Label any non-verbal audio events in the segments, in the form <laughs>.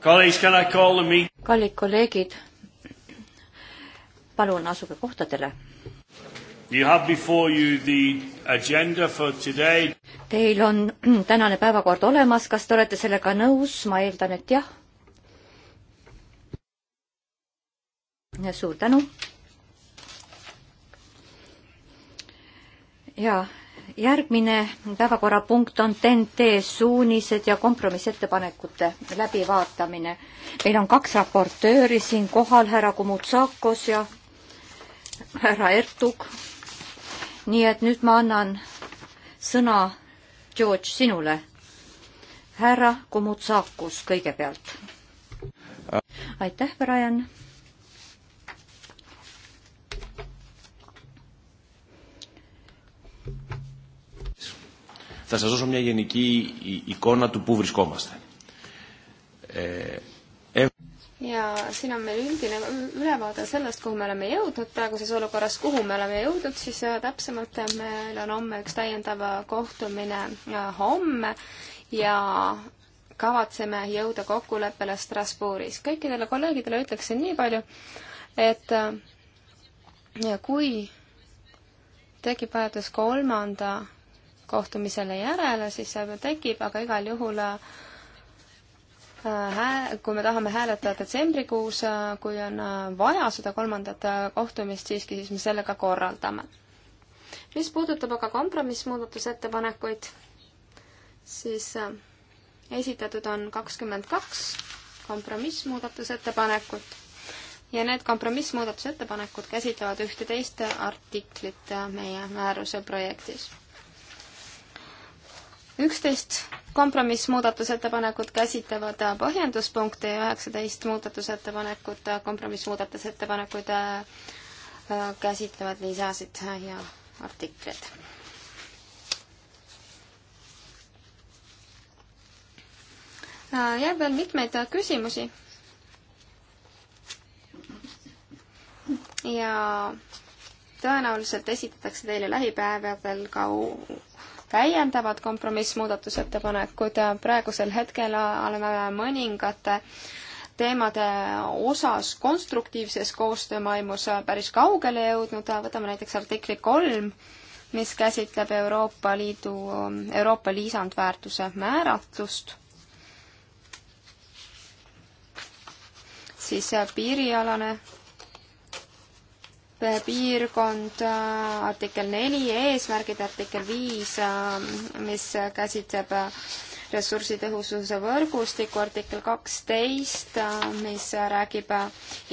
kallid kolleegid, palun asuge kohtadele. Teil on <clears throat> tänane päevakord olemas, kas te olete sellega nõus, ma eeldan, et jah. suur tänu. ja järgmine päevakorrapunkt on TNT suunised ja kompromissettepanekute läbivaatamine. meil on kaks raportööri siin kohal, härra Kumutsakos ja härra Ertug. nii et nüüd ma annan sõna, George, sinule. härra Kumutsakos kõigepealt. Äh. aitäh, Brian Θα σας δώσω μια γενική εικόνα του πού βρισκόμαστε. Ε, ja siin on meil üldine ülevaade sellest, kuhu me oleme jõudnud praeguses olukorras, kuhu me oleme jõudnud, siis äh, täpsemalt äh, meil on homme üks täiendav äh, kohtumine homme ja kavatseme jõuda kokkuleppele Strasbourgis. kõikidele kolleegidele ütleksin nii palju, et kui tekib vajadus kolmanda kohtumisele järele, siis see tekib, aga igal juhul äh, kui me tahame hääletada detsembrikuus, äh, kui on äh, vaja seda kolmandat kohtumist siiski, siis me selle ka korraldame. mis puudutab aga kompromissmuudatusettepanekuid, siis esitatud on kakskümmend kaks kompromissmuudatusettepanekut ja need kompromissmuudatusettepanekud käsitlevad ühteteist artiklit meie määruse projektis üksteist kompromissmuudatusettepanekud käsitlevad põhjenduspunkti ja üheksateist muudatusettepanekut, kompromissmuudatusettepanekuid äh, käsitlevad lisasid ja artikleid. Äh, jääb veel mitmeid küsimusi. ja tõenäoliselt esitatakse teile lähipäevadel ka täiendavad kompromissmuudatusettepanekud, praegusel hetkel oleme mõningate teemade osas konstruktiivses koostöömaimus päris kaugele jõudnud, võtame näiteks artikli kolm, mis käsitleb Euroopa Liidu, Euroopa lisandväärtuse määratlust siis piirialane piirkond, äh, artikkel neli, eesmärgid, artikkel viis, äh, mis käsitleb äh, ressursitõhususe võrgustiku, artikkel kaksteist, mis räägib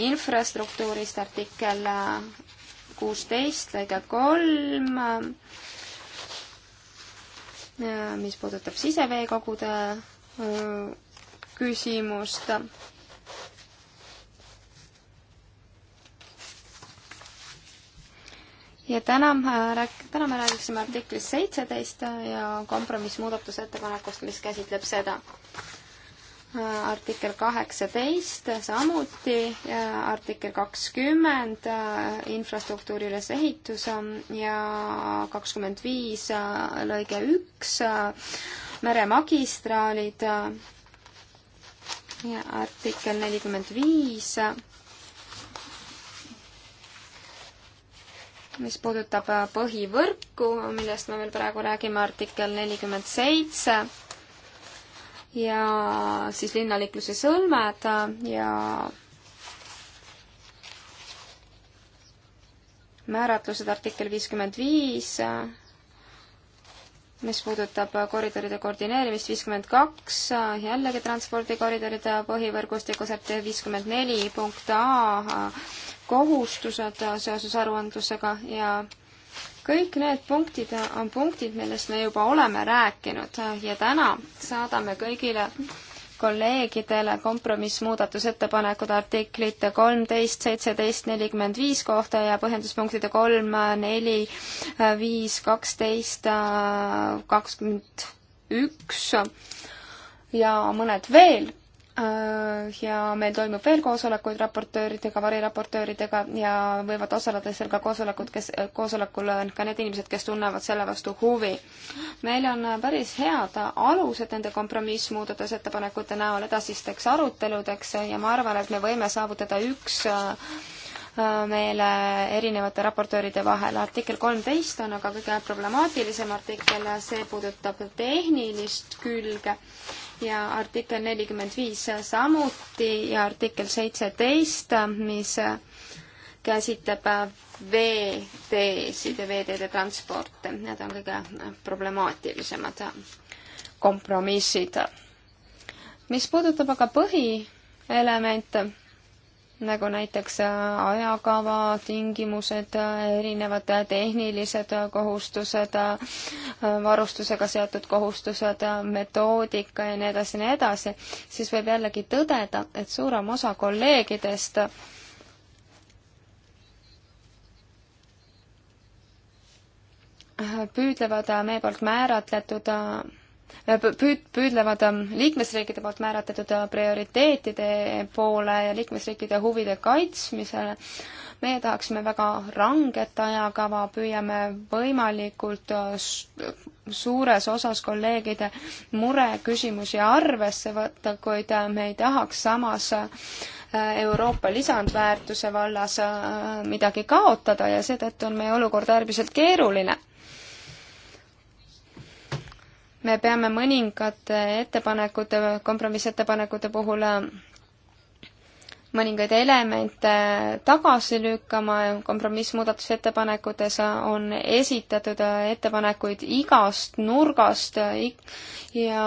infrastruktuurist, artikkel kuusteist, lõige kolm, mis puudutab siseveekogude küsimust ja täna äh, rääk-, täna me räägiksime artiklist seitseteist äh, ja kompromissmuudatusettepanekust, mis käsitleb seda. Äh, artikkel kaheksateist samuti, artikkel kakskümmend infrastruktuuri ülesehitus ja kakskümmend viis lõige üks meremagistraalid ja artikkel nelikümmend viis mis puudutab äh, põhivõrku, millest me veel praegu räägime, artikkel nelikümmend seitse, ja siis linnaliikluse sõlmed äh, ja määratlused artikkel viiskümmend viis äh, mis puudutab äh, koridoride koordineerimist, viiskümmend kaks, äh, jällegi transpordikoridoride põhivõrgustiku säte viiskümmend neli punkt A, äh, kohustused seoses aruandlusega ja kõik need punktid on punktid, millest me juba oleme rääkinud ja täna saadame kõigile kolleegidele kompromissmuudatusettepanekud artiklite kolmteist, seitseteist, nelikümmend viis kohta ja põhjenduspunktide kolm, neli, viis, kaksteist, kakskümmend üks ja mõned veel Äh, ja meil toimub veel koosolekuid raportööridega, variraportööridega ja võivad osaleda seal ka koosolekud, kes, koosolekul on ka need inimesed, kes tunnevad selle vastu huvi. meil on päris head alused nende kompromissmuudatusettepanekute näol edasisteks aruteludeks ja ma arvan, et me võime saavutada üks äh, meile erinevate raportööride vahel. artikkel kolmteist on aga kõige problemaatilisem artikkel, see puudutab tehnilist külge ja artikkel nelikümmend viis samuti ja artikkel seitseteist, mis käsitleb veeteesid ja veeteede transporte, need on kõige problemaatilisemad kompromissid. mis puudutab aga põhielemente, nagu näiteks äh, ajakava, tingimused, äh, erinevad äh, tehnilised kohustused, varustusega seotud kohustused, metoodika ja nii edasi ja nii edasi, siis võib jällegi tõdeda, et suurem osa kolleegidest püüdlevad meie poolt määratletud püüd-, püüdlevad ähm, liikmesriikide poolt määratletud äh, prioriteetide poole ja liikmesriikide huvide kaitsmisele. meie tahaksime väga ranget ajakava, püüame võimalikult äh, suures osas kolleegide mureküsimusi arvesse võtta, kuid äh, me ei tahaks samas Euroopa lisandväärtuse vallas midagi kaotada ja seetõttu on meie olukord äärmiselt keeruline me peame mõningate ettepanekute, kompromissettepanekute puhul äh, mõningaid elemente tagasi lükkama ja kompromissmuudatusettepanekutes on esitatud äh, ettepanekuid igast nurgast äh, ja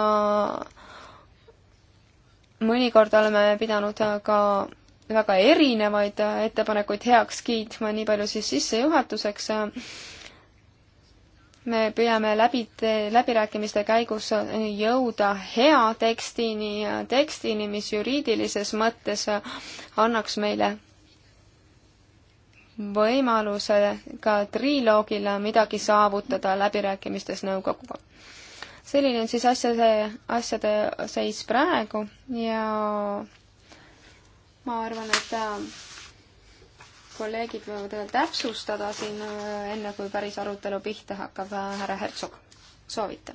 mõnikord oleme pidanud ka väga erinevaid ettepanekuid heaks kiitma, nii palju siis sissejuhatuseks me püüame läbi, läbirääkimiste käigus jõuda hea tekstini, tekstini, mis juriidilises mõttes annaks meile võimaluse ka triloogile midagi saavutada läbirääkimistes nõukoguga. selline on siis asjade, asjade seis praegu ja ma arvan, et kolleegid võivad veel täpsustada siin, äh, enne kui päris arutelu pihta hakkab, äh, härra Hertsog, soovite?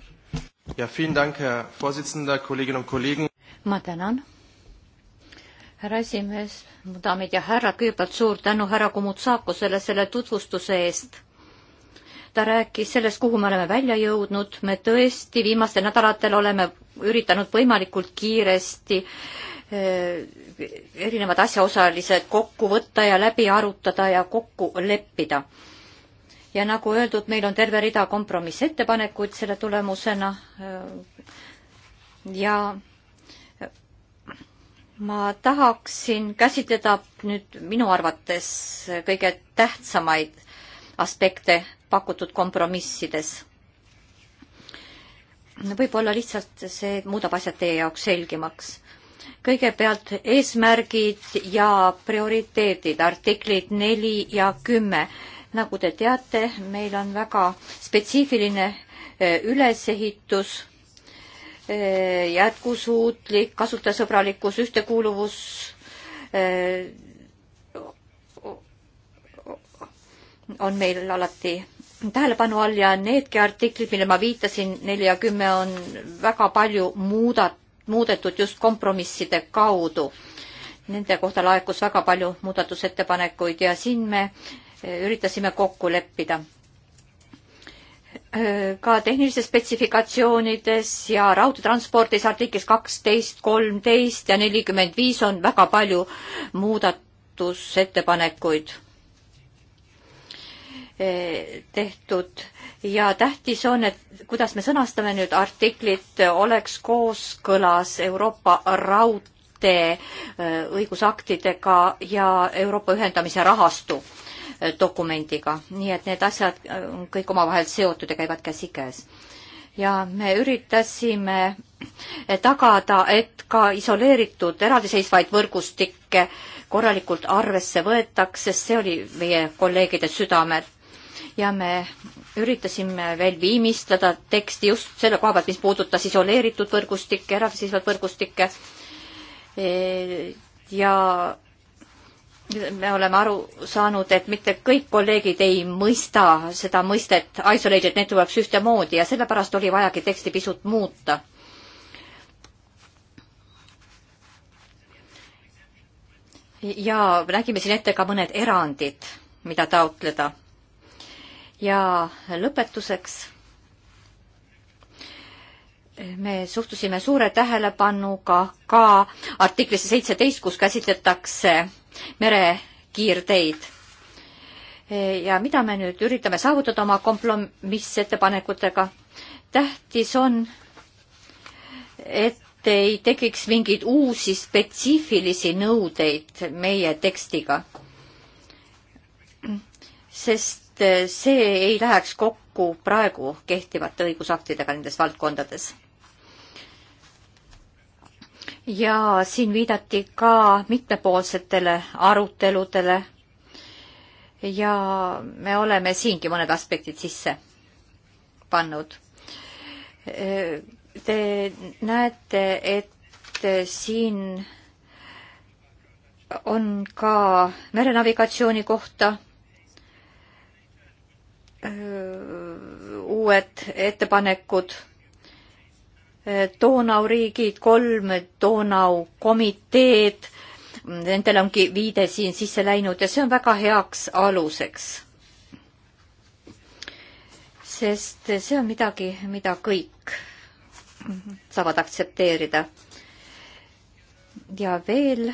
ma tänan, härra esimees, mu daamid ja härrad, kõigepealt suur tänu härra Kumutsakusele selle tutvustuse eest ta rääkis sellest, kuhu me oleme välja jõudnud, me tõesti viimastel nädalatel oleme üritanud võimalikult kiiresti Eh, erinevad asjaosalised kokku võtta ja läbi arutada ja kokku leppida. ja nagu öeldud, meil on terve rida kompromissettepanekuid selle tulemusena eh, ja ma tahaksin käsitleda nüüd minu arvates kõige tähtsamaid aspekte pakutud kompromissides. võib-olla lihtsalt see muudab asjad teie jaoks selgemaks kõigepealt eesmärgid ja prioriteedid, artiklid neli ja kümme. nagu te teate, meil on väga spetsiifiline eh, ülesehitus, eh, jätkusuutlik, kasutajasõbralikkus, ühtekuuluvus, eh, on meil alati tähelepanu all ja needki artiklid, mille ma viitasin, neli ja kümme, on väga palju muudat-, muudetud just kompromisside kaudu. Nende kohta laekus väga palju muudatusettepanekuid ja siin me e, üritasime kokku leppida. E, ka tehnilistes spetsifikatsioonides ja raudteetranspordis artiklis kaksteist, kolmteist ja nelikümmend viis on väga palju muudatusettepanekuid tehtud ja tähtis on, et kuidas me sõnastame nüüd artiklit, oleks kooskõlas Euroopa raudtee äh, õigusaktidega ja Euroopa ühendamise rahastu äh, dokumendiga, nii et need asjad on äh, kõik omavahel seotud ja käivad käsikäes. ja me üritasime tagada, et ka isoleeritud eraldiseisvaid võrgustikke korralikult arvesse võetaks, sest see oli meie kolleegide südamed ja me üritasime veel viimistleda teksti just selle koha pealt, mis puudutas isoleeritud võrgustikke, eraldiseisvaid võrgustikke. E, ja me oleme aru saanud, et mitte kõik kolleegid ei mõista seda mõistet isolated networks ühtemoodi ja sellepärast oli vajagi teksti pisut muuta ja nägime siin ette ka mõned erandid, mida taotleda ja lõpetuseks me suhtusime suure tähelepanuga ka artiklisse seitseteist, kus käsitletakse merekiirteid. ja mida me nüüd üritame saavutada oma kompromissettepanekutega? tähtis on, et ei tekiks mingeid uusi spetsiifilisi nõudeid meie tekstiga. sest Äh, see ei läheks kokku praegu kehtivate õigusaktidega nendes valdkondades. ja siin viidati ka mitmepoolsetele aruteludele ja me oleme siingi mõned aspektid sisse pannud. Äh, te näete, et äh, siin on ka merenavigatsiooni kohta uued ettepanekud. Donau riigid, kolm Donau komiteed, nendel ongi viide siin sisse läinud ja see on väga heaks aluseks. sest see on midagi, mida kõik saavad aktsepteerida. ja veel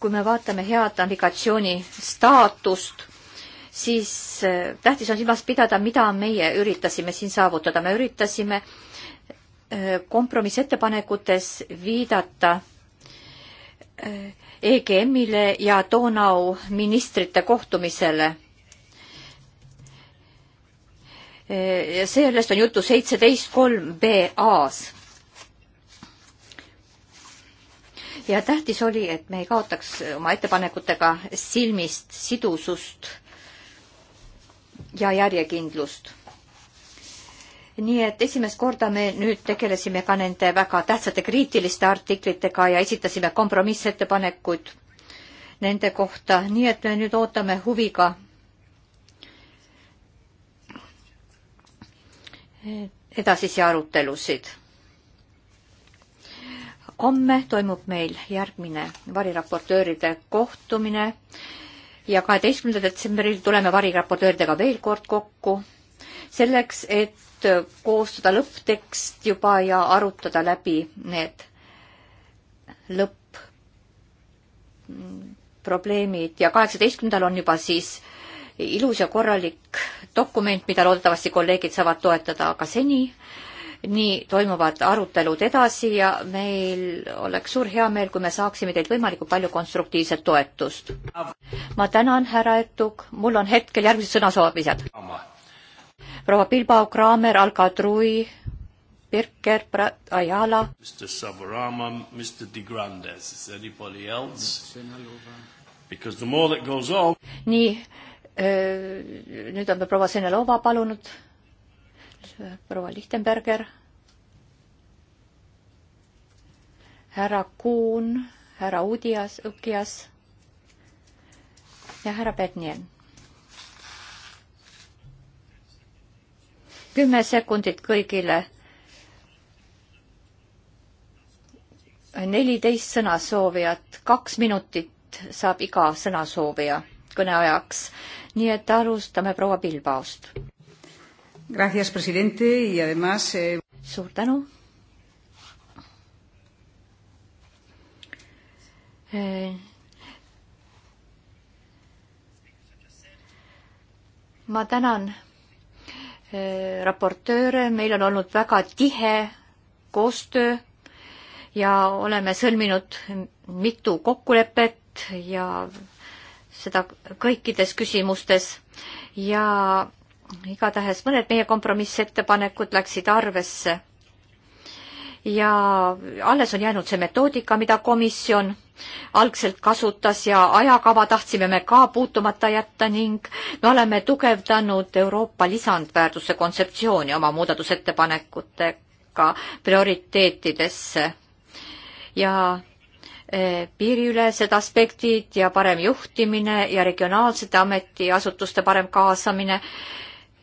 kui me vaatame head navigatsiooni staatust, siis äh, tähtis on silmas pidada, mida meie üritasime siin saavutada. me üritasime äh, kompromissettepanekutes viidata äh, EGM-ile ja Donau ministrite kohtumisele. sellest on juttu seitseteist kolm BA-s ja tähtis oli, et me ei kaotaks oma ettepanekutega silmist sidusust ja järjekindlust. nii et esimest korda me nüüd tegelesime ka nende väga tähtsate kriitiliste artiklitega ja esitasime kompromissettepanekuid nende kohta, nii et me nüüd ootame huviga eh, edasisi arutelusid homme toimub meil järgmine variraportööride kohtumine ja kaheteistkümnendal detsembril tuleme variraportööridega veel kord kokku, selleks et koostada lõpptekst juba ja arutada läbi need lõpp-probleemid ja kaheksateistkümnendal on juba siis ilus ja korralik dokument, mida loodetavasti kolleegid saavad toetada, aga seni äh, nii toimuvad arutelud edasi ja meil oleks suur heameel, kui me saaksime teilt võimalikult palju konstruktiivset toetust. ma tänan, härra Ertug, mul on hetkel järgmised sõnasoovised. proua Bilbao, Kraamer, Alcatrui, Birker, Ayala. Mr Savarama, Mr De Grandes, is anybody else? Because the more that goes on. nii, nüüd on proua Senelova palunud nüüd proua Lichtenberger, härra Kuhn, härra Udias, Ukias ja härra Bernien. kümme sekundit kõigile. neliteist sõnasoovijat, kaks minutit saab iga sõnasoovija kõneajaks. nii et alustame proua Pilbaost Gracias, presidente, y además... Eh... suur tänu. Eh, ma tänan eh, raportööre, meil on olnud väga tihe koostöö ja oleme sõlminud mitu kokkulepet ja seda kõikides küsimustes ja igatahes mõned meie kompromissettepanekud läksid arvesse. ja alles on jäänud see metoodika, mida komisjon algselt kasutas ja ajakava tahtsime me ka puutumata jätta ning me oleme tugevdanud Euroopa lisandväärtuse kontseptsiooni oma muudatusettepanekutega prioriteetidesse ja e, piiriülesed aspektid ja parem juhtimine ja regionaalsete ametiasutuste parem kaasamine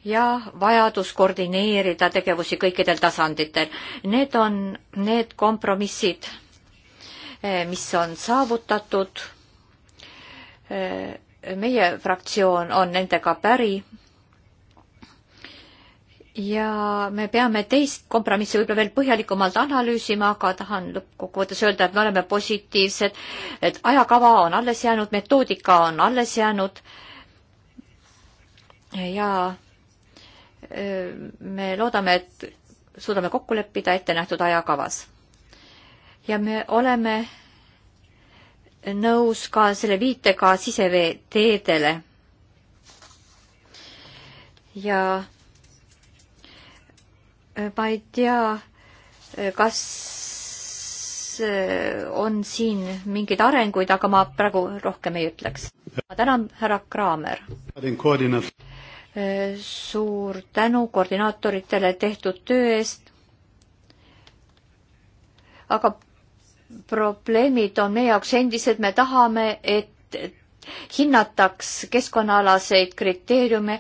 ja vajadus koordineerida tegevusi kõikidel tasanditel. Need on need kompromissid, eh, mis on saavutatud. Eh, meie fraktsioon on nendega päri. ja me peame teist kompromissi võib-olla veel põhjalikumalt analüüsima, aga tahan lõppkokkuvõttes öelda, et me oleme positiivsed, et ajakava on alles jäänud, metoodika on alles jäänud ja me loodame, et suudame kokku leppida ettenähtud ajakavas. ja me oleme nõus ka selle viitega siseveeteedele. ja ma ei tea, kas on siin mingeid arenguid, aga ma praegu rohkem ei ütleks. ma tänan, härra Kraamer suur tänu koordinaatoritele tehtud töö eest. aga probleemid on meie jaoks endised, me tahame, et hinnataks keskkonnaalaseid kriteeriume.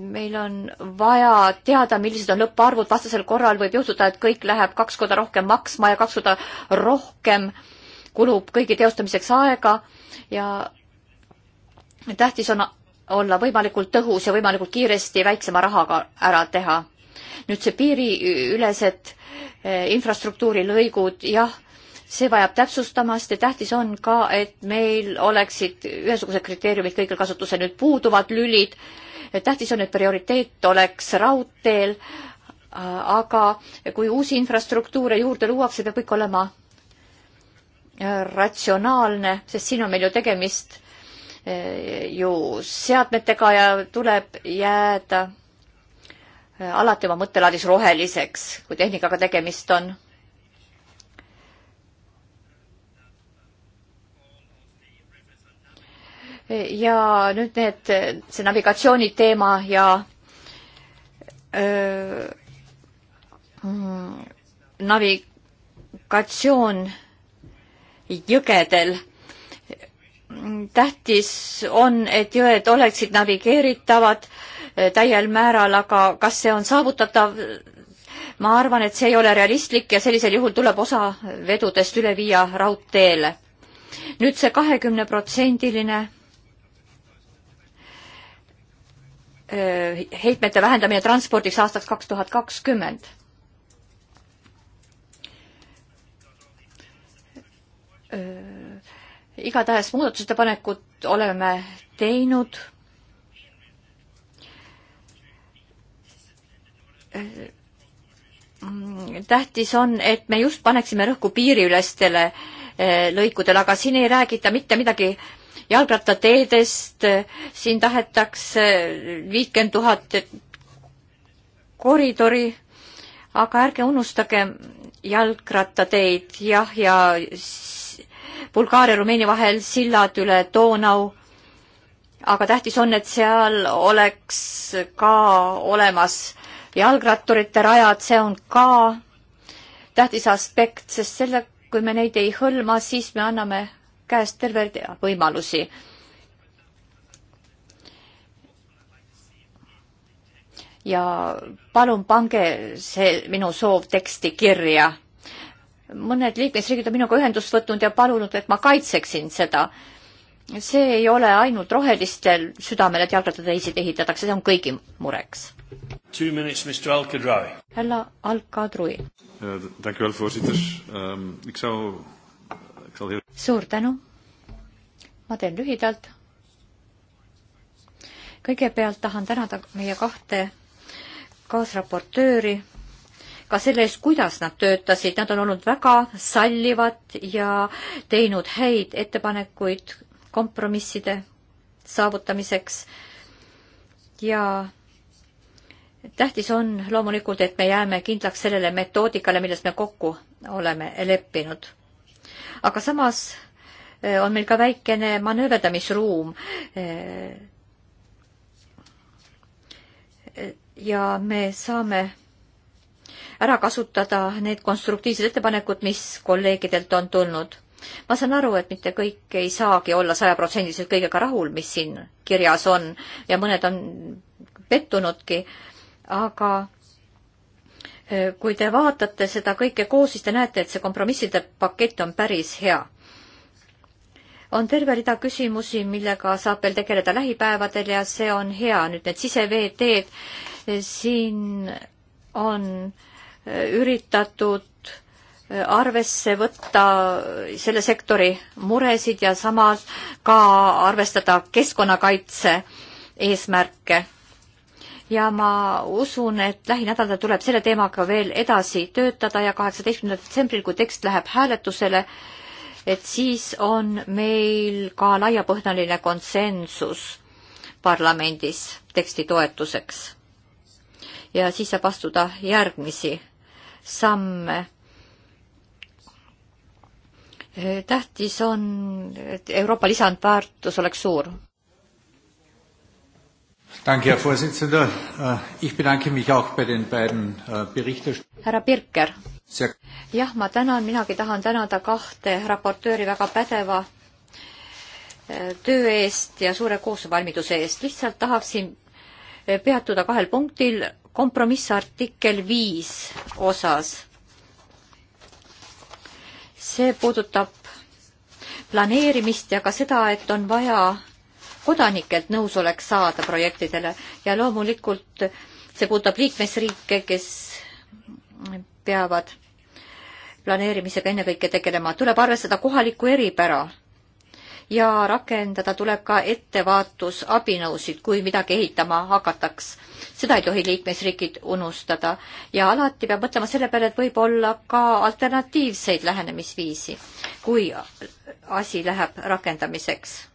meil on vaja teada, millised on lõpparvud, vastasel korral võib juhtuda, et kõik läheb kaks korda rohkem maksma ja kaks korda rohkem kulub kõigi teostamiseks aega ja tähtis on olla võimalikult tõhus ja võimalikult kiiresti väiksema rahaga ära teha. nüüd see piiriülesed eh, infrastruktuurilõigud, jah, see vajab täpsustamast ja tähtis on ka, et meil oleksid ühesugused kriteeriumid kõigil kasutusel, nüüd puuduvad lülid, tähtis on, et prioriteet oleks raudteel, aga kui uusi infrastruktuure juurde luuakse, peab kõik olema eh, ratsionaalne, sest siin on meil ju tegemist ju seadmetega ja tuleb jääda äh, alati oma mõttelaadis roheliseks, kui tehnikaga tegemist on. ja nüüd need, see navigatsiooni teema ja öö, mm, navigatsioon jõgedel tähtis on, et jõed oleksid navigeeritavad eh, täiel määral, aga kas see on saavutatav? ma arvan, et see ei ole realistlik ja sellisel juhul tuleb osa vedudest üle viia raudteele. nüüd see kahekümneprotsendiline eh, heitmete vähendamine transpordiks aastaks kaks tuhat kakskümmend eh, igatahes muudatusettepanekud oleme me teinud. tähtis on, et me just paneksime rõhku piiriülestele eh, lõikudele, aga siin ei räägita mitte midagi jalgrattateedest, siin tahetakse viitkümmend tuhat koridori, aga ärge unustage jalgrattateid, jah, ja, ja Bulgaaria ja Rumeenia vahel sillad üle Donau. aga tähtis on, et seal oleks ka olemas jalgratturite rajad, see on ka tähtis aspekt, sest selle, kui me neid ei hõlma, siis me anname käest terve rea võimalusi. ja palun pange see minu soov teksti kirja mõned liikmesriigid on minuga ühendust võtnud ja palunud, et ma kaitseksin seda. see ei ole ainult rohelistel südamel, et jalgrattateised ehitatakse, see on kõigi mureks. härra Al-Kadri. Eh, ehm, suur tänu. ma teen lühidalt. kõigepealt tahan tänada meie kahte kaasraportööri ka selle eest, kuidas nad töötasid, nad on olnud väga sallivad ja teinud häid ettepanekuid kompromisside saavutamiseks. ja tähtis on loomulikult, et me jääme kindlaks sellele metoodikale, milles me kokku oleme leppinud. aga samas eh, on meil ka väikene manööverdamisruum. Eh, eh, ja me saame ära kasutada need konstruktiivsed ettepanekud, mis kolleegidelt on tulnud. ma saan aru, et mitte kõik ei saagi olla sajaprotsendiliselt kõigega rahul, mis siin kirjas on ja mõned on pettunudki, aga e, kui te vaatate seda kõike koos, siis te näete, et see kompromisside pakett on päris hea. on terve rida küsimusi, millega saab veel tegeleda lähipäevadel ja see on hea. nüüd need siseveeteed, siin on äh, üritatud arvesse võtta selle sektori muresid ja samas ka arvestada keskkonnakaitse eesmärke. ja ma usun, et lähinädalal tuleb selle teemaga veel edasi töötada ja kaheksateistkümnendal detsembril, kui tekst läheb hääletusele, et siis on meil ka laiapõhjaline konsensus parlamendis teksti toetuseks. ja siis saab astuda järgmisi samme. tähtis on, et Euroopa lisandväärtus oleks suur. Danke, Herr Vorsitzender. Äh, ich bedanke mich auch bei den beiden äh, Berichterstattern. härra Birker. jah, ma tänan, minagi tahan tänada kahte raportööri väga pädeva äh, töö eest ja suure koostöövalmiduse eest. lihtsalt tahaksin peatuda kahel punktil kompromissartikkel viis osas. see puudutab planeerimist ja ka seda, et on vaja kodanikelt nõusolek saada projektidele ja loomulikult see puudutab liikmesriike, kes peavad planeerimisega ennekõike tegelema. tuleb arvestada kohalikku eripära ja rakendada tuleb ka ettevaatusabinõusid, kui midagi ehitama hakataks. seda ei tohi liikmesriigid unustada ja alati peab mõtlema selle peale, et võib olla ka alternatiivseid lähenemisviisi, kui asi läheb rakendamiseks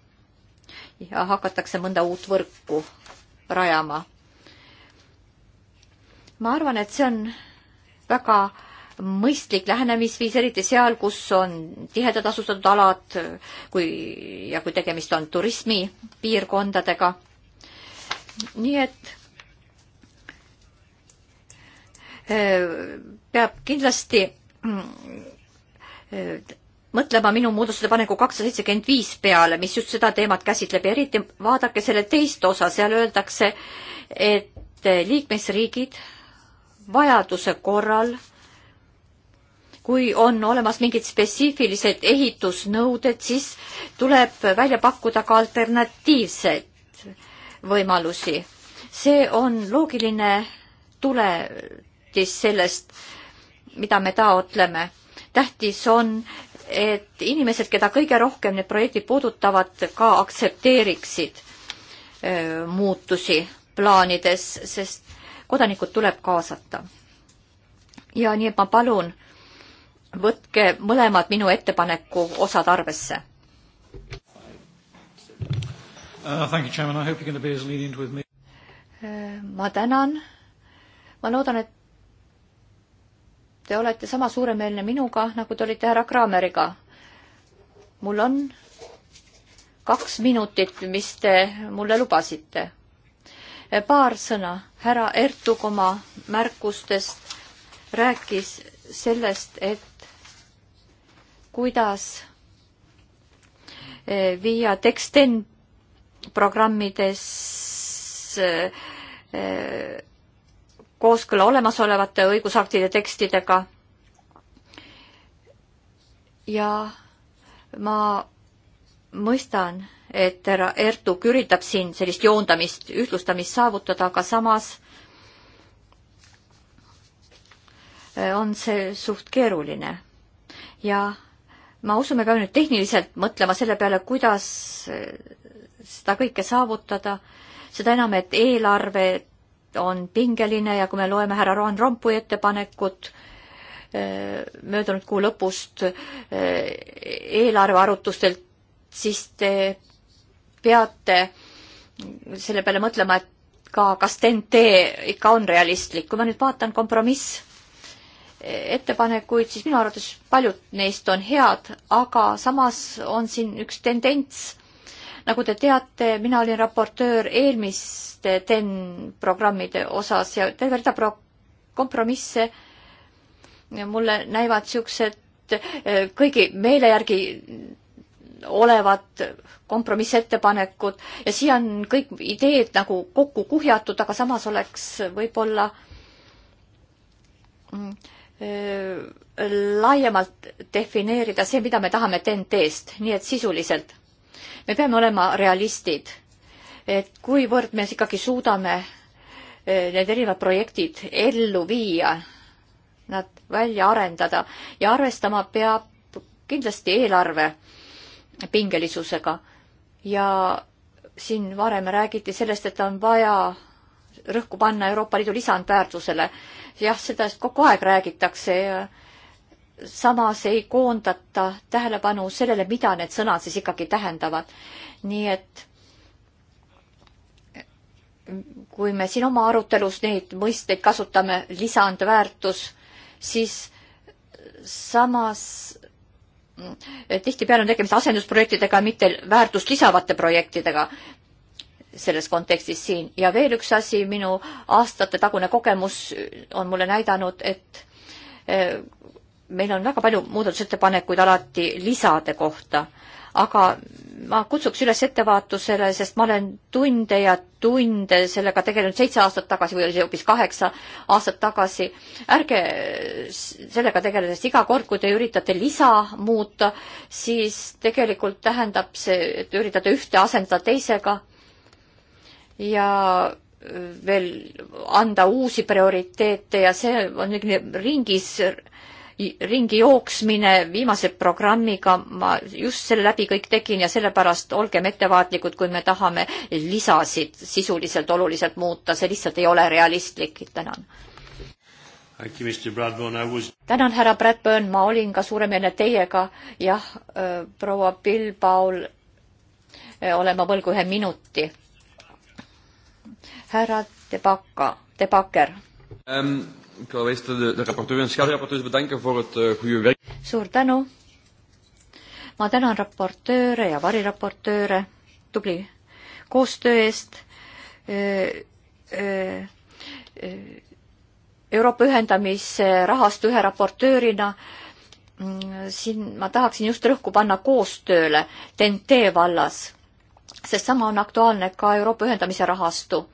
ja hakatakse mõnda uut võrku rajama. ma arvan, et see on väga mõistlik lähenemisviis, eriti seal, kus on tihedad asustatud alad, kui ja kui tegemist on turismipiirkondadega. nii et äh, peab kindlasti mm, äh, mõtlema minu muudatusettepaneku kakssada seitsekümmend viis peale, mis just seda teemat käsitleb ja eriti vaadake selle teist osa, seal öeldakse, et liikmesriigid vajaduse korral äh, kui on olemas mingid spetsiifilised ehitusnõuded, siis tuleb välja pakkuda ka alternatiivseid võimalusi. see on loogiline tuletis sellest, mida me taotleme. tähtis on, et inimesed, keda kõige rohkem need projektid puudutavad, ka aktsepteeriksid öö, muutusi plaanides, sest kodanikud tuleb kaasata. ja nii, et ma palun võtke mõlemad minu ettepaneku osad arvesse. Uh, ma tänan. ma loodan, et te olete sama suuremeelne minuga, nagu te olite härra Kraameriga. mul on kaks minutit, mis te mulle lubasite. paar sõna. härra Ertug oma märkustest rääkis sellest, et kuidas eh, viia Dexten programmides eh, eh, kooskõla olemasolevate õigusaktide tekstidega. ja ma mõistan, et härra Ertuk üritab siin sellist joondamist, ühtlustamist saavutada, aga samas on see suht keeruline ja ma usun, me peame nüüd tehniliselt mõtlema selle peale, kuidas eh, seda kõike saavutada, seda enam, et eelarve on pingeline ja kui me loeme härra Roan Rompuy ettepanekut eh, möödunud kuu lõpust eh, eelarve arutustelt, siis te peate selle peale mõtlema, et ka kas TNT ikka on realistlik, kui ma nüüd vaatan kompromiss ettepanekuid, siis minu arvates paljud neist on head, aga samas on siin üks tendents. nagu te teate, mina olin raportöör eelmiste TEN programmide osas ja terve rida pro-, kompromisse mulle näivad niisugused eh, kõigi meele järgi olevad kompromissettepanekud ja siia on kõik ideed nagu kokku kuhjatud, aga samas oleks võib-olla mm, laiemalt defineerida see, mida me tahame TNT-st, nii et sisuliselt me peame olema realistid, et kuivõrd me ikkagi suudame need erinevad projektid ellu viia, nad välja arendada ja arvestama peab kindlasti eelarve pingelisusega ja siin varem räägiti sellest, et on vaja rõhku panna Euroopa Liidu lisandväärtusele. jah, sellest kogu aeg räägitakse ja samas ei koondata tähelepanu sellele, mida need sõnad siis ikkagi tähendavad. nii et kui me siin oma arutelus neid mõisteid kasutame, lisandväärtus, siis samas tihtipeale on tegemist asendusprojektidega, mitte väärtust lisavate projektidega selles kontekstis siin ja veel üks asi, minu aastatetagune kogemus on mulle näidanud, et eh, meil on väga palju muudatusettepanekuid alati lisade kohta, aga ma kutsuks üles ettevaatusele, sest ma olen tunde ja tunde sellega tegelenud seitse aastat tagasi või oli see hoopis kaheksa aastat tagasi. ärge sellega tegelege, sest iga kord, kui te üritate lisa muuta, siis tegelikult tähendab see, et üritate ühte asendada teisega ja veel anda uusi prioriteete ja see on niisugune ringis, ringi jooksmine viimase programmiga, ma just selle läbi kõik tegin ja sellepärast olgem ettevaatlikud, kui me tahame lisasid sisuliselt oluliselt muuta, see lihtsalt ei ole realistlik, tänan. Was... tänan, härra Bradburn, ma olin ka suuremeelne teiega, jah äh,, proua Bilbaul äh,, olen ma võlgu ühe minuti härra Debaka, Debaker um,. Ehm, ik wil eerst de, de rapporteur en schaduwrapporteurs bedanken voor het uh, goede werk. Suur tänu. Ma tänan raportööre ja variraportööre tubli koostöö eest. Öö, öö, öö, Euroopa ühendamise rahastu ühe raportöörina mm, siin ma tahaksin just rõhku panna koostööle TNT vallas, sest sama on aktuaalne ka Euroopa ühendamise rahastu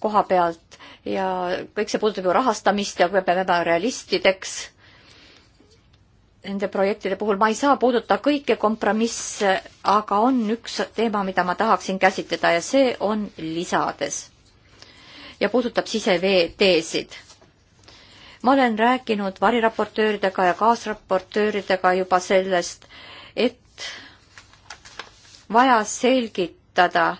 koha pealt ja kõik see puudutab ju rahastamist ja me peame realistideks nende projektide puhul. ma ei saa puuduta kõiki kompromisse, aga on üks teema, mida ma tahaksin käsitleda ja see on lisades. ja puudutab siseveeteesid. ma olen rääkinud variraportööridega ja kaasraportööridega juba sellest, et vaja selgitada,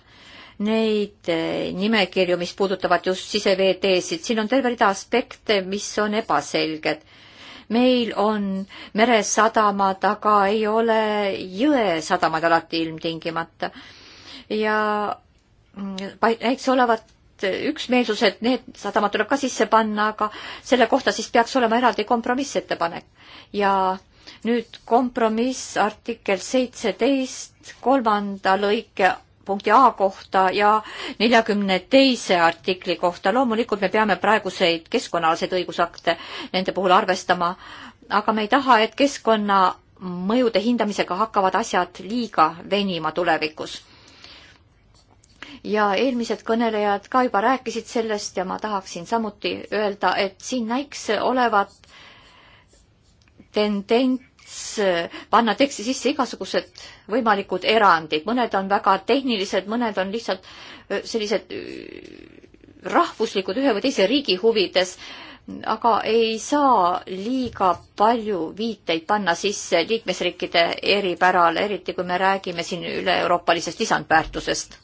neid eh, nimekirju, mis puudutavad just siseveeteesid, siin on terve rida aspekte, mis on ebaselged. meil on meresadamad, aga ei ole jõesadamad alati ilmtingimata. ja näiteks mm, olevat üksmeelsus, et need sadamad tuleb ka sisse panna, aga selle kohta siis peaks olema eraldi kompromissettepanek. ja nüüd kompromiss artikkel seitseteist, kolmanda lõike punkti A kohta ja neljakümne teise artikli kohta. loomulikult me peame praeguseid keskkonnaalaseid õigusakte nende puhul arvestama, aga me ei taha, et keskkonnamõjude hindamisega hakkavad asjad liiga venima tulevikus. ja eelmised kõnelejad ka juba rääkisid sellest ja ma tahaksin samuti öelda, et siin näiks olevat tendent Äh, panna teksti sisse igasugused võimalikud erandid, mõned on väga tehnilised, mõned on lihtsalt äh, sellised äh, rahvuslikud ühe või teise riigi huvides, aga ei saa liiga palju viiteid panna sisse liikmesriikide eripärale, eriti kui me räägime siin üle-euroopalisest lisandväärtusest.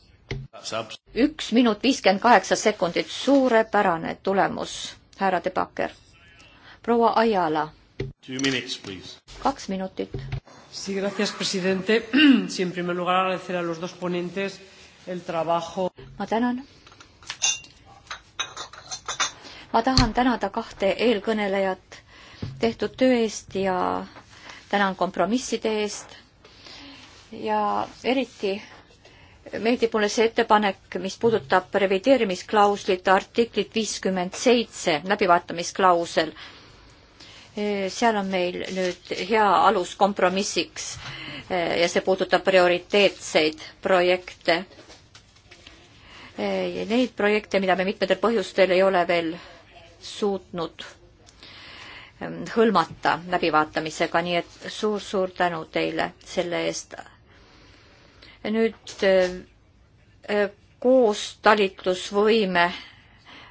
üks minut viiskümmend kaheksa sekundit, suurepärane tulemus, härra De Backer. proua Ajala kaks minutit. Sí, gracias, presidente. <clears throat> Sí, en primer lugar agradecer a los dos ponentes el trabajo. ma tänan. ma tahan tänada kahte eelkõnelejat tehtud töö eest ja tänan kompromisside eest. ja eriti meeldib mulle see ettepanek, mis puudutab revideerimisklauslit artiklit viiskümmend seitse, läbivaatamisklausel seal on meil nüüd hea alus kompromissiks ja see puudutab prioriteetseid projekte. Neid projekte, mida me mitmetel põhjustel ei ole veel suutnud hõlmata läbivaatamisega, nii et suur-suur tänu teile selle eest. nüüd koostalitlusvõime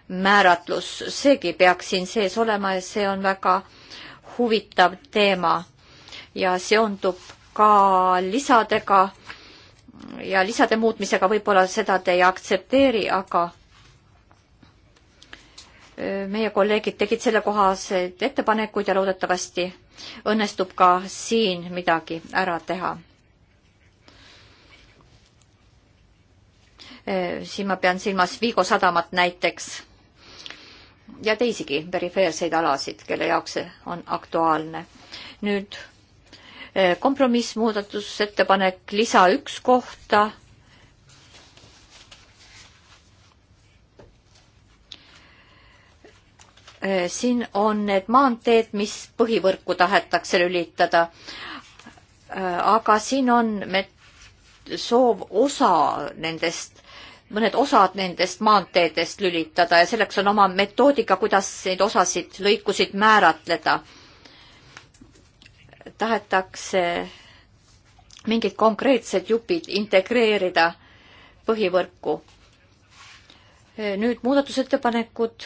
määratlus, seegi peaks siin sees olema ja see on väga huvitav teema ja seondub ka lisadega ja lisade muutmisega, võib-olla seda te ei aktsepteeri, aga meie kolleegid tegid sellekohaseid ettepanekuid ja loodetavasti õnnestub ka siin midagi ära teha. siin ma pean silmas Viigo sadamat näiteks ja teisigi perifeerseid alasid, kelle jaoks see on aktuaalne. nüüd eh, kompromissmuudatusettepanek lisa üks kohta. Eh, siin on need maanteed, mis põhivõrku tahetakse lülitada. Eh, aga siin on me soov osa nendest mõned osad nendest maanteedest lülitada ja selleks on oma metoodika, kuidas neid osasid, lõikusid määratleda. tahetakse mingid konkreetsed jupid integreerida põhivõrku. nüüd muudatusettepanekud.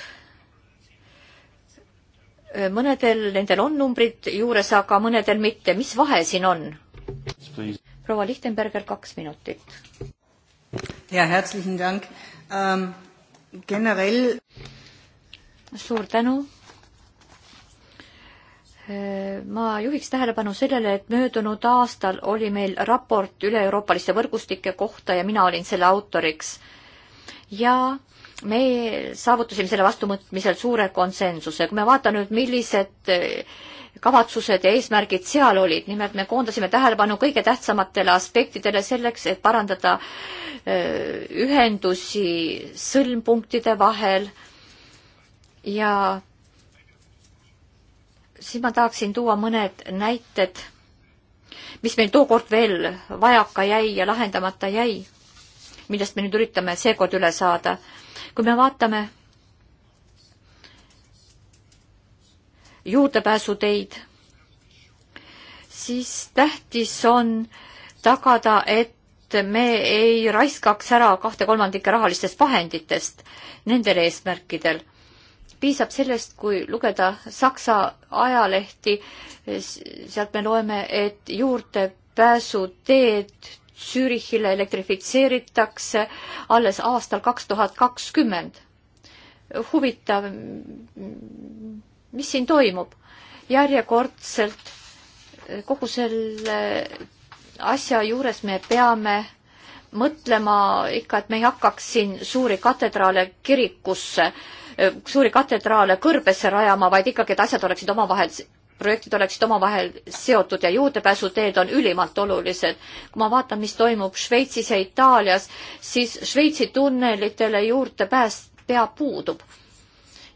mõnedel nendel on numbrid juures, aga mõnedel mitte. mis vahe siin on? proua Lichtenberger, kaks minutit ja herzlichen Dank ähm,. generell. suur tänu. ma juhiks tähelepanu sellele, et möödunud aastal oli meil raport üle-euroopaliste võrgustike kohta ja mina olin selle autoriks. ja me saavutasime selle vastuvõtmisel suure konsensuse. kui me vaatame nüüd, millised kavatsused ja eesmärgid seal olid. nimelt me koondasime tähelepanu kõige tähtsamatele aspektidele selleks, et parandada ühendusi sõlmpunktide vahel ja siis ma tahaksin tuua mõned näited, mis meil tookord veel vajaka jäi ja lahendamata jäi, millest me nüüd üritame seekord üle saada. kui me vaatame juurdepääsuteid, siis tähtis on tagada, et me ei raiskaks ära kahte kolmandikke rahalistest vahenditest nendel eesmärkidel. piisab sellest, kui lugeda Saksa ajalehti, sealt me loeme, et juurdepääsuteed Zürichile elektrifitseeritakse alles aastal kaks tuhat kakskümmend. huvitav, mis siin toimub? järjekordselt eh, kogu selle asja juures me peame mõtlema ikka, et me ei hakkaks siin suuri katedraale kirikusse, eh, suuri katedraale kõrbesse rajama, vaid ikkagi, et asjad oleksid omavahel projektid oleksid omavahel seotud ja juurdepääsuteed on ülimalt olulised. kui ma vaatan, mis toimub Šveitsis ja Itaalias, siis Šveitsi tunnelitele juurdepääs pea puudub.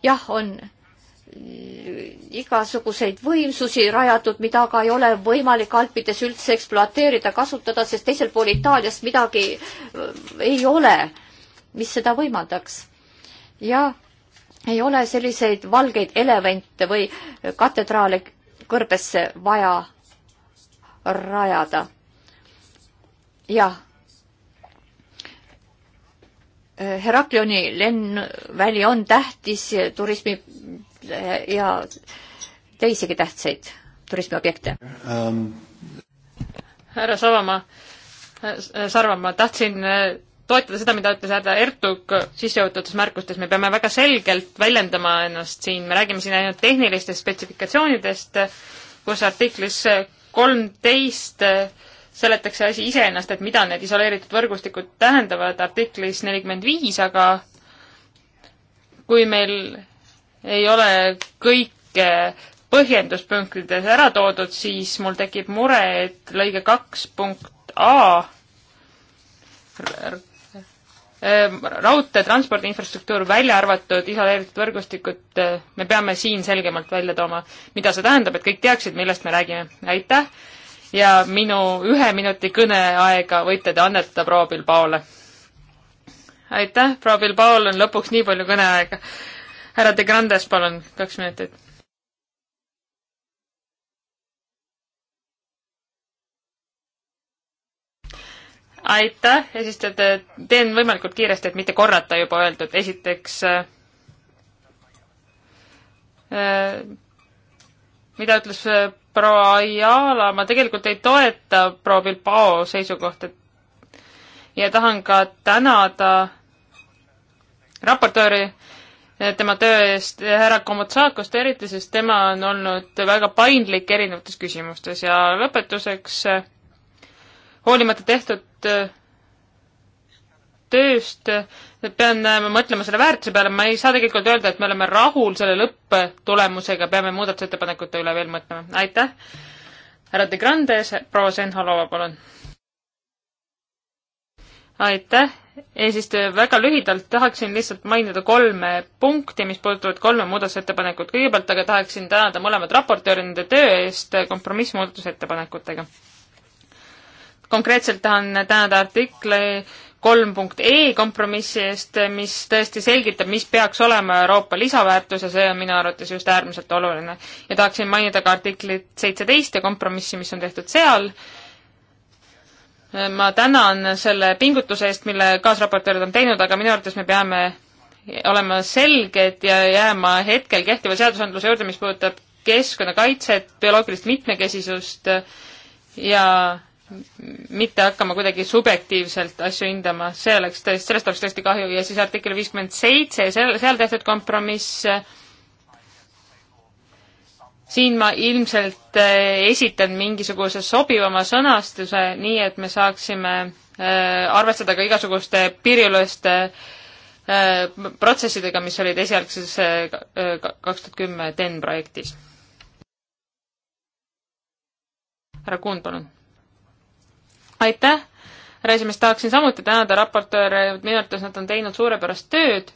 jah, on igasuguseid võimsusi rajatud, mida aga ei ole võimalik Alpides üldse ekspluateerida, kasutada, sest teisel pool Itaaliast midagi äh, ei ole, mis seda võimaldaks. ja ei ole selliseid valgeid elevante või katedraale kõrbesse vaja rajada. jah. Äh, Heraklioni lennväli on tähtis turismi ja teisigi tähtsaid turismiobjekte um...? härra Savamaa, äh, Sarvamaa, tahtsin äh, toetada seda, mida ütles härra Ertug sissejuhatavates märkustes, me peame väga selgelt väljendama ennast siin, me räägime siin ainult tehnilistest spetsifikatsioonidest, kus artiklis kolmteist äh, seletakse asi iseennast, et mida need isoleeritud võrgustikud tähendavad artiklis nelikümmend viis, aga kui meil ei ole kõike põhjenduspunktides ära toodud, siis mul tekib mure, et lõige kaks punkt A raudteetranspordi infrastruktuur välja arvatud isoleeritud võrgustikud, me peame siin selgemalt välja tooma, mida see tähendab, et kõik teaksid, millest me räägime. aitäh ja minu ühe minuti kõneaega võite te annetada proua Bilbaole. aitäh, proua Bilbaol on lõpuks nii palju kõneaega härra De Grandes, palun, kaks minutit. aitäh, eesistuja, teen võimalikult kiiresti, et mitte korrata juba öeldud, esiteks äh, äh mida ütles äh, proua Ayala, ma tegelikult ei toeta proua Bilbao seisukohta ja tahan ka tänada raportööri tema töö eest härra Komotsakost eriti, sest tema on olnud väga paindlik erinevates küsimustes ja lõpetuseks hoolimata tehtud äh, tööst, pean äh, mõtlema selle väärtuse peale, ma ei saa tegelikult öelda, et me oleme rahul selle lõpptulemusega, peame muudatusettepanekute üle veel mõtlema. aitäh! härra De Grande, proua Senhalova, palun! aitäh! eesistuja, väga lühidalt tahaksin lihtsalt mainida kolme punkti, mis puudutavad kolme muudatusettepanekut. kõigepealt aga tahaksin tänada mõlemat raportööri nende töö eest kompromissmuudatusettepanekutega. konkreetselt tahan tänada artikli kolm punkt E kompromissi eest, mis tõesti selgitab, mis peaks olema Euroopa lisaväärtus ja see on minu arvates just äärmiselt oluline. ja tahaksin mainida ka artiklit seitseteist ja kompromissi, mis on tehtud seal ma tänan selle pingutuse eest, mille kaasraportöörid on teinud, aga minu arvates me peame olema selged ja jääma hetkel kehtiva seadusandluse juurde, mis puudutab keskkonnakaitset, bioloogilist mitmekesisust ja mitte hakkama kuidagi subjektiivselt asju hindama, see oleks tõesti, sellest oleks tõesti kahju ja siis artikkel viiskümmend seitse, seal, seal tehtud kompromiss äh, siin ma ilmselt eh, esitan mingisuguse sobivama sõnastuse, nii et me saaksime eh, arvestada ka igasuguste piiriüleste eh, protsessidega, mis olid esialgses kaks tuhat kümme TEN projektis. härra Kuhn, palun. aitäh, härra esimees, tahaksin samuti tänada raportööre, minu arvates nad on teinud suurepärast tööd.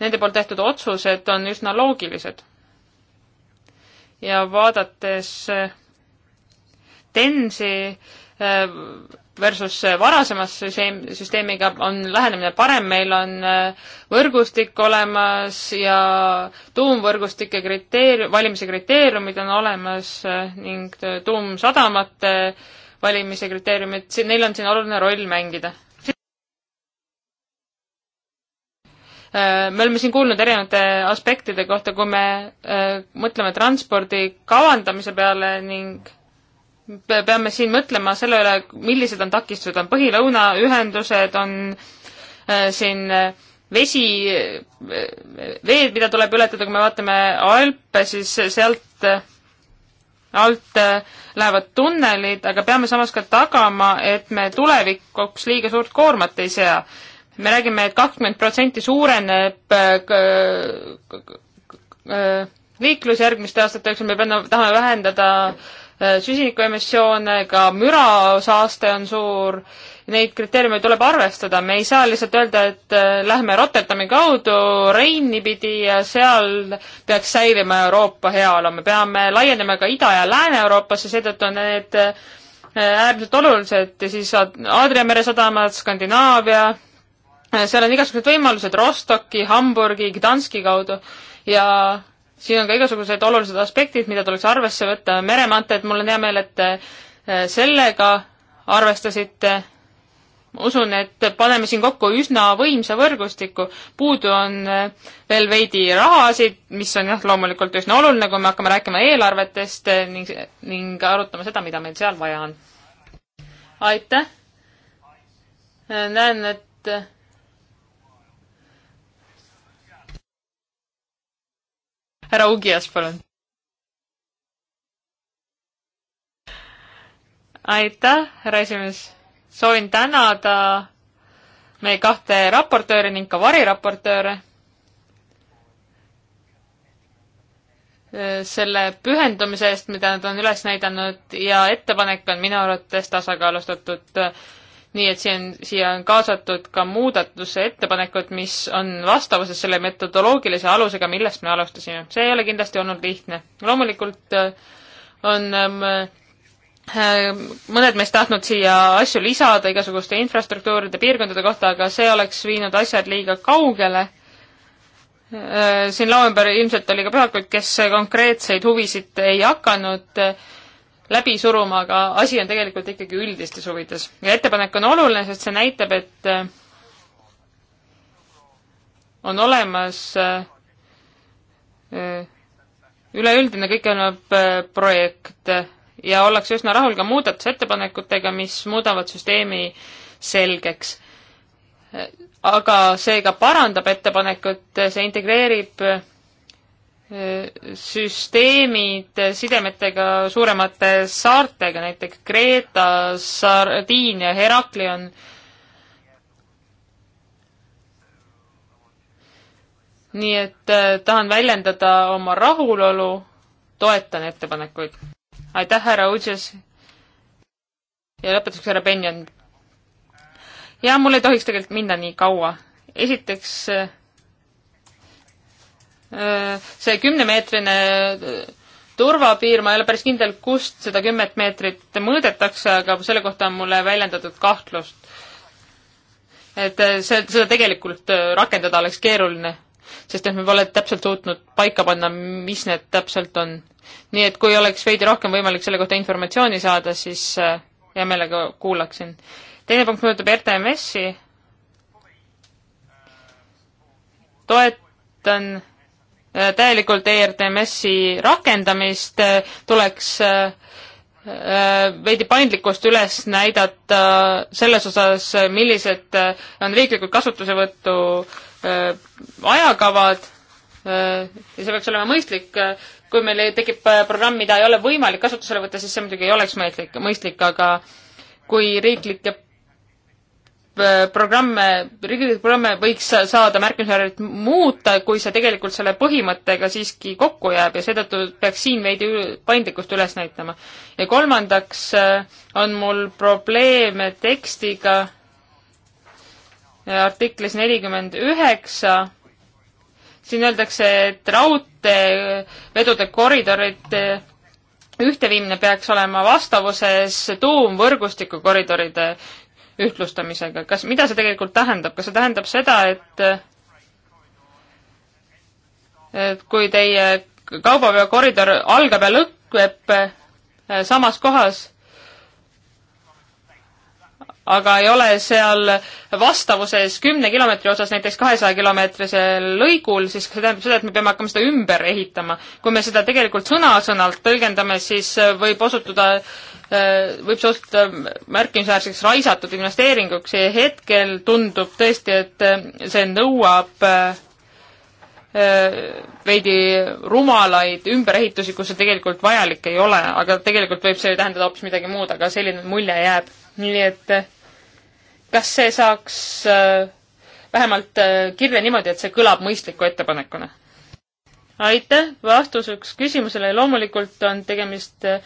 Nende poolt tehtud otsused on üsna loogilised ja vaadates eh, TENS-i eh, versus varasemas süsteem, süsteemiga on lähenemine parem, meil on eh, võrgustik olemas ja tuumvõrgustike kriteerium, valimise kriteeriumid on olemas ning tuumsadamate valimise kriteeriumid, neil on siin oluline roll mängida Äh, me oleme siin kuulnud erinevate aspektide kohta, kui me äh, mõtleme transpordi kavandamise peale ning peame siin mõtlema selle üle, millised on takistused, on põhilõunaühendused, on äh, siin vesi, veed, mida tuleb ületada, kui me vaatame Alpe, siis sealt alt lähevad tunnelid, aga peame samas ka tagama, et me tulevikuks liiga suurt koormat ei sea me räägime et, et kakskümmend protsenti suureneb äh, äh, liiklus järgmiste aastate jooksul, me peame, tahame vähendada äh, süsinikuemissioone, ka mürasaaste on suur, neid kriteeriume tuleb arvestada, me ei saa lihtsalt öelda, et lähme Rotterdami kaudu Reini pidi ja seal peaks säilima Euroopa heaolu, me peame laienema ka Ida- ja Lääne-Euroopasse, seetõttu on need äärmiselt olulised ja siis Aadria mere sadamad, Skandinaavia, seal on igasugused võimalused Rostocki, Hamburgi, Gdanski kaudu ja siin on ka igasugused olulised aspektid, mida tuleks arvesse võtta, meremaanteed, mul on hea meel, et e, sellega arvestasite, ma usun, et paneme siin kokku üsna võimsa võrgustiku, puudu on e, veel veidi rahasid, mis on jah, loomulikult üsna oluline, kui me hakkame rääkima eelarvetest e, ning, ning arutama seda, mida meil seal vaja on. aitäh! näen, et härra Ugias, palun. aitäh, härra esimees. soovin tänada meie kahte raportööri ning ka variraportööre selle pühendumise eest, mida nad on üles näidanud ja ettepanek on minu arvates tasakaalustatud nii et siin, siia on kaasatud ka muudatusettepanekud, mis on vastavuses selle metodoloogilise alusega, millest me alustasime. see ei ole kindlasti olnud lihtne. loomulikult äh, on ähm, äh, mõned meist tahtnud siia asju lisada igasuguste infrastruktuuride, piirkondade kohta, aga see oleks viinud asjad liiga kaugele. Äh, siin laua ümber ilmselt oli ka pühakuid, kes konkreetseid huvisid ei hakanud läbi suruma, aga asi on tegelikult ikkagi üldistes huvides. ja ettepanek on oluline, sest see näitab, et äh, on olemas äh, äh, üleüldine kõikehõlmav projekt ja ollakse üsna rahul ka muudatusettepanekutega, mis muudavad süsteemi selgeks. aga see ka parandab ettepanekut, see integreerib süsteemid sidemetega suuremate saartega, näiteks Kreeta, Sardiin ja Heraklion. nii et äh, tahan väljendada oma rahulolu, toetan ettepanekuid. aitäh, härra Udžes. ja lõpetuseks härra Benjon. ja mul ei tohiks tegelikult minna nii kaua. esiteks äh, see kümnemeetrine turvapiir, ma ei ole päris kindel, kust seda kümmet meetrit mõõdetakse, aga selle kohta on mulle väljendatud kahtlust. et see, seda tegelikult rakendada oleks keeruline, sest et me pole täpselt suutnud paika panna, mis need täpselt on. nii et kui oleks veidi rohkem võimalik selle kohta informatsiooni saada, siis äh, hea meelega kuulaksin. teine punkt puudutab RTMS-i. toetan Äh, täielikult ERTMS-i rakendamist, äh, tuleks äh, veidi paindlikkust üles näidata selles osas, millised on riiklikud kasutusevõtu ajakavad ja see peaks olema mõistlik. kui meil tekib programm, mida ei ole võimalik kasutusele võtta, siis see muidugi ei oleks mõistlik, mõistlik, aga kui riiklikke Äh, programme, riiklikke programme võiks saada märkimisväärselt muuta, kui see tegelikult selle põhimõttega siiski kokku jääb ja seetõttu peaks siin veidi paindlikkust üles näitama. ja kolmandaks äh, on mul probleeme tekstiga äh, artiklis nelikümmend üheksa, siin öeldakse, et raudteevedude koridoride ühteviimine peaks olema vastavuses tuumvõrgustiku koridoride ühtlustamisega, kas, mida see tegelikult tähendab, kas see tähendab seda, et et kui teie kaubaveokoridor algab ja lõpeb samas kohas, aga ei ole seal vastavuses kümne kilomeetri osas näiteks kahesaja kilomeetrisel lõigul, siis see tähendab seda, et me peame hakkama seda ümber ehitama. kui me seda tegelikult sõna-sõnalt tõlgendame, siis võib osutuda võib see osutuda märkimisväärseks raisatud investeeringuks ja hetkel tundub tõesti, et see nõuab äh, veidi rumalaid ümberehitusi, kus see tegelikult vajalik ei ole, aga tegelikult võib see tähendada hoopis midagi muud, aga selline mulje jääb. nii et kas see saaks äh, vähemalt äh, kirja niimoodi, et see kõlab mõistliku ettepanekuna? aitäh, vastuseks küsimusele loomulikult on tegemist äh,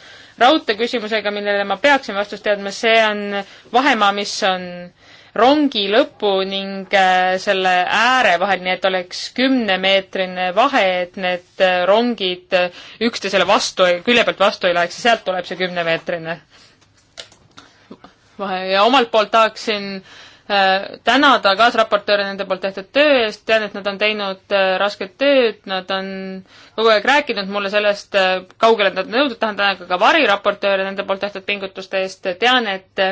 raudteeküsimusega, millele ma peaksin vastust teadma, see on vahemaa, mis on rongi lõpu ning selle ääre vahel, nii et oleks kümnemeetrine vahe, et need rongid üksteisele vastu, külje pealt vastu ei läheks ja sealt tuleb see kümnemeetrine ja omalt poolt tahaksin äh, tänada kaasraportööre nende poolt tehtud töö eest, tean, et nad on teinud äh, rasket tööd, nad on kogu aeg rääkinud mulle sellest, äh, kaugele nad on jõudnud, tahan tänada ka variraportööre nende poolt tehtud pingutuste eest, tean, et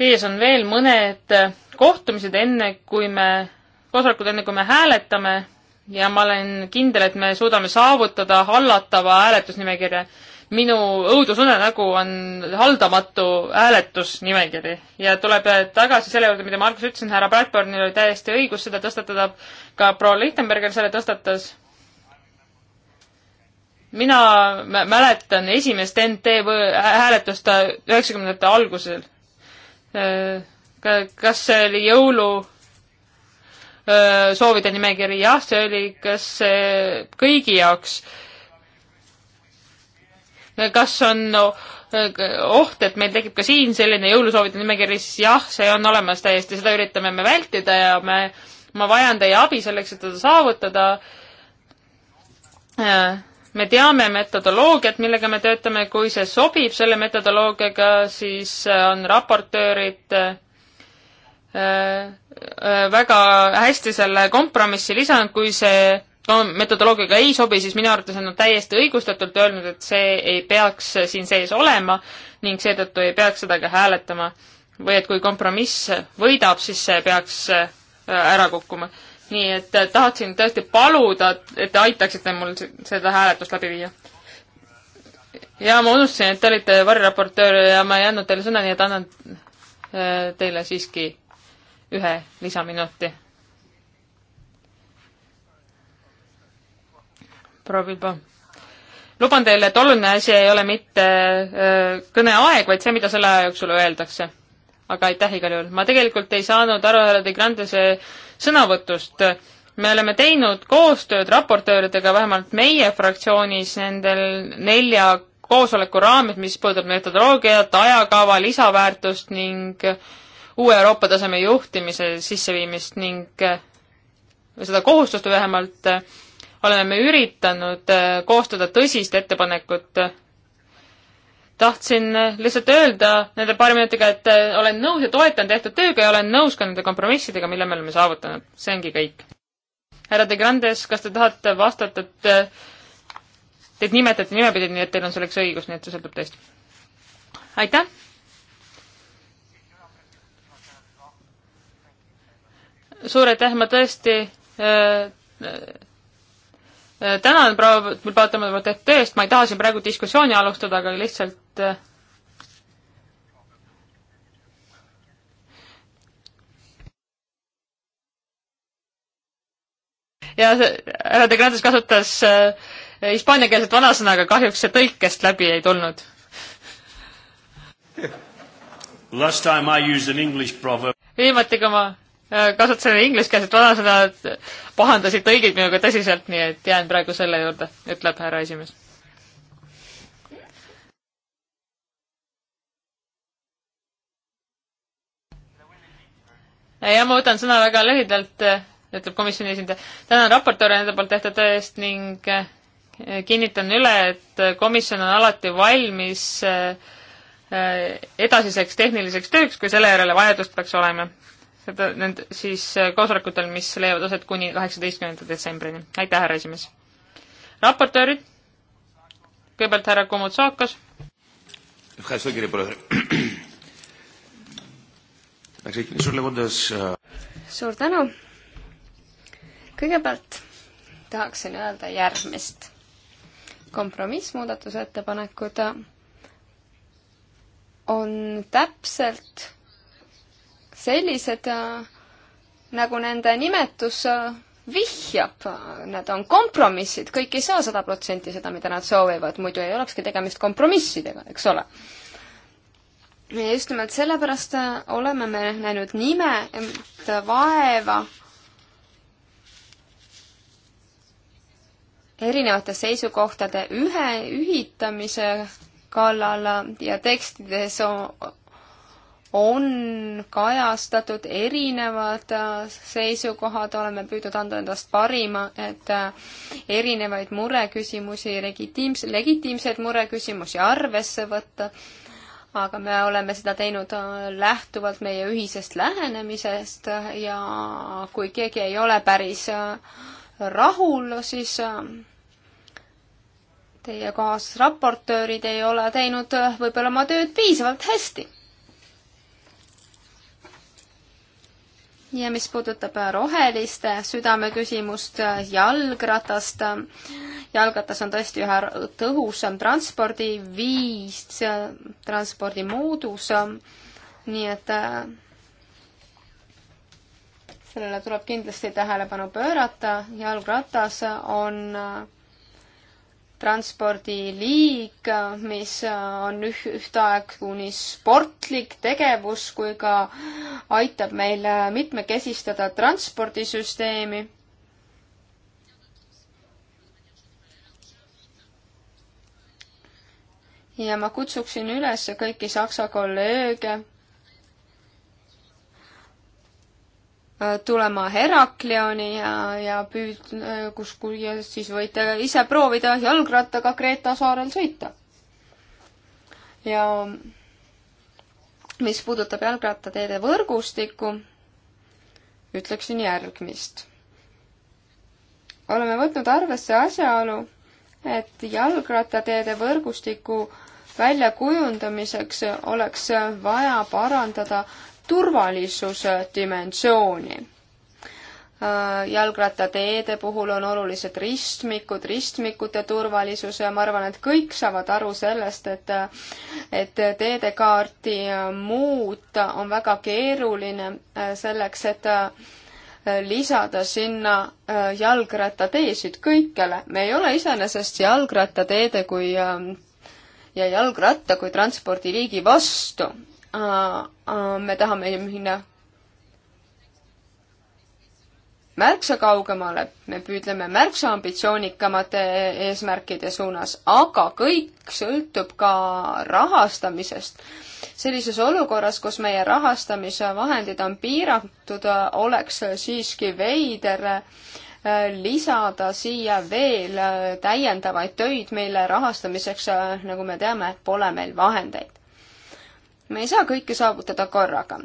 ees on veel mõned kohtumised, enne kui me, koosolekud, enne kui me hääletame ja ma olen kindel, et me suudame saavutada hallatava hääletusnimekirja minu õudusunenägu on haldamatu hääletusnimekiri ja tuleb tagasi selle juurde, mida ma alguses ütlesin, härra Bradburnil oli täiesti õigus seda tõstatada, ka proua Lichtenberger selle tõstatas. mina mäletan esimest NT hääletust üheksakümnendate algusel. Äh, kas see oli jõulu äh, soovide nimekiri, jah, see oli kas kõigi jaoks kas on oht, et meil tekib ka siin selline jõulusoovide nimekiri, siis jah, see on olemas täiesti, seda üritame me vältida ja me, ma vajan teie abi selleks, et seda saavutada. Äh, me teame metodoloogiat, millega me töötame, kui see sobib selle metodoloogiaga, siis äh, on raportöörid äh, väga hästi selle kompromissi lisanud, kui see no metodoloogiaga ei sobi, siis minu arvates on nad täiesti õigustatult öelnud, et see ei peaks siin sees olema ning seetõttu ei peaks seda ka hääletama. või et kui kompromiss võidab, siis see peaks äh, ära kukkuma. nii et äh, tahtsin tõesti paluda, et te aitaksite mul seda hääletust läbi viia. ja ma unustasin, et te olite variraportöör ja ma ei andnud teile sõna, nii et annan äh, teile siiski ühe lisaminuti proua Pilbo. luban teile, et oluline asi ei ole mitte kõneaeg, vaid see, mida selle aja jooksul öeldakse. aga aitäh igal juhul. ma tegelikult ei saanud aru härra De Grandese sõnavõtust. me oleme teinud koostööd raportööridega, vähemalt meie fraktsioonis, nendel nelja koosoleku raames, mis puudutab metodoloogiat, ajakava, lisaväärtust ning uue Euroopa taseme juhtimise sisseviimist ning seda kohustust vähemalt oleme me üritanud äh, koostada tõsist ettepanekut. tahtsin äh, lihtsalt öelda nende paari minutiga, et äh, olen nõus ja toetan tehtud tööga ja olen nõus ka nende kompromissidega, mille me oleme saavutanud. see ongi kõik. härra De Grandes, kas te tahate vastata, et teid nimetati nimepidi, nii et teil on selleks õigus, nii et see sõltub teist. aitäh! suur aitäh, ma tõesti öö, öö, Äh, tänan, proua Pilpatama proteste, ma ei taha siin praegu diskussiooni alustada, aga lihtsalt äh, ja härra De Grandes kasutas äh, hispaaniakeelset vanasõna, aga kahjuks see tõlkest läbi ei tulnud Last time I used an English proverb. viimati, kui ma kasutasin ingliskeelset vanasõna, et pahandasid tõlgid minuga tõsiselt, nii et jään praegu selle juurde, ütleb härra esimees. ja ma võtan sõna väga lühidalt, ütleb komisjoni esindaja. tänan raportööre nende poolt tehtud töö eest ning eh, kinnitan üle, et komisjon on alati valmis eh, eh, edasiseks tehniliseks tööks, kui selle järele vajadust peaks olema seda, nend-, siis äh, koosolekutel, mis leiavad aset kuni kaheksateistkümnenda detsembrini. aitäh, härra esimees! raportöörid, kõigepealt härra Komotsakas. suur tänu! kõigepealt tahaksin öelda järgmist. kompromissmuudatusettepanekud on täpselt sellised äh, nagu nende nimetus äh, vihjab, nad on kompromissid, kõik ei saa sada protsenti seda, mida nad soovivad, muidu ei olekski tegemist kompromissidega, eks ole. ja just nimelt sellepärast äh, oleme me näinud nime, vaeva erinevate seisukohtade ühe, ühitamise kallal ja tekstides on, on kajastatud erinevad äh, seisukohad, oleme püüdnud anda endast parima, et äh, erinevaid mureküsimusi, legitiims-, legitiimseid mureküsimusi arvesse võtta, aga me oleme seda teinud äh, lähtuvalt meie ühisest lähenemisest ja kui keegi ei ole päris rahul, siis teie kaasraportöörid ei ole teinud võib-olla oma tööd piisavalt hästi ja mis puudutab äh, roheliste südameküsimust, äh, jalgratast, äh, jalgratas on tõesti üha tõhusam transpordiviis, transpordimoodus, nii et sellele tuleb kindlasti tähelepanu pöörata, jalgratas on transpordiliik, mis äh, on üh-, ühtaegu nii sportlik tegevus kui ka aitab meil äh, mitmekesistada transpordisüsteemi. ja ma kutsuksin üles kõiki Saksa kolleege tulema Heraklioni ja, ja püüd-, kus, kui ja siis võite ise proovida jalgrattaga Kreeta saarel sõita. ja mis puudutab jalgrattateede võrgustikku, ütleksin järgmist. oleme võtnud arvesse asjaolu, et jalgrattateede võrgustiku väljakujundamiseks oleks vaja parandada turvalisuse dimensiooni. Äh, jalgrattateede puhul on olulised ristmikud, ristmikute turvalisus ja ma arvan, et kõik saavad aru sellest, et et teedekaarti muuta on väga keeruline äh, selleks, et äh, lisada sinna jalgrattateesid kõikjale. me ei ole iseenesest jalgrattateede kui ähm, ja jalgratta kui transpordiliigi vastu Äh, äh, me tahame minna märksa kaugemale, me püüdleme märksa ambitsioonikamate eesmärkide suunas, aga kõik sõltub ka rahastamisest. sellises olukorras, kus meie rahastamise vahendid on piiratud, oleks siiski veider äh, lisada siia veel täiendavaid töid, mille rahastamiseks, nagu me teame, pole meil vahendeid me ei saa kõike saavutada korraga.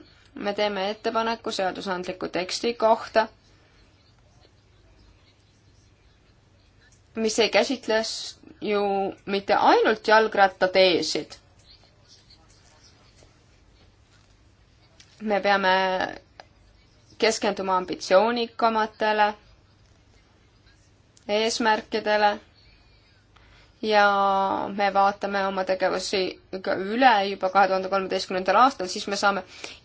me teeme ettepaneku seadusandliku teksti kohta, mis ei käsitle ju mitte ainult jalgrattateesid. me peame keskenduma ambitsioonikamatele eesmärkidele ja me vaatame oma tegevusi üle juba kahe tuhande kolmeteistkümnendal aastal, siis me saame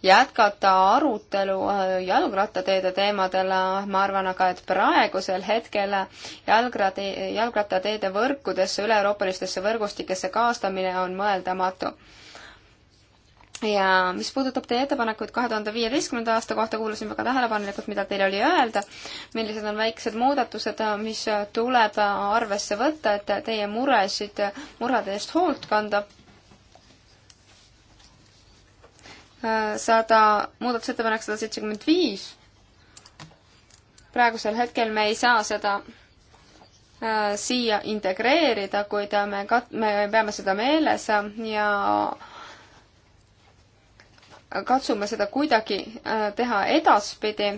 jätkata arutelu äh, jalgrattateede teemadel. ma arvan aga, et praegusel hetkel jalgrate, jalgrattateede võrkudesse, üle-euroopalistesse võrgustikesse kaastamine on mõeldamatu ja mis puudutab teie ettepanekuid kahe tuhande viieteistkümnenda aasta kohta, kuulasin väga tähelepanelikult, mida teil oli öelda, millised on väiksed muudatused, mis tuleb arvesse võtta, et teie muresid, murede eest hoolt kanda. sada, muudatusettepanek sada seitsekümmend viis. praegusel hetkel me ei saa seda äh, siia integreerida, kuid me kat-, me peame seda meeles ja katsume seda kuidagi äh, teha edaspidi.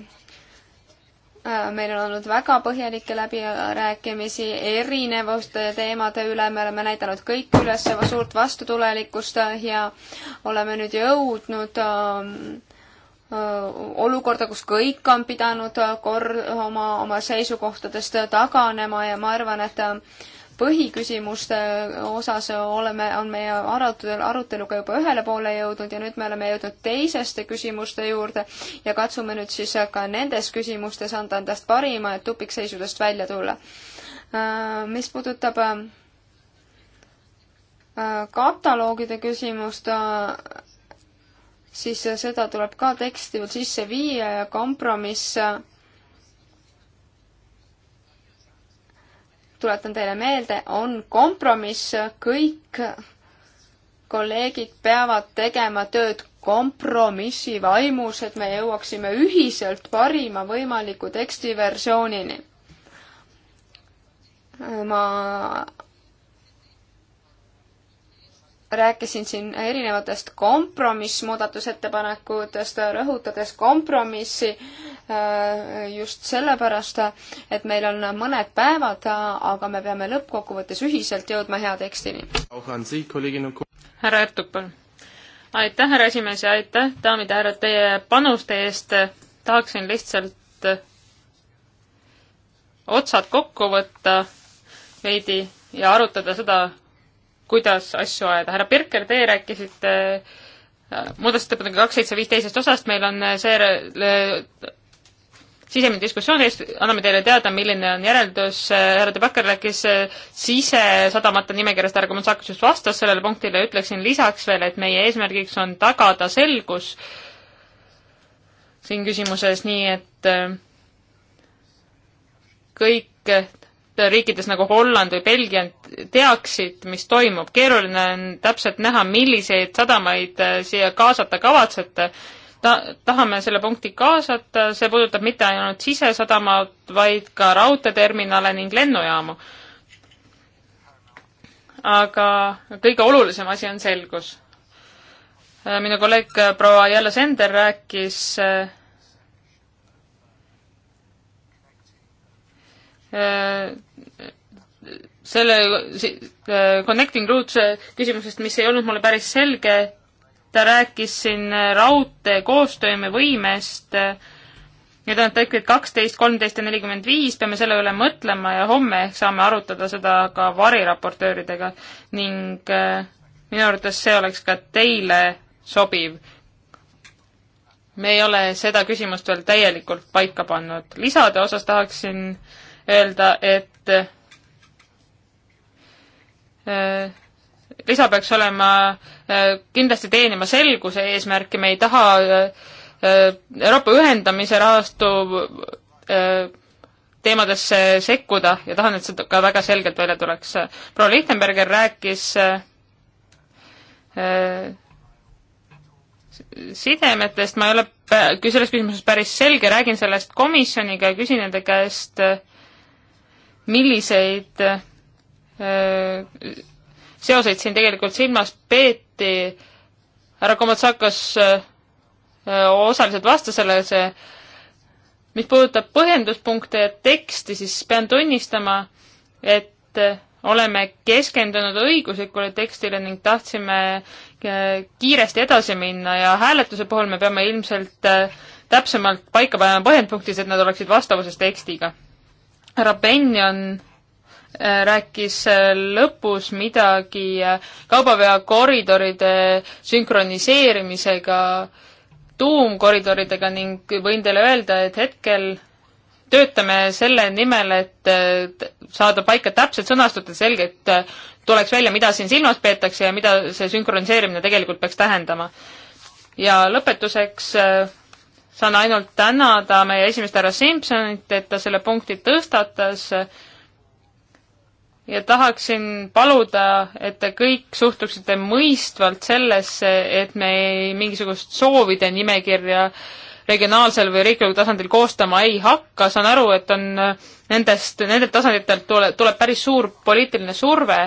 Äh, meil on olnud väga põhjalikke läbirääkimisi erinevuste teemade üle, me oleme näidanud kõik üles oma suurt vastutulelikkust ja oleme nüüd jõudnud ähm, äh, olukorda, kus kõik on pidanud kor-, oma, oma seisukohtadest taganema ja ma arvan, et põhiküsimuste osas oleme, on meie arutel, aruteluga juba ühele poole jõudnud ja nüüd me oleme jõudnud teiseste küsimuste juurde ja katsume nüüd siis ka nendes küsimustes anda endast parima, et tupikseisudest välja tulla. Äh, mis puudutab äh, kataloogide küsimust, äh, siis seda tuleb ka teksti veel sisse viia ja kompromiss tuletan teile meelde, on kompromiss, kõik kolleegid peavad tegema tööd kompromissi vaimus, et me jõuaksime ühiselt parima võimaliku tekstiversioonini. ma rääkisin siin erinevatest kompromissmuudatusettepanekutest, rõhutades kompromissi äh, just sellepärast, et meil on mõned päevad, aga me peame lõppkokkuvõttes ühiselt jõudma hea tekstini. härra Ertug, palun. aitäh, härra esimees ja aitäh, daamid ja härrad, teie panuste eest. tahaksin lihtsalt äh, otsad kokku võtta veidi ja arutada seda, kuidas asju ajada. härra Birker, teie rääkisite äh, muudatusettepaneku kaks, seitse, viis teisest osast, meil on äh, see äh, sisemine diskussioon ees, anname teile teada, milline on järeldus, härra De Backer rääkis sisesadamate nimekirjast, härra Komandsak just vastas sellele punktile, ütleksin lisaks veel, et meie eesmärgiks on tagada selgus siin küsimuses, nii et kõik riikides nagu Holland või Belgia teaksid, mis toimub. keeruline on täpselt näha, milliseid sadamaid äh, siia kaasata kavatsete. Ta-, tahame selle punkti kaasata, see puudutab mitte ainult sisesadamat, vaid ka raudteeterminale ning lennujaamu. aga kõige olulisem asi on selgus. Äh, minu kolleeg äh, proua Jelle Sender rääkis äh, selle äh, Connecting Roots äh, küsimusest, mis ei olnud mulle päris selge, ta rääkis siin äh, raudtee koostöövõimest, need on artiklid kaksteist, kolmteist ja nelikümmend viis, peame selle üle mõtlema ja homme ehk saame arutada seda ka variraportööridega ning minu arvates see oleks ka teile sobiv. me ei ole seda küsimust veel täielikult paika pannud. lisade osas tahaksin öelda, et Äh, lisa peaks olema, äh, kindlasti teenima selguse eesmärki, me ei taha äh, Euroopa ühendamise rahastu teemadesse sekkuda ja tahan, et see ka väga selgelt välja tuleks. proua Lichtenberger rääkis sidemetest, ma ei ole selles küsimuses päris selge, räägin sellest komisjoniga ja küsin nende käest, milliseid Äh, seoseid siin tegelikult silmas peeti. härra Komatsakas äh, osaliselt vastas sellele, see mis puudutab põhjenduspunkte ja teksti, siis pean tunnistama, et äh, oleme keskendunud õiguslikule tekstile ning tahtsime kiiresti edasi minna ja hääletuse puhul me peame ilmselt täpsemalt paika panema põhjenduspunktis, et nad oleksid vastavuses tekstiga. härra Penn on rääkis äh, lõpus midagi äh, kaubaveokoridoride sünkroniseerimisega tuumkoridoridega ning võin teile öelda, et hetkel töötame selle nimel, et äh, saada paika täpselt sõnastatud, selgelt tuleks välja, mida siin silmas peetakse ja mida see sünkroniseerimine tegelikult peaks tähendama. ja lõpetuseks saan ainult tänada meie esimest härra Simsonit, et ta selle punkti tõstatas ja tahaksin paluda, et te kõik suhtuksite mõistvalt sellesse, et me ei mingisugust soovide nimekirja regionaalsel või riiklikul tasandil koostama ei hakka, saan aru, et on äh, nendest, nendelt tasanditelt tule, tuleb päris suur poliitiline surve,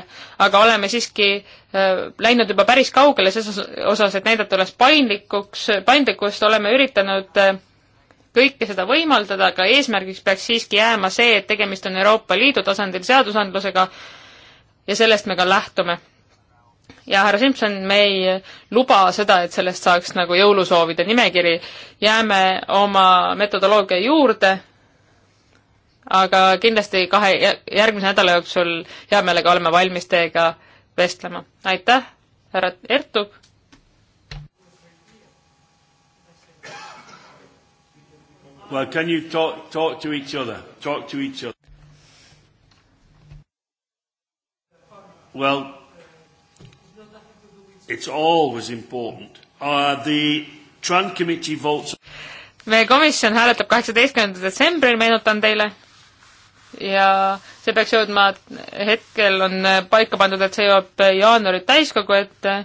aga oleme siiski äh, läinud juba päris kaugele ses osas, et näidata üles paindlikuks, paindlikkust, oleme üritanud äh, kõike seda võimaldada, aga eesmärgiks peaks siiski jääma see, et tegemist on Euroopa Liidu tasandil seadusandlusega ja sellest me ka lähtume. ja härra Simson, me ei luba seda, et sellest saaks nagu jõulusoovide nimekiri, jääme oma metodoloogia juurde, aga kindlasti kahe, järgmise nädala jooksul hea meelega oleme valmis teiega vestlema. aitäh, härra Ertug! Well, can you talk, talk to each other? Talk to each other. Well, it's always important. Uh, the Tran Committee votes meie komisjon hääletab kaheksateistkümnendal detsembril, meenutan teile. ja see peaks jõudma, hetkel on paika pandud, et see jõuab jaanuari täiskogu ette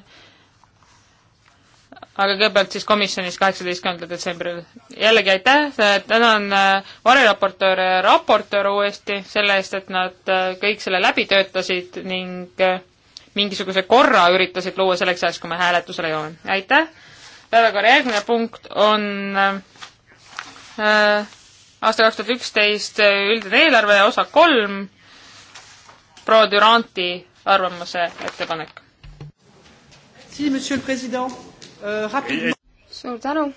aga kõigepealt siis komisjonis kaheksateistkümnendal detsembril. jällegi aitäh, tänan äh, variraportööre, äh, raportööre uuesti selle eest, et nad äh, kõik selle läbi töötasid ning mingisuguse korra üritasid luua selleks ajaks, kui me hääletusele jõuame. aitäh! päevakorra järgmine punkt on äh, aasta kaks tuhat üksteist üldine eelarve osa kolm, proua Duranti arvamuse ettepanek. Si, monsieur le president Äh, suur tänu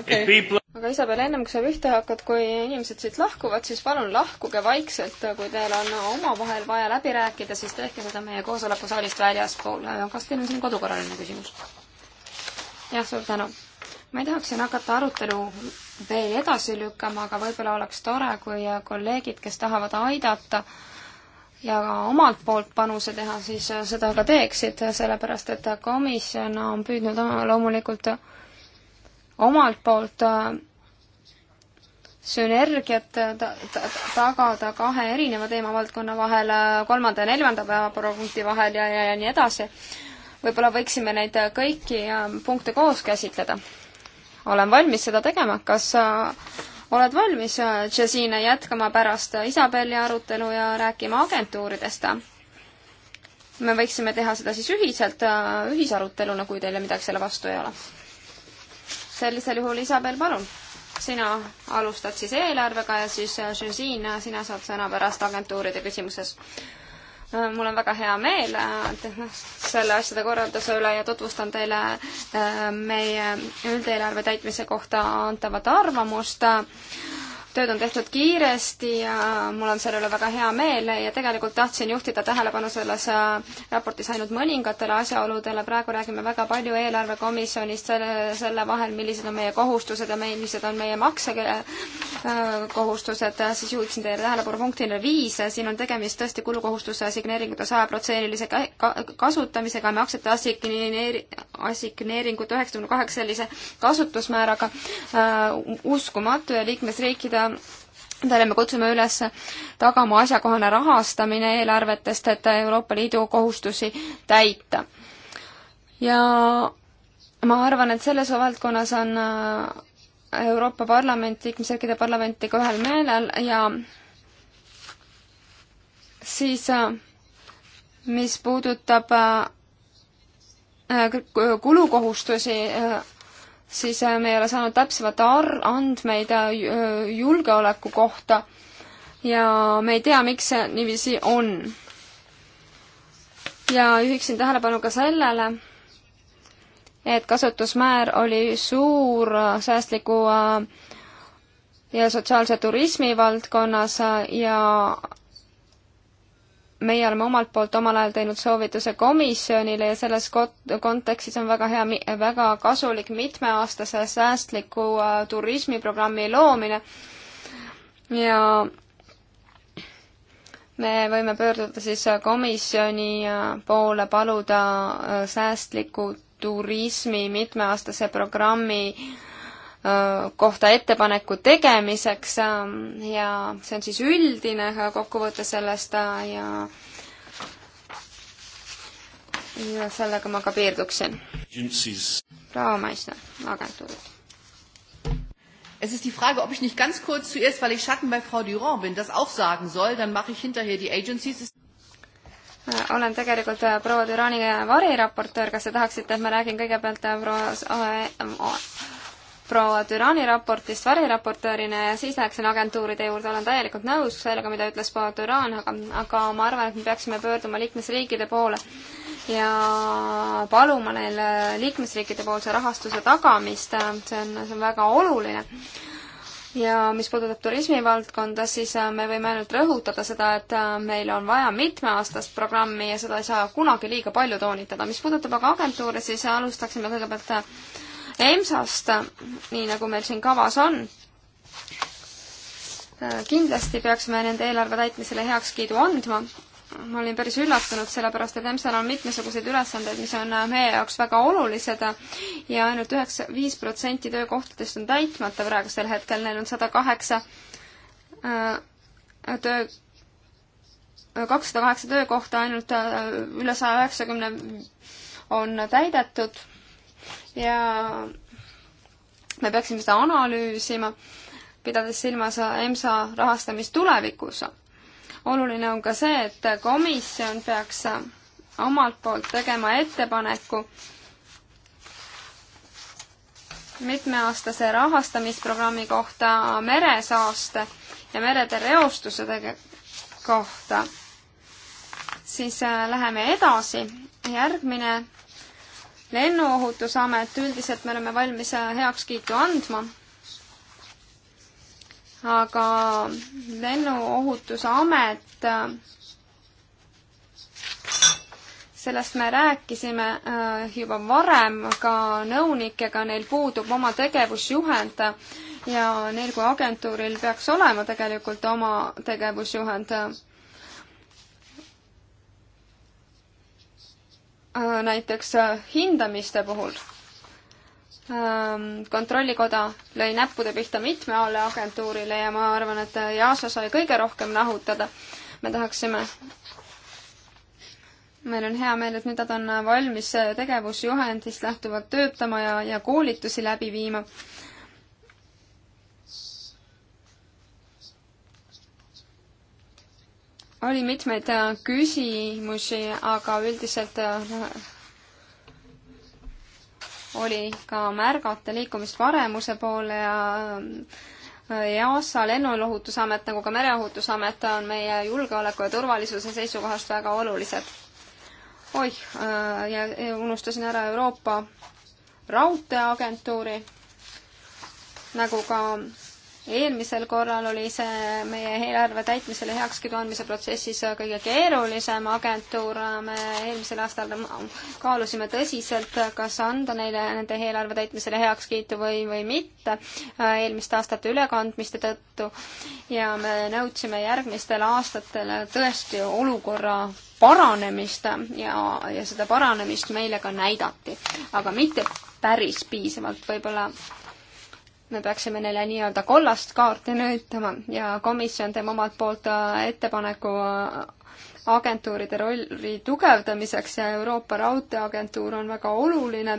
okay.. aga Isabel, ennem kui sa pihta hakkad, kui inimesed siit lahkuvad, siis palun lahkuge vaikselt, kui teil on omavahel vaja läbi rääkida, siis tehke seda meie koosolekusaalist väljaspool. kas teil on siin kodukorraline küsimus? jah, suur tänu. ma ei tahaks siin hakata arutelu veel edasi lükkama, aga võib-olla oleks tore, kui kolleegid, kes tahavad aidata, ja ka omalt poolt panuse teha, siis äh, seda ka teeksid, sellepärast et komisjon on püüdnud äh, loomulikult omalt poolt äh, sünergiat tagada ta, ta, ta, ta kahe erineva teemavaldkonna vahel, kolmanda ja neljanda päevapunkti vahel ja, ja, ja nii edasi. võib-olla võiksime neid kõiki punkte koos käsitleda. olen valmis seda tegema, kas äh, oled valmis, äh, Jazine, jätkama pärast Isabeli arutelu ja rääkima agentuuridest? me võiksime teha seda siis ühiselt, äh, ühisaruteluna, kui teile midagi selle vastu ei ole. sellisel juhul, Isabel, palun, sina alustad siis eelarvega ja siis äh, Jazine, sina saad sõna pärast agentuuride küsimuses. Äh, mul on väga hea meel äh, selle asjade korralduse üle ja tutvustan teile äh, meie üldeelarve täitmise kohta antavat arvamust tööd on tehtud kiiresti ja mul on selle üle väga hea meel ja tegelikult tahtsin juhtida tähelepanu selles äh, raportis ainult mõningatele asjaoludele, praegu räägime väga palju eelarvekomisjonist selle, selle vahel, millised on meie kohustused ja millised on meie maksekohustused, äh, siis juhiksin teie tähelepanu punktile viis, siin on tegemist tõesti kulukohustuse assigneeringute sajaprotsendilise kasutamisega, maksete assigneeri-, assigneeringute üheksakümne kaheksa sellise kasutusmääraga, äh, uskumatu ja liikmesriikide tähendab, me kutsume üles tagama asjakohane rahastamine eelarvetest, et Euroopa Liidu kohustusi täita. ja ma arvan, et selles valdkonnas on äh, Euroopa Parlament, liikmesriikide parlamentiga ühel meelel ja siis äh, mis puudutab äh, kulukohustusi siis äh, me ei ole saanud täpsemat ar-, andmeid äh, äh, julgeoleku kohta ja me ei tea, miks see niiviisi on. ja juhiksin tähelepanu ka sellele, et kasutusmäär oli suur säästliku ja sotsiaalse turismi valdkonnas ja meie oleme omalt poolt omal ajal teinud soovituse komisjonile ja selles kontekstis on väga hea, väga kasulik mitmeaastase säästliku äh, turismiprogrammi loomine ja me võime pöörduda siis äh, komisjoni äh, poole, paluda säästliku turismi mitmeaastase programmi äh, Äh, kohta ettepaneku tegemiseks ähm, ja see on siis üldine äh, kokkuvõte sellest äh, ja ja sellega ma ka piirduksin. proua Maisna, agentuurid. Es ist die Frage, ob ich nicht ganz kurz zuerst, weil ich Schatten bei Frau Durand bin, das auch sagen soll, dann mache ich hinterher die Agencies. olen tegelikult proua Düranini variraportöör, kas te tahaksite, et ma räägin kõigepealt proua proua Türani raportist variraportöörina ja siis läheksin agentuuride juurde, olen täielikult nõus sellega, mida ütles proua Türan, aga, aga ma arvan, et me peaksime pöörduma liikmesriikide poole ja paluma neil äh, liikmesriikide poolse rahastuse tagamist, see on, see on väga oluline ja mis puudutab turismivaldkonda, siis äh, me võime ainult rõhutada seda, et äh, meil on vaja mitmeaastast programmi ja seda ei saa kunagi liiga palju toonitada. mis puudutab aga agentuure, siis alustaksime kõigepealt EMSA-st, nii nagu meil siin kavas on. kindlasti peaksime nende eelarve täitmisele heakskiidu andma. ma olin päris üllatunud, sellepärast et EMSA-l on mitmesuguseid ülesandeid, mis on meie jaoks väga olulised ja ainult üheksa, viis protsenti töökohtadest on täitmata praegusel hetkel, neil on sada kaheksa äh, töö kakssada kaheksa töökohta, ainult äh, üle saja üheksakümne on täidetud ja me peaksime seda analüüsima, pidades silmas EMSA rahastamist tulevikus. oluline on ka see, et komisjon peaks omalt poolt tegema ettepaneku mitmeaastase rahastamisprogrammi kohta meresaaste ja merede reostuse tege-, kohta. siis äh, läheme edasi, järgmine lennuohutusamet, üldiselt me oleme valmis äh, heakskiitu andma, aga lennuohutusamet, äh, sellest me rääkisime äh, juba varem ka nõunikega, neil puudub oma tegevusjuhend ja neil kui agentuuril peaks olema tegelikult oma tegevusjuhend Äh, näiteks äh, hindamiste puhul ähm, kontrollikoda lõi näppude pihta mitmeale agentuurile ja ma arvan, et EASA äh, sai kõige rohkem nahutada. me tahaksime, meil on hea meel, et nüüd nad on valmis tegevusjuhendist lähtuvalt töötama ja, ja koolitusi läbi viima oli mitmeid äh, küsimusi, aga üldiselt äh, oli ka märgata liikumist paremuse poole ja äh, EASA lennuohutusamet nagu ka mereohutusamet on meie julgeoleku ja turvalisuse seisukohast väga olulised. oih, ja unustasin ära Euroopa Raudteeagentuuri, nagu ka eelmisel korral oli see meie eelarve täitmisele heakskiidu andmise protsessis kõige keerulisem agentuur. me eelmisel aastal kaalusime tõsiselt, kas anda neile nende eelarve täitmisele heakskiitu või, või mitte eelmiste aastate ülekandmiste tõttu ja me nõudsime järgmistel aastatel tõesti olukorra paranemist ja, ja seda paranemist meile ka näidati, aga mitte päris piisavalt, võib-olla me peaksime neile nii-öelda kollast kaarti näitama ja komisjon teeb omalt poolt äh, ettepaneku äh, agentuuride rolli tugevdamiseks ja Euroopa Raudteeagentuur on väga oluline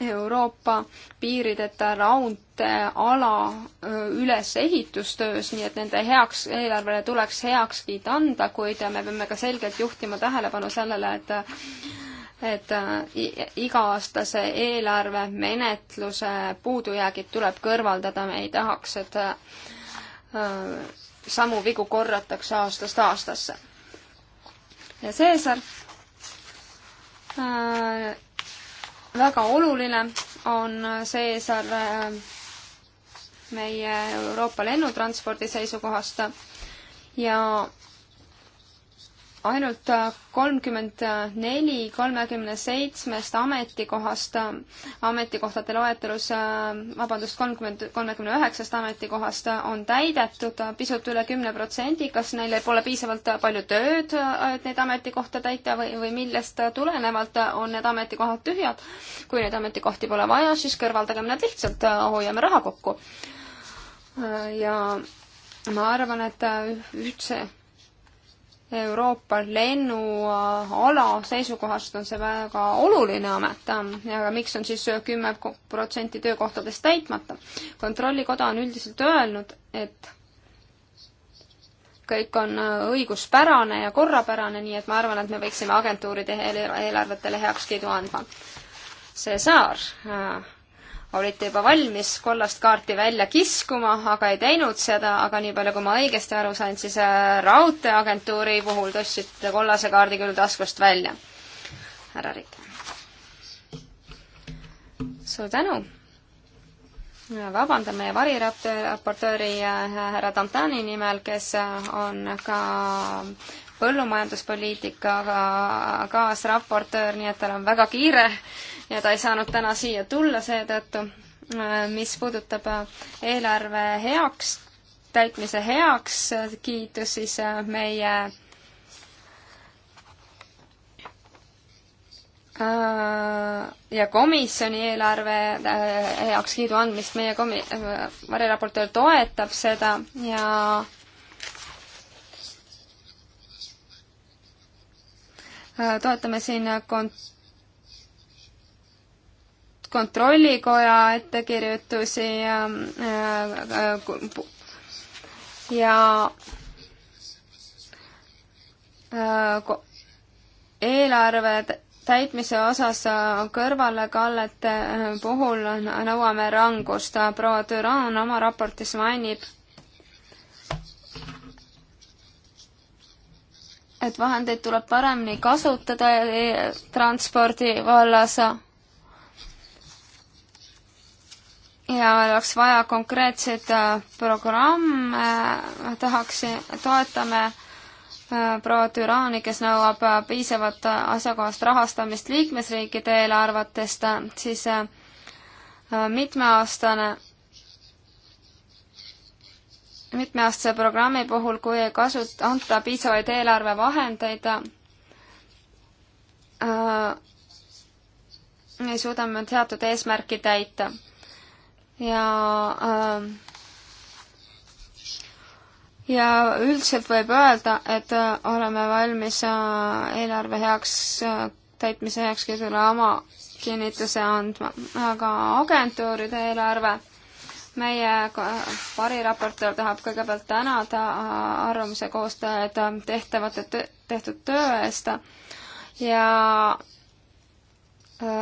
Euroopa piirideta raudteeala äh, ülesehitustöös, nii et nende heaks, eelarvele tuleks heakskiit anda, kuid me peame ka selgelt juhtima tähelepanu sellele, et et äh, iga-aastase eelarve menetluse puudujäägid tuleb kõrvaldada, me ei tahaks, et äh, samu vigu korratakse aastast aastasse. ja Seesar äh,, väga oluline on Seesar äh, meie Euroopa lennutranspordi seisukohast ja ainult äh, kolmkümmend neli kolmekümne seitsmest ametikohast, äh, ametikohtade loetelus, äh, vabandust, kolmkümmend, kolmekümne üheksast ametikohast on täidetud pisut üle kümne protsendi, kas neil pole piisavalt palju tööd, et neid ametikohta täita või, või millest tulenevalt on need ametikohad tühjad. kui neid ametikohti pole vaja, siis kõrvaldagem nad lihtsalt, hoiame raha kokku. ja ma arvan, et üldse Euroopa lennuala seisukohast on see väga oluline amet, aga miks on siis kümme protsenti töökohtadest täitmata? kontrollikoda on üldiselt öelnud, et kõik on õiguspärane ja korrapärane, nii et ma arvan, et me võiksime agentuuride eelarvetele heakskiidu andma. Cesar äh, olite juba valmis kollast kaarti välja kiskuma, aga ei teinud seda, aga nii palju, kui ma õigesti aru sain, siis äh, raudteeagentuuri puhul tõstsite kollase kaardi küll taskust välja. härra Rikk. suur tänu. vabandan meie variraportööri äh, härra Tantani nimel, kes äh, on ka põllumajanduspoliitika kaasraportöör, nii et tal on väga kiire ja ta ei saanud täna siia tulla seetõttu. mis puudutab eelarve heaks, täitmise heaks kiitus, siis meie äh, ja komisjoni eelarve äh, heakskiidu andmist meie komi-, äh, variraportöör toetab seda ja toetame siin kont-, kontrollikoja ettekirjutusi ja, äh, äh, ja, ja äh, eelarve täitmise osas kõrvalekallete puhul nõuame rangust. proua Düran oma raportis mainib, et vahendeid tuleb paremini kasutada transpordi vallas ja oleks vaja konkreetseid äh, programme, tahaks, toetame äh, proua Türaani, kes nõuab äh, piisavat asjakohast rahastamist liikmesriikide eelarvatest, siis mitmeaastane, mitmeaastase programmi puhul, kui ei kasut-, anta piisavaid eelarvevahendeid, ei suuda me teatud eesmärki täita ja ähm, ja üldiselt võib öelda, et äh, oleme valmis äh, eelarve heaks äh, täitmise heakskiidule oma kinnituse andma, aga agentuuride eelarve meie variraportöör tahab kõigepealt tänada arvamuse koostajad tehtavate, tehtud töö eest ja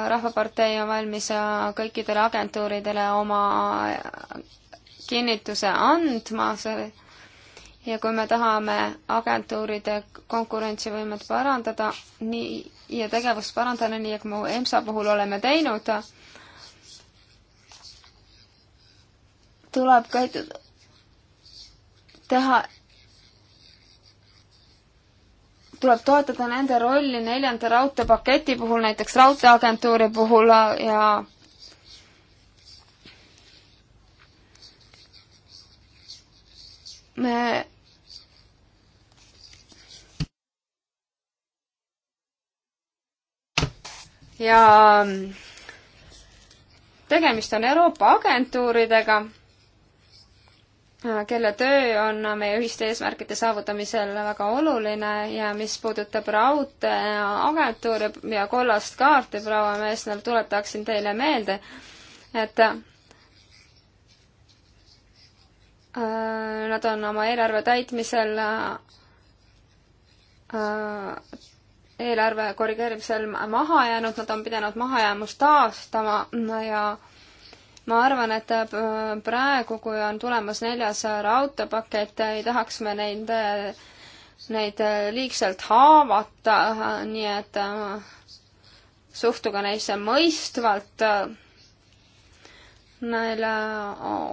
rahvapartei on valmis äh, kõikidele agentuuridele oma äh, kinnituse andma ja kui me tahame agentuuride konkurentsivõimet parandada nii ja tegevust parandada, nii nagu me EMSA puhul oleme teinud, tuleb ka teha tuleb toetada nende rolli neljanda raudteepaketi puhul, näiteks raudteeagentuuri puhul ja me ja tegemist on Euroopa agentuuridega kelle töö on meie ühiste eesmärkide saavutamisel väga oluline ja mis puudutab raudteeagentuuri ja kollast kaarti, proua Meesner, tuletaksin teile meelde, et äh, nad on oma eelarve täitmisel, äh, eelarve korrigeerimisel maha jäänud, nad on pidanud mahajäämust taastama ja ma arvan, et äh, praegu, kui on tulemas neljas raudteepakett, ei tahaks me neid, äh, neid äh, liigselt haavata, nii et suhtuge neisse mõistvalt. Neil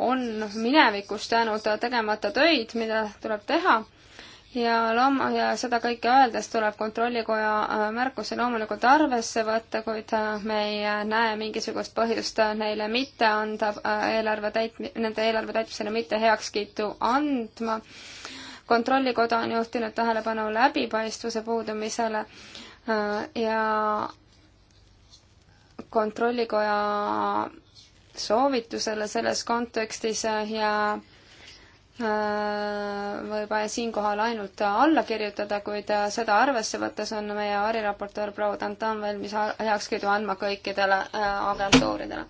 on minevikust jäänud tegemata töid, mida tuleb teha ja loom-, ja seda kõike öeldes tuleb Kontrollikoja äh, märkusi loomulikult arvesse võtta, kuid äh, me ei äh, näe mingisugust põhjust neile mitte anda eelarve täitmi-, nende eelarve täitmisele mitte heakskiitu andma. kontrollikoda on juhtinud tähelepanu läbipaistvuse puudumisele ja kontrollikoja soovitusele selles kontekstis ja Äh, võib siinkohal ainult alla kirjutada, kuid äh, seda arvesse võttes on meie variraportöör proua Tantan valmis heakskiidu andma kõikidele äh, agentuuridele.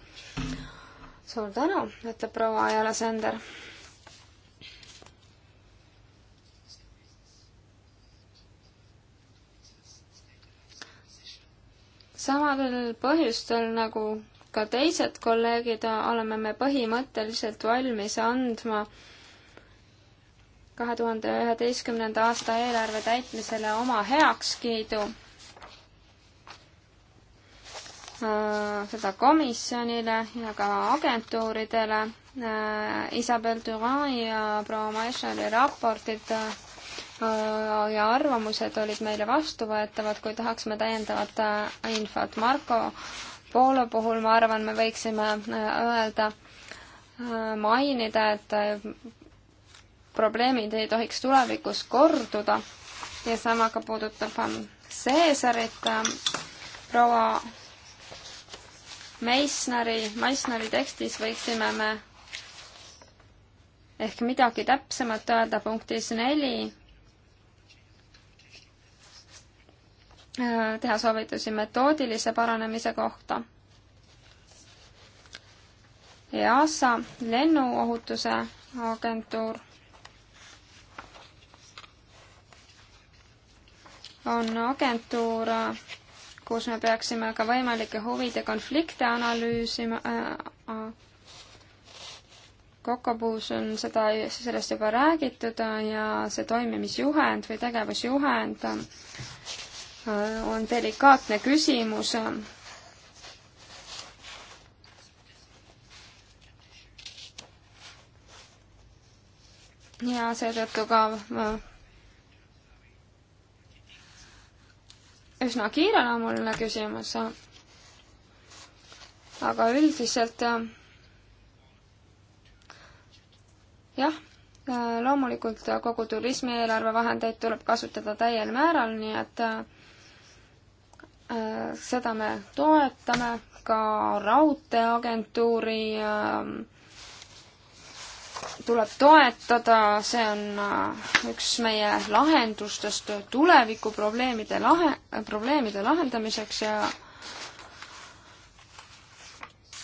suur tänu, ütleb proua Ajala Sender. samadel põhjustel nagu ka teised kolleegid oleme me põhimõtteliselt valmis andma äh, kahe tuhande üheteistkümnenda aasta eelarve täitmisele oma heakskiidu. Äh, seda komisjonile ja ka agentuuridele. Äh, Isabel Duran ja proua Maishali raportid äh, ja arvamused olid meile vastuvõetavad, kui tahaksime täiendavat infot. Marko Poola puhul ma arvan, me võiksime öelda, mainida, et probleemid ei tohiks tulevikus korduda ja sama ka puudutab Seesarit, ähm, ähm, proua Meissneri, Meissneri tekstis võiksime me ehk midagi täpsemat öelda punktis neli, äh, teha soovitusi metoodilise paranemise kohta. EASA, lennuohutuse agentuur on agentuur, kus me peaksime ka võimalikke huvide konflikte analüüsima. Äh, äh, kokkupuus on seda, sellest juba räägitud äh, ja see toimimisjuhend või tegevusjuhend on delikaatne küsimus ja seetõttu ka üsna kiireloomuline küsimus. aga üldiselt jah, loomulikult kogu turismieelarve vahendeid tuleb kasutada täiel määral, nii et äh, seda me toetame, ka raudteeagentuuri äh, tuleb toetada, see on äh, üks meie lahendustest tulevikuprobleemide lahe, probleemide lahendamiseks ja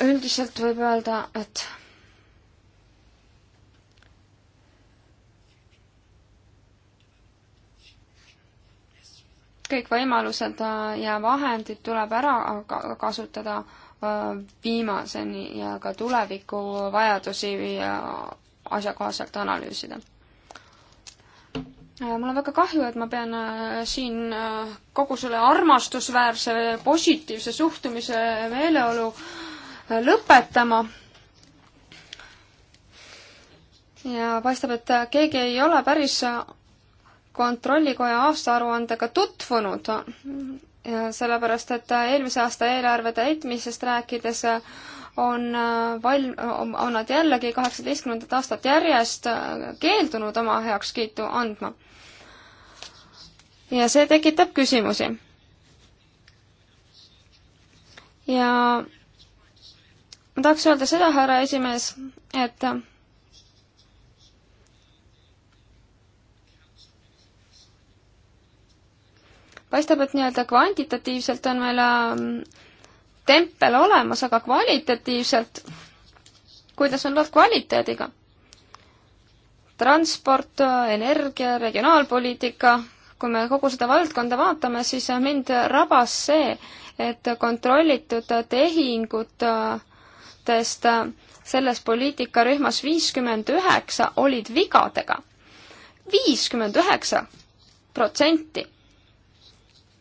üldiselt võib öelda, et kõik võimalused äh, ja vahendid tuleb ära kasutada äh, viimaseni ja ka tuleviku vajadusi ja asjakohaselt analüüsida. Äh, mul on väga kahju, et ma pean äh, siin äh, kogu selle armastusväärse positiivse suhtumise meeleolu lõpetama. ja paistab, et keegi ei ole päris kontrollikoja aastaaruandega tutvunud, sellepärast et eelmise aasta eelarve täitmisest rääkides on äh, val-, on nad jällegi kaheksateistkümnendat aastat järjest äh, keeldunud oma heakskiitu andma. ja see tekitab küsimusi. ja ma tahaks öelda seda, härra esimees, et paistab, et nii-öelda kvantitatiivselt on meil ähm, tempel olemas, aga kvalitatiivselt, kuidas on lood kvaliteediga? transport, energia, regionaalpoliitika, kui me kogu seda valdkonda vaatame, siis mind rabas see, et kontrollitud tehingutest selles poliitikarühmas viiskümmend üheksa olid vigadega. viiskümmend üheksa protsenti!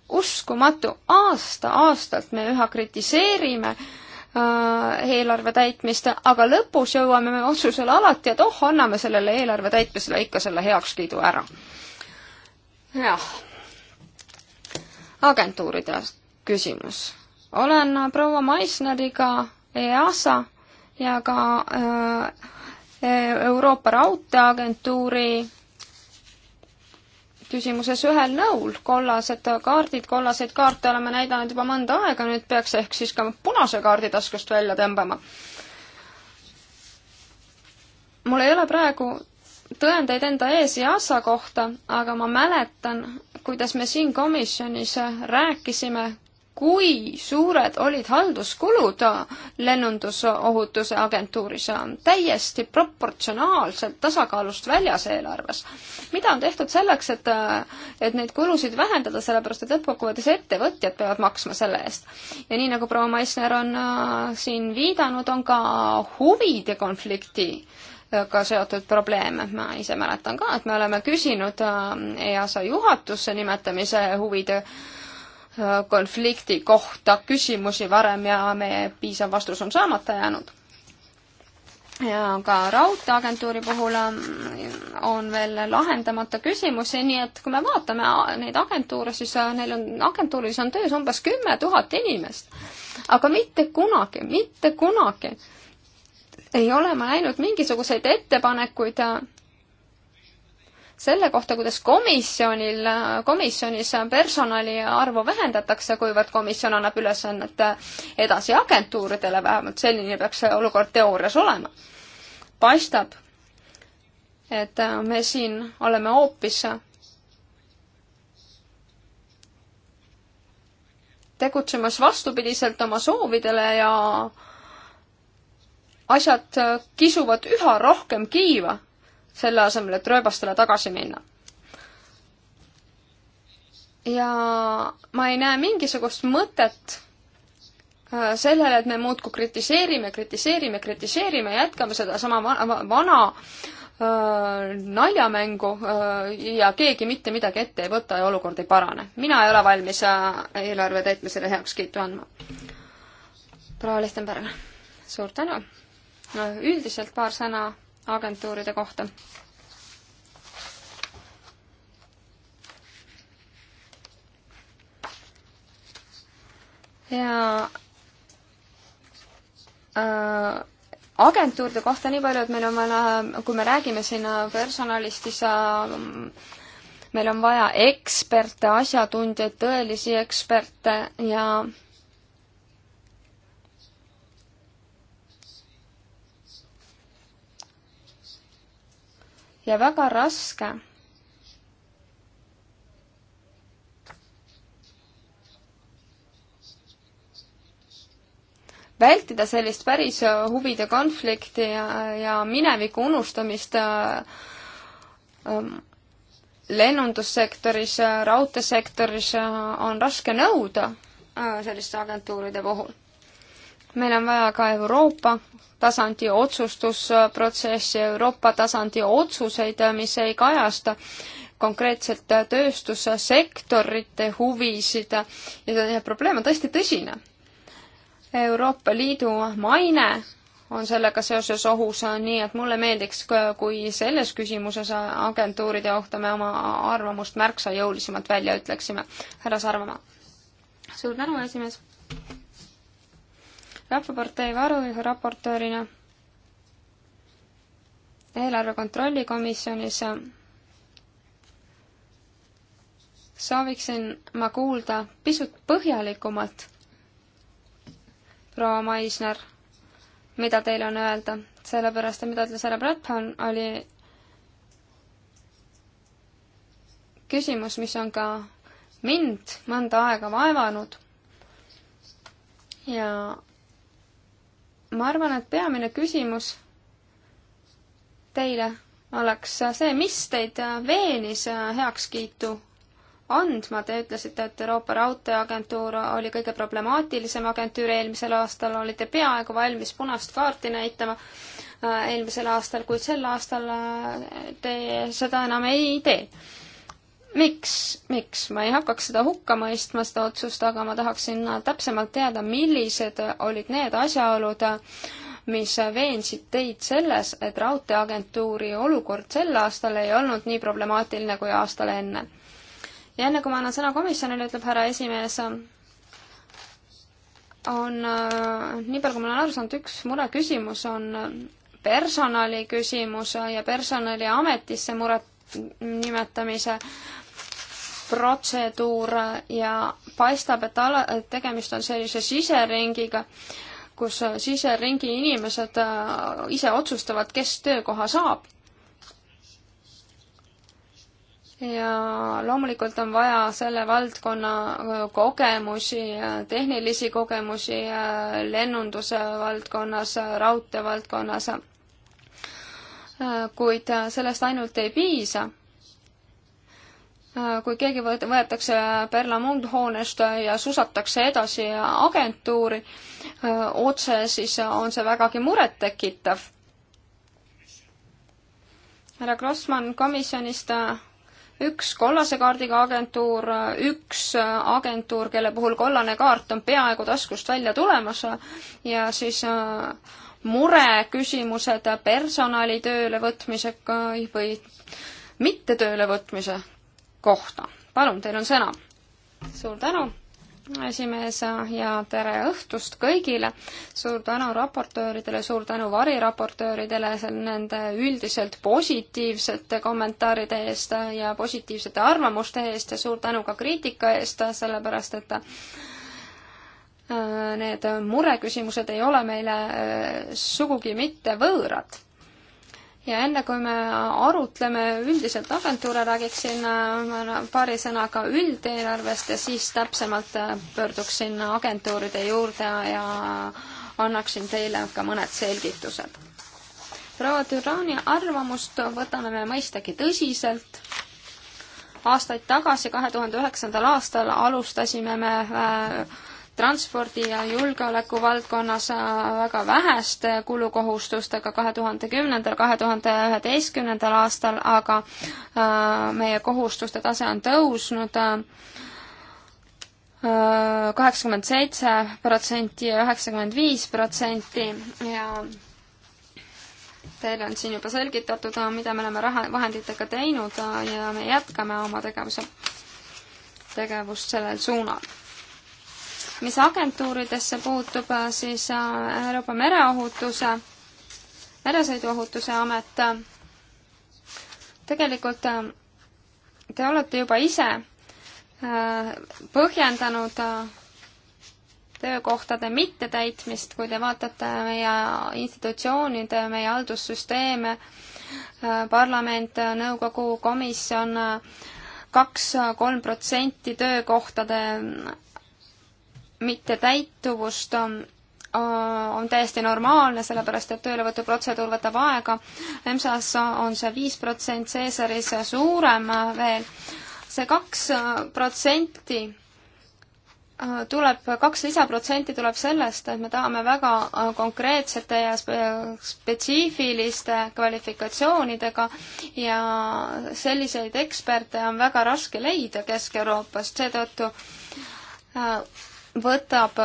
uskumatu, aasta-aastalt me üha kritiseerime äh, eelarve täitmist, aga lõpus jõuame me otsusele alati, et oh, anname sellele eelarve täitmisele ikka selle heakskiidu ära. jah. agentuuride küsimus. olen proua Maisneriga EASA ja ka äh, Euroopa Raudteeagentuuri küsimuses ühel nõul. kollased kaardid, kollaseid kaarte oleme näidanud juba mõnda aega, nüüd peaks ehk siis ka punase kaardi taskust välja tõmbama. mul ei ole praegu tõendeid enda ees ja assa kohta, aga ma mäletan, kuidas me siin komisjonis rääkisime kui suured olid halduskulud lennundusohutuse agentuuris, täiesti proportsionaalselt tasakaalust väljas eelarves. mida on tehtud selleks, et, et neid kulusid vähendada, sellepärast et lõppkokkuvõttes ettevõtjad peavad maksma selle eest. ja nii, nagu proua Maisner on äh, siin viidanud, on ka huvide konflikti äh, ka seotud probleeme. ma ise mäletan ka, et me oleme küsinud äh, EASA juhatusse nimetamise huvide äh, konflikti kohta küsimusi varem ja meie piisav vastus on saamata jäänud. ja ka Raudteeagentuuri puhul ähm, on veel lahendamata küsimusi, nii et kui me vaatame neid agentuure, siis äh, neil on, agentuuris on töös umbes kümme tuhat inimest. aga mitte kunagi, mitte kunagi ei ole ma näinud mingisuguseid ettepanekuid äh, selle kohta, kuidas komisjonil, komisjonis personali arvu vähendatakse, kuivõrd komisjon annab ülesannet edasi agentuuridele, vähemalt selline peaks see olukord teoorias olema. paistab, et me siin oleme hoopis tegutsemas vastupidiselt oma soovidele ja asjad kisuvad üha rohkem kiiva selle asemel, et rööbastele tagasi minna. ja ma ei näe mingisugust mõtet äh, sellele, et me muudkui kritiseerime, kritiseerime, kritiseerime, jätkame sedasama vana, vana äh, öö, naljamängu öö, äh, ja keegi mitte midagi ette ei võta ja olukord ei parane. mina ei ole valmis eelarve täitmisele heakskiitu andma. proua Lichtenberg, suur tänu no,. üldiselt paar sõna agentuuride kohta. ja äh, agentuuride kohta nii palju, et meil on vaja, kui me räägime siin personalist, siis äh, meil on vaja eksperte, asjatundjaid, tõelisi eksperte ja äh, ja väga raske vältida sellist päris huvide konflikti ja, ja mineviku unustamist äh, ähm, lennundussektoris, äh, raudteesektoris äh, on raske nõuda selliste agentuuride puhul meil on vaja ka Euroopa tasandi otsustusprotsessi, Euroopa tasandi otsuseid, mis ei kajasta konkreetselt tööstussektorite huvisid ja, ja probleem on tõesti tõsine. Euroopa Liidu maine on sellega seoses ohus, nii et mulle meeldiks, kui selles küsimuses agentuuride kohta me oma arvamust märksa jõulisemalt välja ütleksime. härra Sarvamaa. suur tänu, esimees! Rahvapartei varujuhi raportöörina eelarve kontrolli komisjonis sooviksin ma kuulda pisut põhjalikumalt, proua Maisner, mida teil on öelda, sellepärast et mida ütles härra Bratton, oli küsimus, mis on ka mind mõnda aega vaevanud ja ma arvan, et peamine küsimus teile oleks see, mis teid veenis heakskiitu andma, te ütlesite, et Euroopa Raudteeagentuur oli kõige problemaatilisem agentuur eelmisel aastal, olite peaaegu valmis punast kaarti näitama äh, eelmisel aastal, kuid sel aastal äh, te seda enam ei tee miks, miks, ma ei hakkaks seda hukka mõistma, seda otsust, aga ma tahaksin äh, täpsemalt teada, millised olid need asjaolud, äh, mis veensid teid selles, et Raudteeagentuuri olukord sel aastal ei olnud nii problemaatiline kui aastal enne. ja enne kui ma annan sõna komisjonile, ütleb härra esimees, on, äh, nii palju kui ma olen aru saanud, üks mureküsimus on personali küsimus ja personali ametisse muret nimetamise protseduur ja paistab, et ala, et tegemist on sellise siseringiga, kus siseringi inimesed äh, ise otsustavad, kes töökoha saab. ja loomulikult on vaja selle valdkonna äh, kogemusi, äh, tehnilisi kogemusi lennunduse valdkonnas, raudtee valdkonnas. kuid sellest ainult ei piisa Äh, kui keegi võetakse Berlamond hoonest ja susatakse edasi agentuuri äh, otse, siis on see vägagi murettekitav. härra Grossmann komisjonist äh, üks kollase kaardiga agentuur, üks agentuur, kelle puhul kollane kaart on peaaegu taskust välja tulemas ja siis mureküsimused personali töölevõtmisega või mitte töölevõtmise kohta. palun, teil on sõna. suur tänu, esimees, ja tere õhtust kõigile. suur tänu raportööridele, suur tänu variraportööridele nende üldiselt positiivsete kommentaaride eest ja positiivsete arvamuste eest ja suur tänu ka kriitika eest, sellepärast et äh, need mureküsimused ei ole meile äh, sugugi mitte võõrad ja enne kui me arutleme üldiselt agentuure, räägiksin äh, paari sõnaga üldeelarvest ja siis täpsemalt äh, pöörduksin agentuuride juurde ja annaksin teile ka mõned selgitused. proua Türani arvamust võtame me mõistagi tõsiselt aastaid tagasi, kahe tuhande üheksandal aastal alustasime me äh, transpordi ja julgeoleku valdkonnas äh, väga väheste kulukohustustega kahe tuhande kümnendal, kahe tuhande üheteistkümnendal aastal, aga äh, meie kohustuste tase on tõusnud äh, kaheksakümmend seitse protsenti ja üheksakümmend viis protsenti ja teile on siin juba selgitatud, mida me oleme raha, vahenditega teinud ja me jätkame oma tegevuse, tegevust sellel suunal mis agentuuridesse puutub, äh, siis äh, Euroopa Mereohutuse, Meresõiduohutuse Amet, tegelikult äh, te olete juba ise põhjendanud töökohtade mittetäitmist, kui te vaatate meie institutsioonide, meie haldussüsteeme, parlament, nõukogu, komisjon, kaks-kolm protsenti töökohtade mittetäituvust äh, on täiesti normaalne, sellepärast et töölevõtuprotseduur võtab aega. EMSA-s on see viis protsenti, Caesaris suurem veel. see kaks äh, protsenti äh, tuleb, kaks lisaprotsenti tuleb sellest, et me tahame väga konkreetsete ja spetsiifiliste kvalifikatsioonidega ja selliseid eksperte on väga raske leida Kesk-Euroopast, seetõttu võtab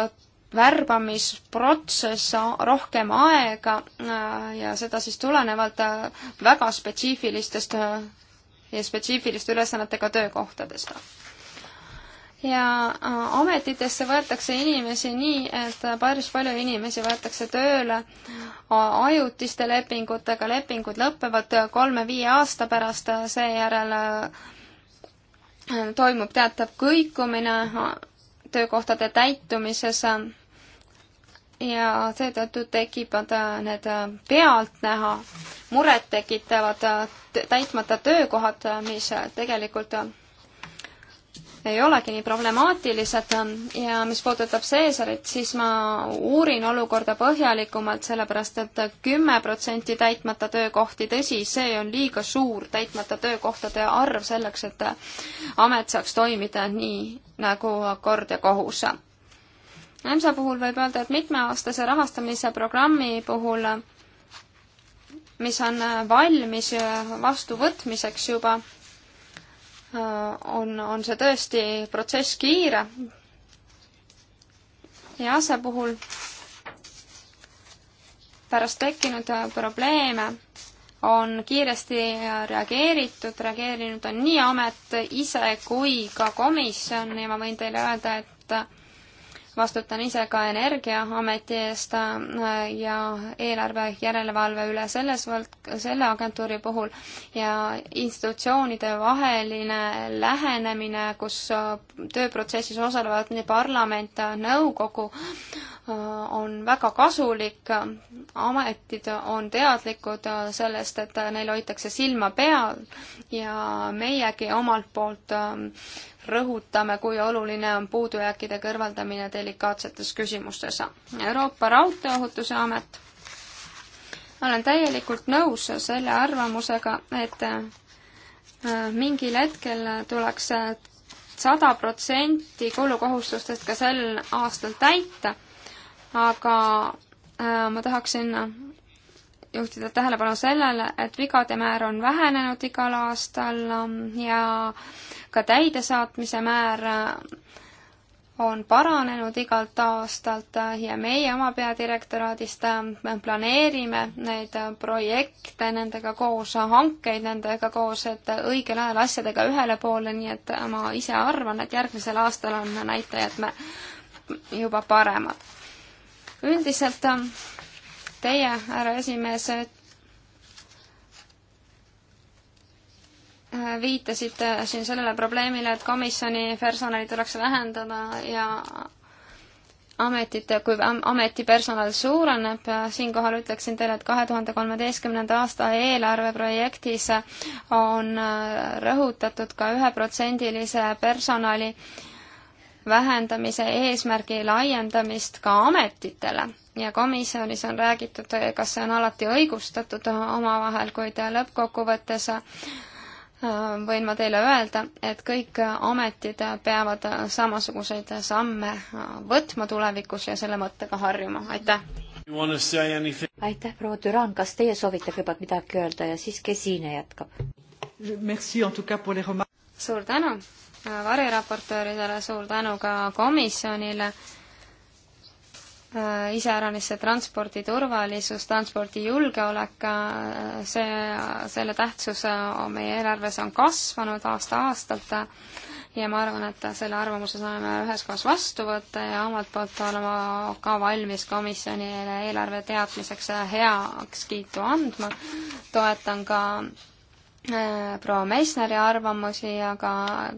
värbamisprotsess rohkem aega äh, ja seda siis tulenevalt äh, väga spetsiifilistest äh, ja spetsiifiliste ülesannetega töökohtadest. ja ametitesse võetakse inimesi nii, et päris palju inimesi võetakse tööle ajutiste lepingutega, lepingud lõpevad kolme-viie aasta pärast, seejärel toimub teatav kõikumine töökohtade täitumises ja seetõttu tekivad äh, need äh, pealtnäha muret tekitavad äh, täitmata töökohad, mis tegelikult ei olegi nii problemaatilised ja mis puudutab Seesarit, siis ma uurin olukorda põhjalikumalt, sellepärast et kümme protsenti täitmata töökohti, tõsi, see on liiga suur täitmata töökohtade arv selleks, et amet saaks toimida nii nagu kord ja kohus. EMSA puhul võib öelda, et mitmeaastase rahastamise programmi puhul, mis on valmis vastuvõtmiseks juba, on, on see tõesti protsess kiire. ja see puhul pärast tekkinud probleeme on kiiresti reageeritud, reageerinud on nii amet ise kui ka komisjon ja ma võin teile öelda, et vastutan ise ka Energiaameti eest äh, ja eelarve järelevalve üle selles vald-, selle agentuuri puhul ja institutsioonide vaheline lähenemine, kus äh, tööprotsessis osalevad nii parlament, nõukogu, Äh, on väga kasulik, ametid on teadlikud sellest, et neil hoitakse silma peal ja meiegi omalt poolt ähm, rõhutame, kui oluline on puudujääkide kõrvaldamine delikaatsetes küsimustes. Euroopa Raudteeohutuse Amet. olen täielikult nõus selle arvamusega, et äh, mingil hetkel tuleks äh, sada protsenti kulukohustustest ka sel aastal täita aga äh, ma tahaksin juhtida tähelepanu sellele, et vigade määr on vähenenud igal aastal ähm, ja ka täidesaatmise määr äh, on paranenud igalt aastalt äh, ja meie oma peadirektoraadist me planeerime neid projekte nendega koos, hankeid nendega koos, et õigel ajal asjadega ühele poole, nii et ma ise arvan, et järgmisel aastal on näitajad juba paremad üldiselt ähm, teie, härra esimees, äh, viitasite siin sellele probleemile, et komisjoni personali tuleks vähendada ja ametite, kui ametipersonal suureneb, äh, siinkohal ütleksin teile, et kahe tuhande kolmeteistkümnenda aasta eelarveprojektis on äh, rõhutatud ka üheprotsendilise personali äh, vähendamise eesmärgi laiendamist ka ametitele ja komisjonis on räägitud, kas see on alati õigustatud omavahel, kuid lõppkokkuvõttes äh, võin ma teile öelda, et kõik ametid peavad samasuguseid samme äh, võtma tulevikus ja selle mõttega harjuma, aitäh! aitäh, proua Düran, kas teie soovite kõigepealt midagi öelda ja siis Gesine jätkab? suur tänu variraportööridele, suur tänu ka komisjonile, äh, iseäranis see transpordi turvalisus, transpordi julgeolek, äh, see, selle tähtsus äh, meie eelarves on kasvanud aasta-aastalt ja ma arvan, et selle arvamuse saame üheskoos vastu võtta ja omalt poolt olema ka valmis komisjonile eelarve teadmiseks heakskiitu andma. toetan ka Äh, proua Meissneri arvamusi, aga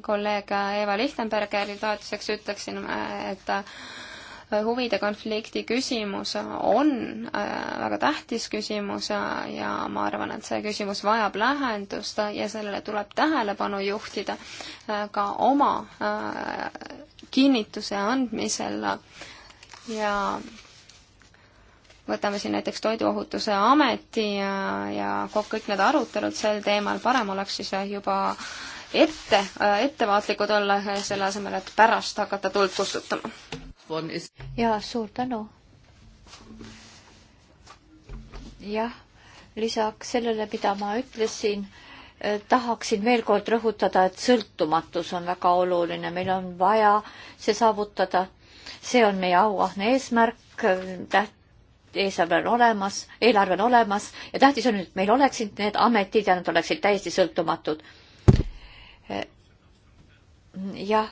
kolleeg Eva Lichtenbergeri toetuseks ütleksin, et äh, huvide konflikti küsimus on äh, väga tähtis küsimus ja ma arvan, et see küsimus vajab lahendust ja sellele tuleb tähelepanu juhtida ka oma kinnituse andmisel ja võtame siin näiteks Toiduohutuse Ameti ja, ja kõik need arutelud sel teemal, parem oleks siis äh, juba ette, äh, ettevaatlikud olla, äh, selle asemel, et pärast hakata tuld kustutama. jaa, suur tänu. jah, lisaks sellele, mida ma ütlesin tahaksin veel kord rõhutada, et sõltumatus on väga oluline, meil on vaja see saavutada. see on meie auahne eesmärk, täht-, eesarvel olemas, eelarve on olemas ja tähtis on, et meil oleksid need ametid ja nad oleksid täiesti sõltumatud. jah,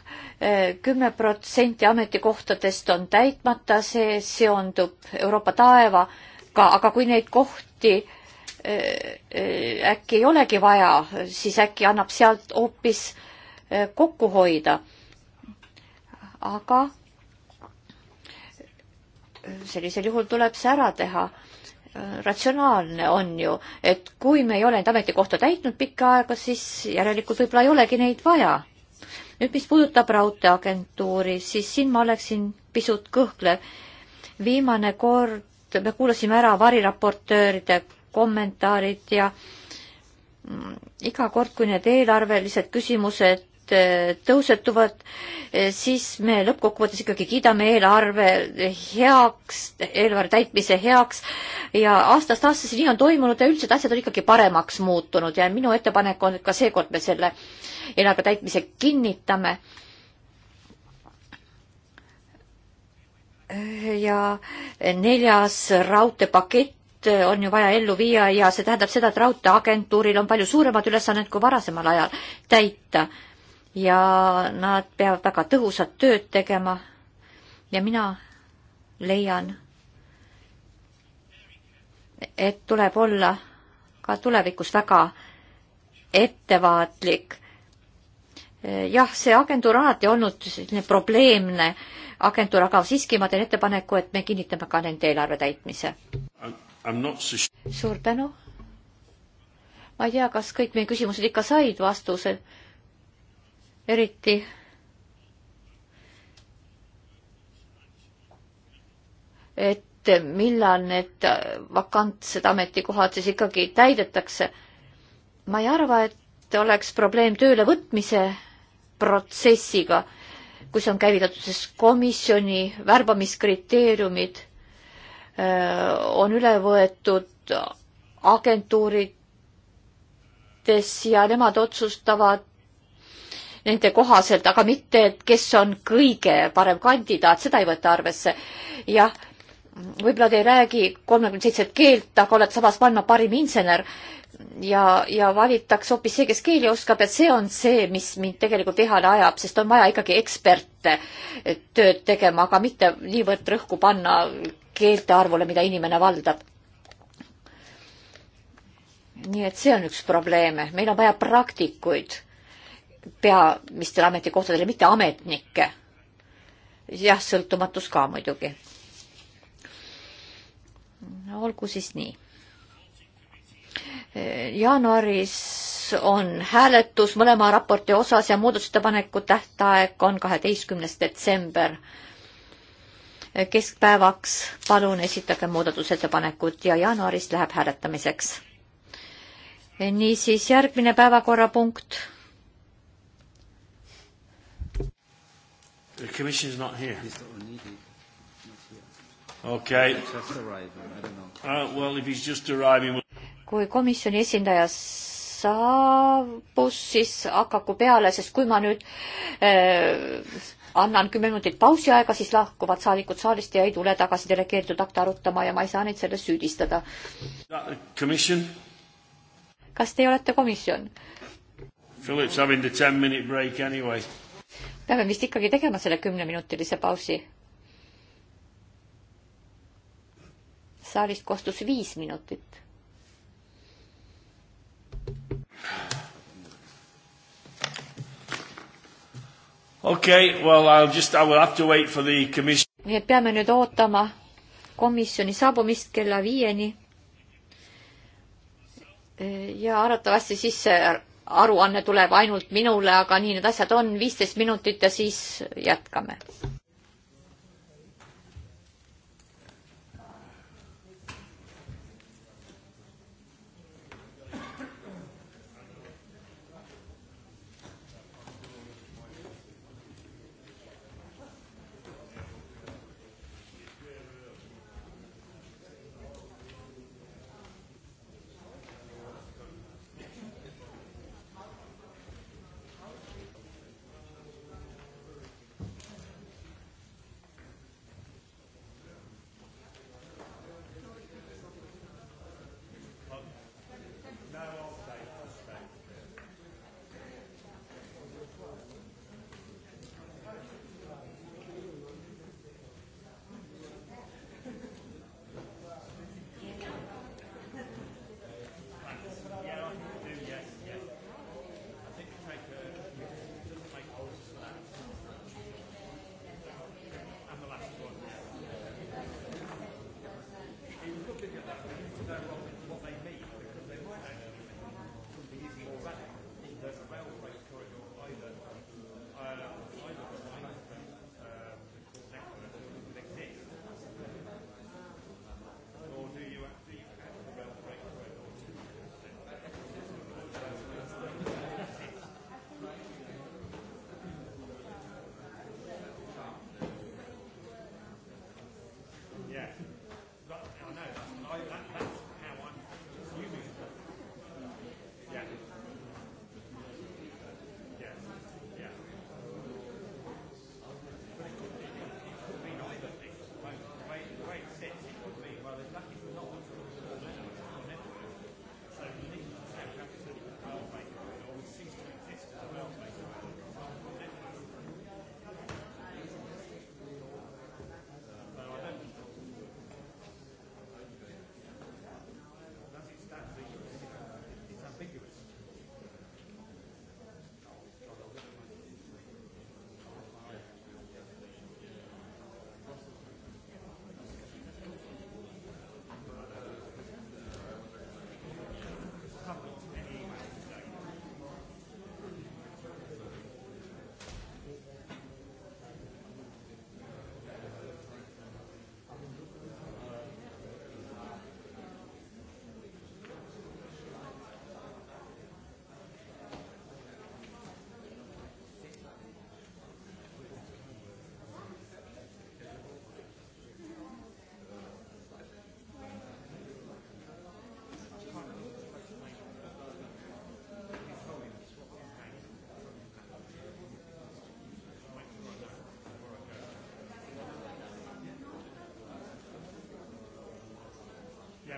kümme protsenti ametikohtadest on täitmata, see seondub Euroopa taevaga, aga kui neid kohti äkki ei olegi vaja, siis äkki annab sealt hoopis kokku hoida. aga sellisel juhul tuleb see ära teha. ratsionaalne on ju, et kui me ei ole neid ametikohta täitnud pikka aega, siis järelikult võib-olla ei olegi neid vaja. nüüd, mis puudutab raudteeagentuuri, siis siin ma oleksin pisut kõhklev. viimane kord me kuulasime ära variraportööride kommentaarid ja mm, iga kord, kui need eelarvelised küsimused Eh, tõusetuvad, eh, siis me lõppkokkuvõttes ikkagi kiidame eelarve heaks, eelarve täitmise heaks ja aastast aastasse nii on toimunud ja üldiselt asjad on ikkagi paremaks muutunud ja minu ettepanek on, et ka seekord me selle eelarve täitmise kinnitame ja neljas raudteepakett on ju vaja ellu viia ja see tähendab seda, et raudteeagentuuril on palju suuremad ülesanded kui varasemal ajal täita ja nad peavad väga tõhusat tööd tegema. ja mina leian, et tuleb olla ka tulevikus väga ettevaatlik. jah, see agentuur on alati olnud selline probleemne agentuur, aga siiski ma teen ettepaneku, et me kinnitame ka nende eelarve täitmise. suur tänu. ma ei tea, kas kõik meie küsimused ikka said vastuse eriti et millal need vakantsed ametikohad siis ikkagi täidetakse. ma ei arva, et oleks probleem töölevõtmise protsessiga, kus on käivitatud siis komisjoni värbamiskriteeriumid, on üle võetud agentuurides ja nemad otsustavad nende kohaselt, aga mitte, et kes on kõige parem kandidaat, seda ei võta arvesse. jah, võib-olla te ei räägi kolmekümne seitset keelt, aga oled samas maailma parim insener ja, ja valitakse hoopis see, kes keeli oskab ja see on see, mis mind tegelikult ihale ajab, sest on vaja ikkagi eksperte tööd tegema, aga mitte niivõrd rõhku panna keelte arvule, mida inimene valdab. nii et see on üks probleeme, meil on vaja praktikuid peamistel ametikohtadel, mitte ametnikke. jah, sõltumatus ka muidugi. olgu siis nii. E, jaanuaris on hääletus mõlema raporti osas ja muudatusettepaneku tähtaeg on kaheteistkümnes detsember. E, keskpäevaks palun esitage muudatusettepanekud ja jaanuaris läheb hääletamiseks. E, niisiis järgmine päevakorrapunkt The commission's not here. Mr. Onidi, not here. Okay. Just arriving. I don't know. Uh, well, if he's just arriving. kui komisjoni esindaja saabus, siis hakaku peale, sest kui ma nüüd äh, annan kümme minutit pausi aega, siis lahkuvad saadikud saalist ja ei tule tagasi delegeeritud akte arutama ja ma ei saa neid selles süüdistada. kas teie olete komisjon? Philip's having the ten minute break anyway peame vist ikkagi tegema selle kümneminutilise pausi. saalist kostus viis minutit okay, well, I'll just, I will have to wait for the commission. nii et peame nüüd ootama komisjoni saabumist kella viieni. ja arvatavasti siis see aruanne tuleb ainult minule, aga nii need asjad on, viisteist minutit ja siis jätkame.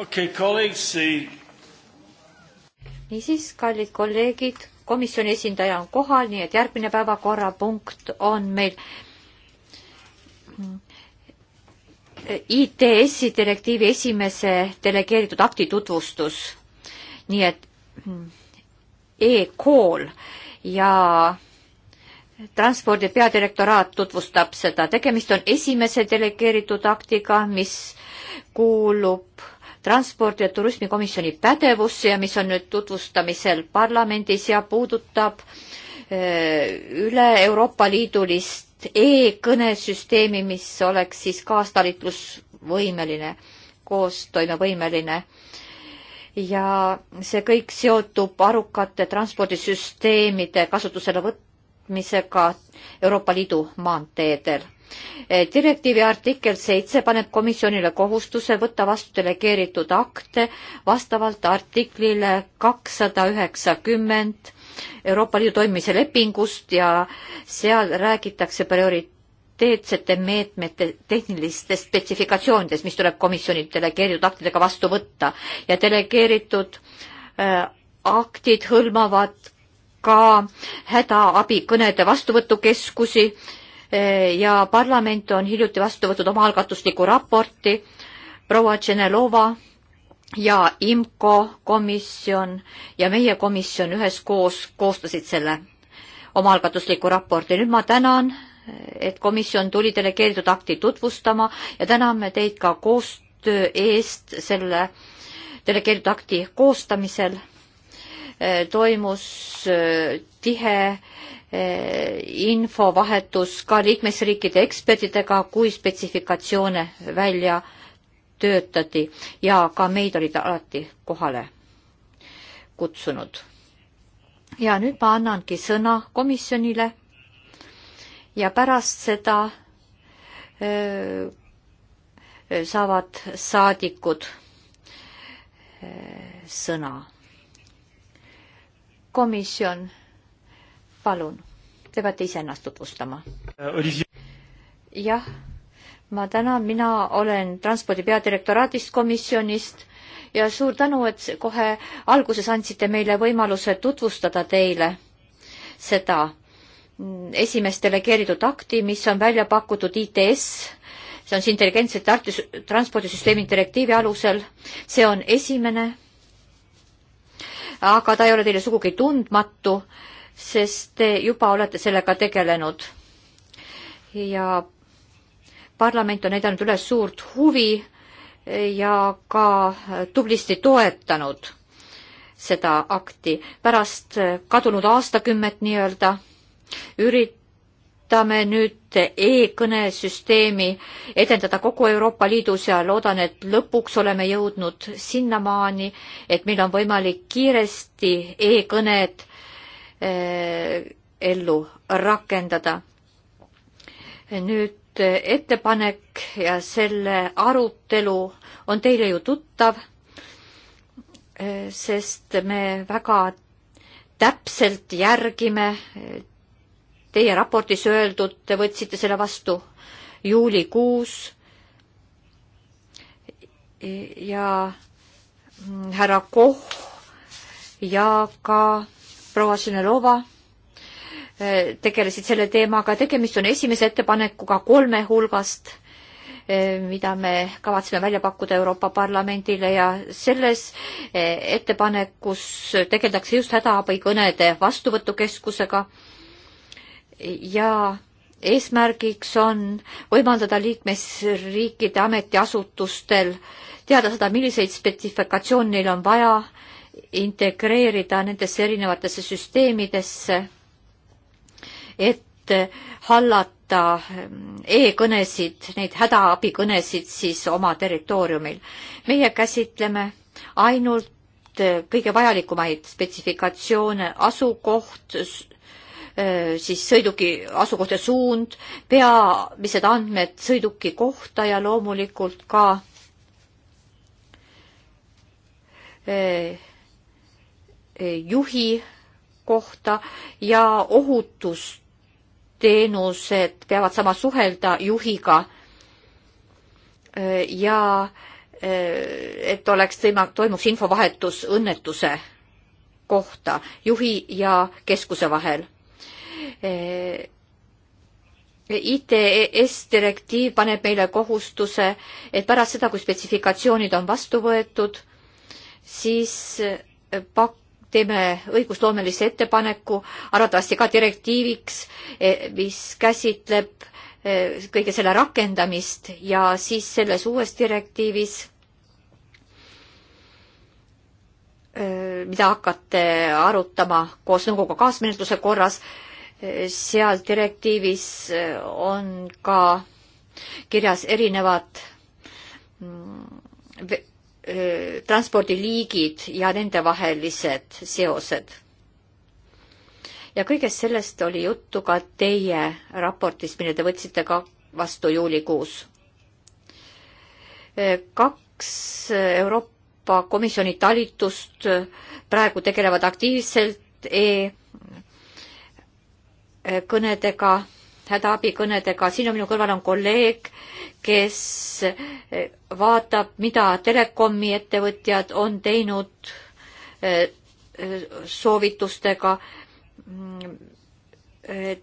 okei okay,, kolleeg, see. niisiis, kallid kolleegid, komisjoni esindaja on kohal, nii et järgmine päevakorrapunkt on meil ITS-i direktiivi esimese delegeeritud akti tutvustus. nii et e-kool ja transpordi peadirektoraat tutvustab seda. tegemist on esimese delegeeritud aktiga, mis kuulub transpordi ja turismikomisjoni pädevusse ja mis on nüüd tutvustamisel parlamendis ja puudutab eh, üle Euroopa Liidulist e-kõnesüsteemi, mis oleks siis kaastalitlusvõimeline, koostoimevõimeline. ja see kõik seotub arukate transpordisüsteemide kasutusele võtmisega Euroopa Liidu maanteedel Eh, direktiivi artikkel seitse paneb komisjonile kohustuse võtta vastu delegeeritud akte vastavalt artiklile kakssada üheksakümmend Euroopa Liidu toimimise lepingust ja seal räägitakse prioriteetsete meetmete tehnilistest spetsifikatsioonidest, mis tuleb komisjoni delegeeritud aktidega vastu võtta ja delegeeritud eh, aktid hõlmavad ka hädaabikõnede vastuvõtukeskusi Eh, ja parlament on hiljuti vastu võtnud omaalgatusliku raporti proua Tšenelova ja IMCO komisjon ja meie komisjon üheskoos koostasid selle omaalgatusliku raporti. nüüd ma tänan, et komisjon tuli delegeeritud akti tutvustama ja täname teid ka koostöö eest selle delegeeritud akti koostamisel toimus äh, tihe äh, infovahetus ka liikmesriikide ekspertidega, kui spetsifikatsioone välja töötati ja ka meid olid alati kohale kutsunud. ja nüüd ma annangi sõna komisjonile ja pärast seda öö, äh, saavad saadikud öö, sõna komisjon, palun, te peate iseennast tutvustama. Äh, jah, ma tänan, mina olen transpordi peadirektoraadist komisjonist ja suur tänu, et kohe alguses andsite meile võimaluse tutvustada teile seda esimest delegeeritud akti, mis on välja pakutud ITS, see on see intelligentsete transpordisüsteemi direktiivi alusel, see on esimene aga ta ei ole teile sugugi tundmatu, sest te juba olete sellega tegelenud. ja parlament on näidanud üles suurt huvi ja ka tublisti toetanud seda akti pärast kadunud aastakümmet nii-öelda ürit-, üritame nüüd e-kõnesüsteemi edendada kogu Euroopa Liidus ja loodan, et lõpuks oleme jõudnud sinnamaani, et meil on võimalik kiiresti e-kõned eh, ellu rakendada. nüüd ettepanek ja selle arutelu on teile ju tuttav, eh, sest me väga täpselt järgime teie raportis öeldud, te võtsite selle vastu juulikuus ja härra Koh ja ka proua Sinelova eh, tegelesid selle teemaga, tegemist on esimese ettepanekuga kolme hulgast, eh, mida me kavatseme välja pakkuda Euroopa Parlamendile ja selles eh, ettepanekus tegeldakse just hädaabikõnede vastuvõtukeskusega ja eesmärgiks on võimaldada liikmesriikide ametiasutustel teada seda, milliseid spetsifikatsioone neil on vaja integreerida nendesse erinevatesse süsteemidesse, et hallata ehm, e-kõnesid, neid hädaabikõnesid siis oma territooriumil. meie käsitleme ainult kõige vajalikumaid spetsifikatsioone, asukoht, Äh, siis sõiduki asukoht ja suund, peamised andmed sõiduki kohta ja loomulikult ka äh, äh, juhi kohta ja ohutusteenused peavad sama suhelda juhiga ja et oleks, toimuks infovahetus õnnetuse kohta juhi ja keskuse vahel Eh, eh, ITS direktiiv paneb meile kohustuse, et pärast seda, kui spetsifikatsioonid on vastu võetud, siis eh, pak-, teeme õigusloomelise ettepaneku, arvatavasti ka direktiiviks, mis käsitleb kõige selle rakendamist ja siis selles uues direktiivis, mida hakkate arutama koos nõukogu kaasmenetluse korras, seal direktiivis eh, on ka kirjas erinevad mm, eh, transpordiliigid ja nendevahelised seosed. ja kõigest sellest oli juttu ka teie raportis, mille te võtsite ka vastu juulikuus. Eh, kaks Euroopa Komisjoni talitust praegu tegelevad aktiivselt e kõnedega, hädaabikõnedega, siin on minu kõrval on kolleeg, kes vaatab, mida telekomi ettevõtjad on teinud eh, eh, soovitustega, eh,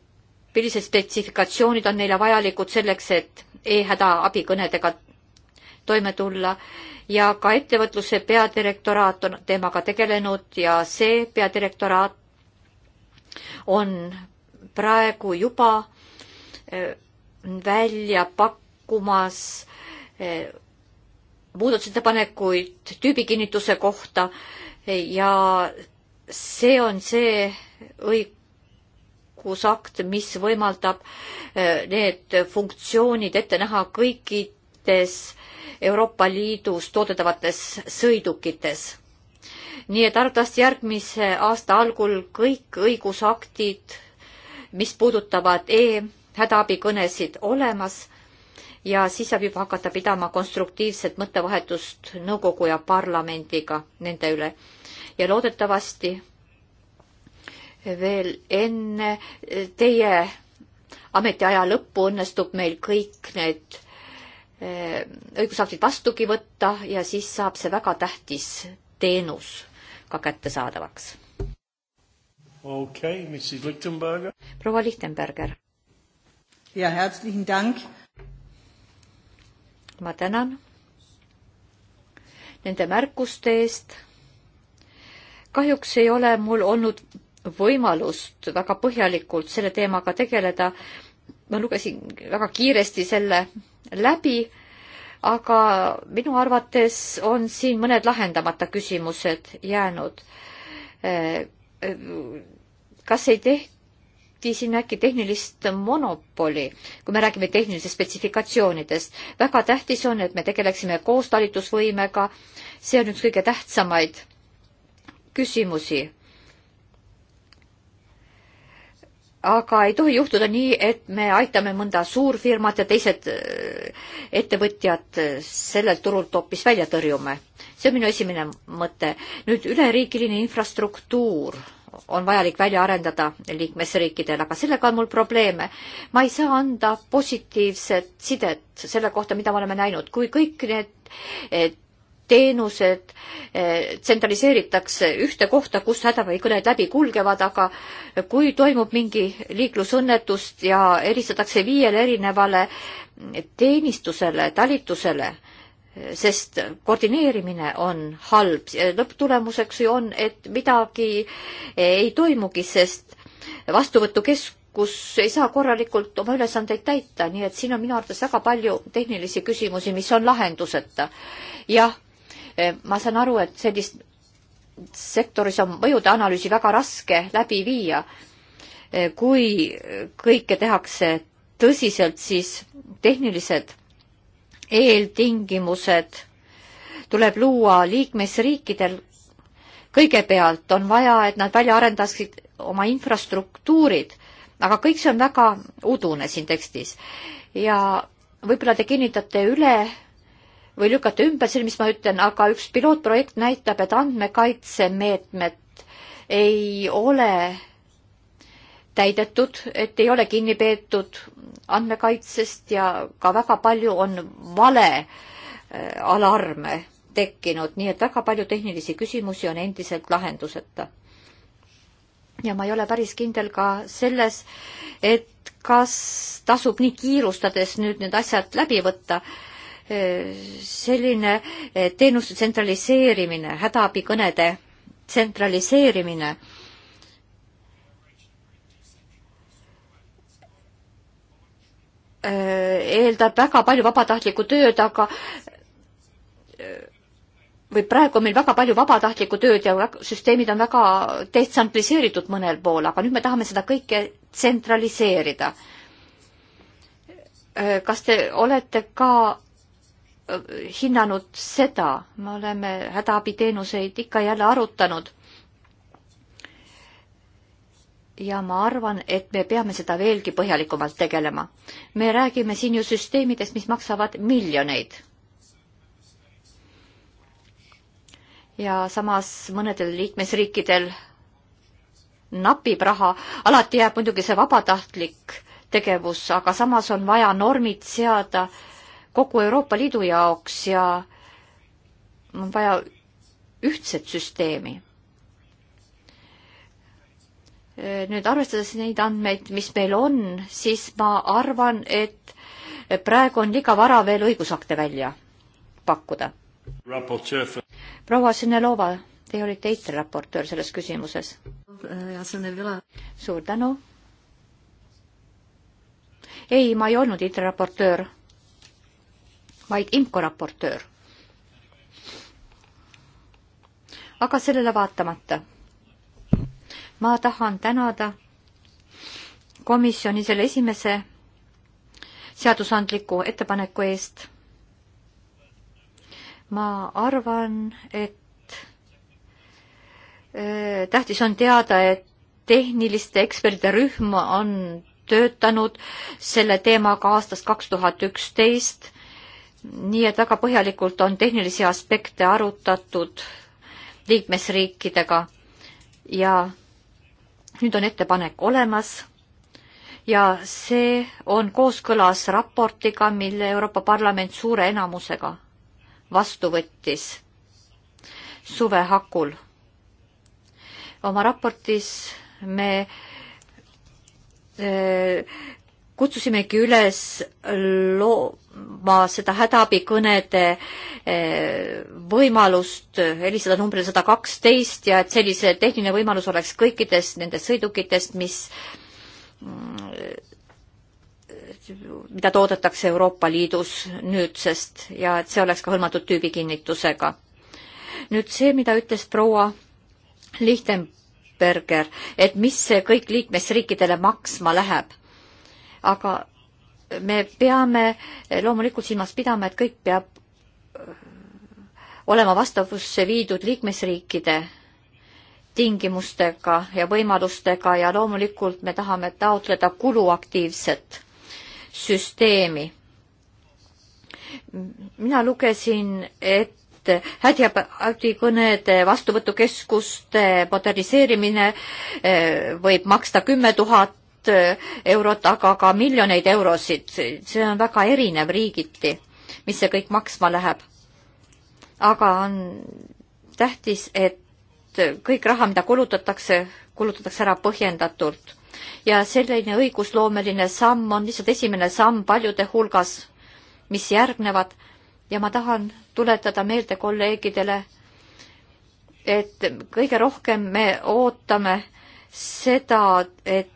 millised spetsifikatsioonid on neile vajalikud selleks, et e-hädaabikõnedega toime tulla ja ka ettevõtluse peadirektoraat on teemaga tegelenud ja see peadirektoraat on praegu juba eh, välja pakkumas eh, muudatusettepanekuid tüübikinnituse kohta eh, ja see on see õigusakt, mis võimaldab need funktsioonid ette näha kõikides Euroopa Liidus toodetavates sõidukites nii et arvatavasti järgmise aasta algul kõik õigusaktid mis puudutavad e-hädaabikõnesid olemas ja siis saab juba hakata pidama konstruktiivset mõttevahetust nõukogu ja parlamendiga nende üle. ja loodetavasti veel enne teie ametiaja lõppu õnnestub meil kõik need eh, õigusaktid vastugi võtta ja siis saab see väga tähtis teenus ka kättesaadavaks okei okay,, mis siis Lichtenberger? proua Lichtenberger. ja herzlichen Dank. ma tänan nende märkuste eest. kahjuks ei ole mul olnud võimalust väga põhjalikult selle teemaga tegeleda. ma lugesin väga kiiresti selle läbi, aga minu arvates on siin mõned lahendamata küsimused jäänud eh, kas ei tehti siin äkki tehnilist monopoli, kui me räägime tehnilistest spetsifikatsioonidest? väga tähtis on, et me tegeleksime koostalitusvõimega, see on üks kõige tähtsamaid küsimusi aga ei tohi juhtuda nii, et me aitame mõnda suurfirmat ja teised äh, ettevõtjad äh, sellelt turult hoopis välja tõrjume. see on minu esimene mõte. nüüd üleriigiline infrastruktuur on vajalik välja arendada liikmesriikidel, aga sellega on mul probleeme. ma ei saa anda positiivset sidet selle kohta, mida me oleme näinud, kui kõik need teenused eh, tsentraliseeritakse ühte kohta, kus hädapäevikõned läbi kulgevad, aga kui toimub mingi liiklusõnnetust ja eristatakse viiele erinevale teenistusele, talitusele, sest koordineerimine on halb, lõpptulemuseks ju on, et midagi ei toimugi, sest vastuvõtukeskus kus ei saa korralikult oma ülesandeid täita, nii et siin on minu arvates väga palju tehnilisi küsimusi, mis on lahenduseta. jah, Äh, ma saan aru, et sellist sektoris on mõjude analüüsi väga raske läbi viia. Äh, kui kõike tehakse tõsiselt, siis tehnilised eeltingimused tuleb luua liikmesriikidel. kõigepealt on vaja, et nad välja arendaksid oma infrastruktuurid, aga kõik see on väga udune siin tekstis ja võib-olla te kinnitate üle või lükata ümber selle, mis ma ütlen, aga üks pilootprojekt näitab, et andmekaitsemeetmed ei ole täidetud, et ei ole kinni peetud andmekaitsest ja ka väga palju on vale äh, alarme tekkinud, nii et väga palju tehnilisi küsimusi on endiselt lahenduseta. ja ma ei ole päris kindel ka selles, et kas tasub nii kiirustades nüüd need asjad läbi võtta selline eh, teenuste tsentraliseerimine, hädaabikõnede tsentraliseerimine. Eh, eeldab väga palju vabatahtlikku tööd, aga eh, või praegu on meil väga palju vabatahtlikku tööd ja süsteemid on väga detsentraliseeritud mõnel pool, aga nüüd me tahame seda kõike tsentraliseerida. kas te olete ka hinnanud seda, me oleme hädaabiteenuseid ikka jälle arutanud. ja ma arvan, et me peame seda veelgi põhjalikumalt tegelema. me räägime siin ju süsteemidest, mis maksavad miljoneid. ja samas mõnedel liikmesriikidel napib raha, alati jääb muidugi see vabatahtlik tegevus, aga samas on vaja normid seada äh, kogu Euroopa Liidu jaoks ja on vaja ühtset süsteemi. nüüd arvestades neid andmeid, mis meil on, siis ma arvan, et praegu on liiga vara veel õigusakte välja pakkuda. proua Sinelova, teie olite EITRE raportöör selles küsimuses. suur tänu. ei, ma ei olnud EITRE raportöör vaid IMCO raportöör. aga sellele vaatamata ma tahan tänada komisjoni selle esimese seadusandliku ettepaneku eest. ma arvan, et öö, äh, tähtis on teada, et tehniliste ekspertide rühm on töötanud selle teemaga aastast kaks tuhat üksteist nii et väga põhjalikult on tehnilisi aspekte arutatud liikmesriikidega ja nüüd on ettepanek olemas ja see on kooskõlas raportiga, mille Euroopa Parlament suure enamusega vastu võttis suve hakul. oma raportis me äh, kutsusimegi üles looma seda hädaabikõnede eh, võimalust helistada numbrile sada kaksteist ja et sellise tehniline võimalus oleks kõikides nendest sõidukitest, mis mm, mida toodetakse Euroopa Liidus nüüdsest ja et see oleks ka hõlmatud tüübikinnitusega. nüüd see, mida ütles proua Lichtenberger, et mis see kõik liikmesriikidele maksma läheb aga me peame loomulikult silmas pidama, et kõik peab äh, olema vastavusse viidud liikmesriikide tingimustega ja võimalustega ja loomulikult me tahame taotleda kuluaktiivset süsteemi. mina lugesin, et hädiabikõnede vastuvõtukeskuste moderniseerimine äh, võib maksta kümme tuhat tuhat äh, eurot, aga ka miljoneid eurosid. see on väga erinev riigiti, mis see kõik maksma läheb. aga on tähtis, et kõik raha, mida kulutatakse, kulutatakse ära põhjendatult. ja selline õigusloomeline samm on lihtsalt esimene samm paljude hulgas, mis järgnevad ja ma tahan tuletada meelde kolleegidele, et kõige rohkem me ootame seda, et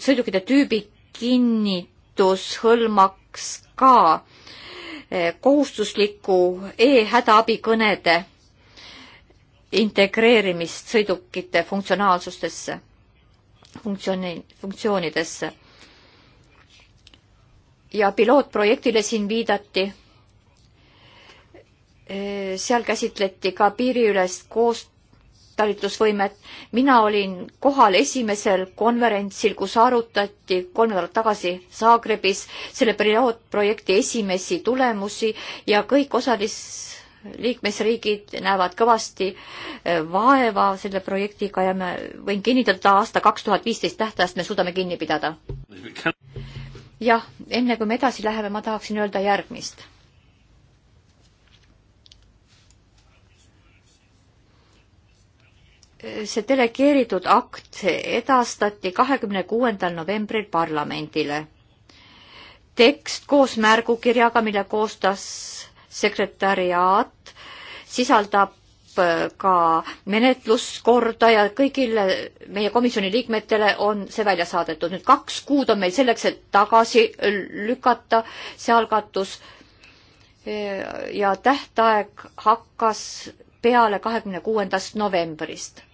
sõidukite tüübi kinnitus hõlmaks ka eh, kohustusliku e-hädaabikõnede integreerimist sõidukite funktsionaalsustesse, funktsiooni, funktsioonidesse. ja pilootprojektile siin viidati eh, seal käsitleti ka piiriülest koos, talitlusvõimet. mina olin kohal esimesel konverentsil, kus arutati kolm nädalat tagasi Zagrebis selle pilootprojekti esimesi tulemusi ja kõik osalis-, liikmesriigid näevad kõvasti eh, vaeva selle projektiga ja me võin kinnitada, aasta kaks tuhat viisteist tähtajast me suudame kinni pidada. <laughs> jah, enne kui me edasi läheme, ma tahaksin öelda järgmist see delegeeritud akt edastati kahekümne kuuendal novembril parlamendile. tekst koos märgukirjaga, mille koostas sekretäriaat, sisaldab äh, ka menetluskorda ja kõigile meie komisjoni liikmetele on see välja saadetud. nüüd kaks kuud on meil selleks, et tagasi lükata see algatus äh, ja tähtaeg hakkas peale kahekümne kuuendast novembrist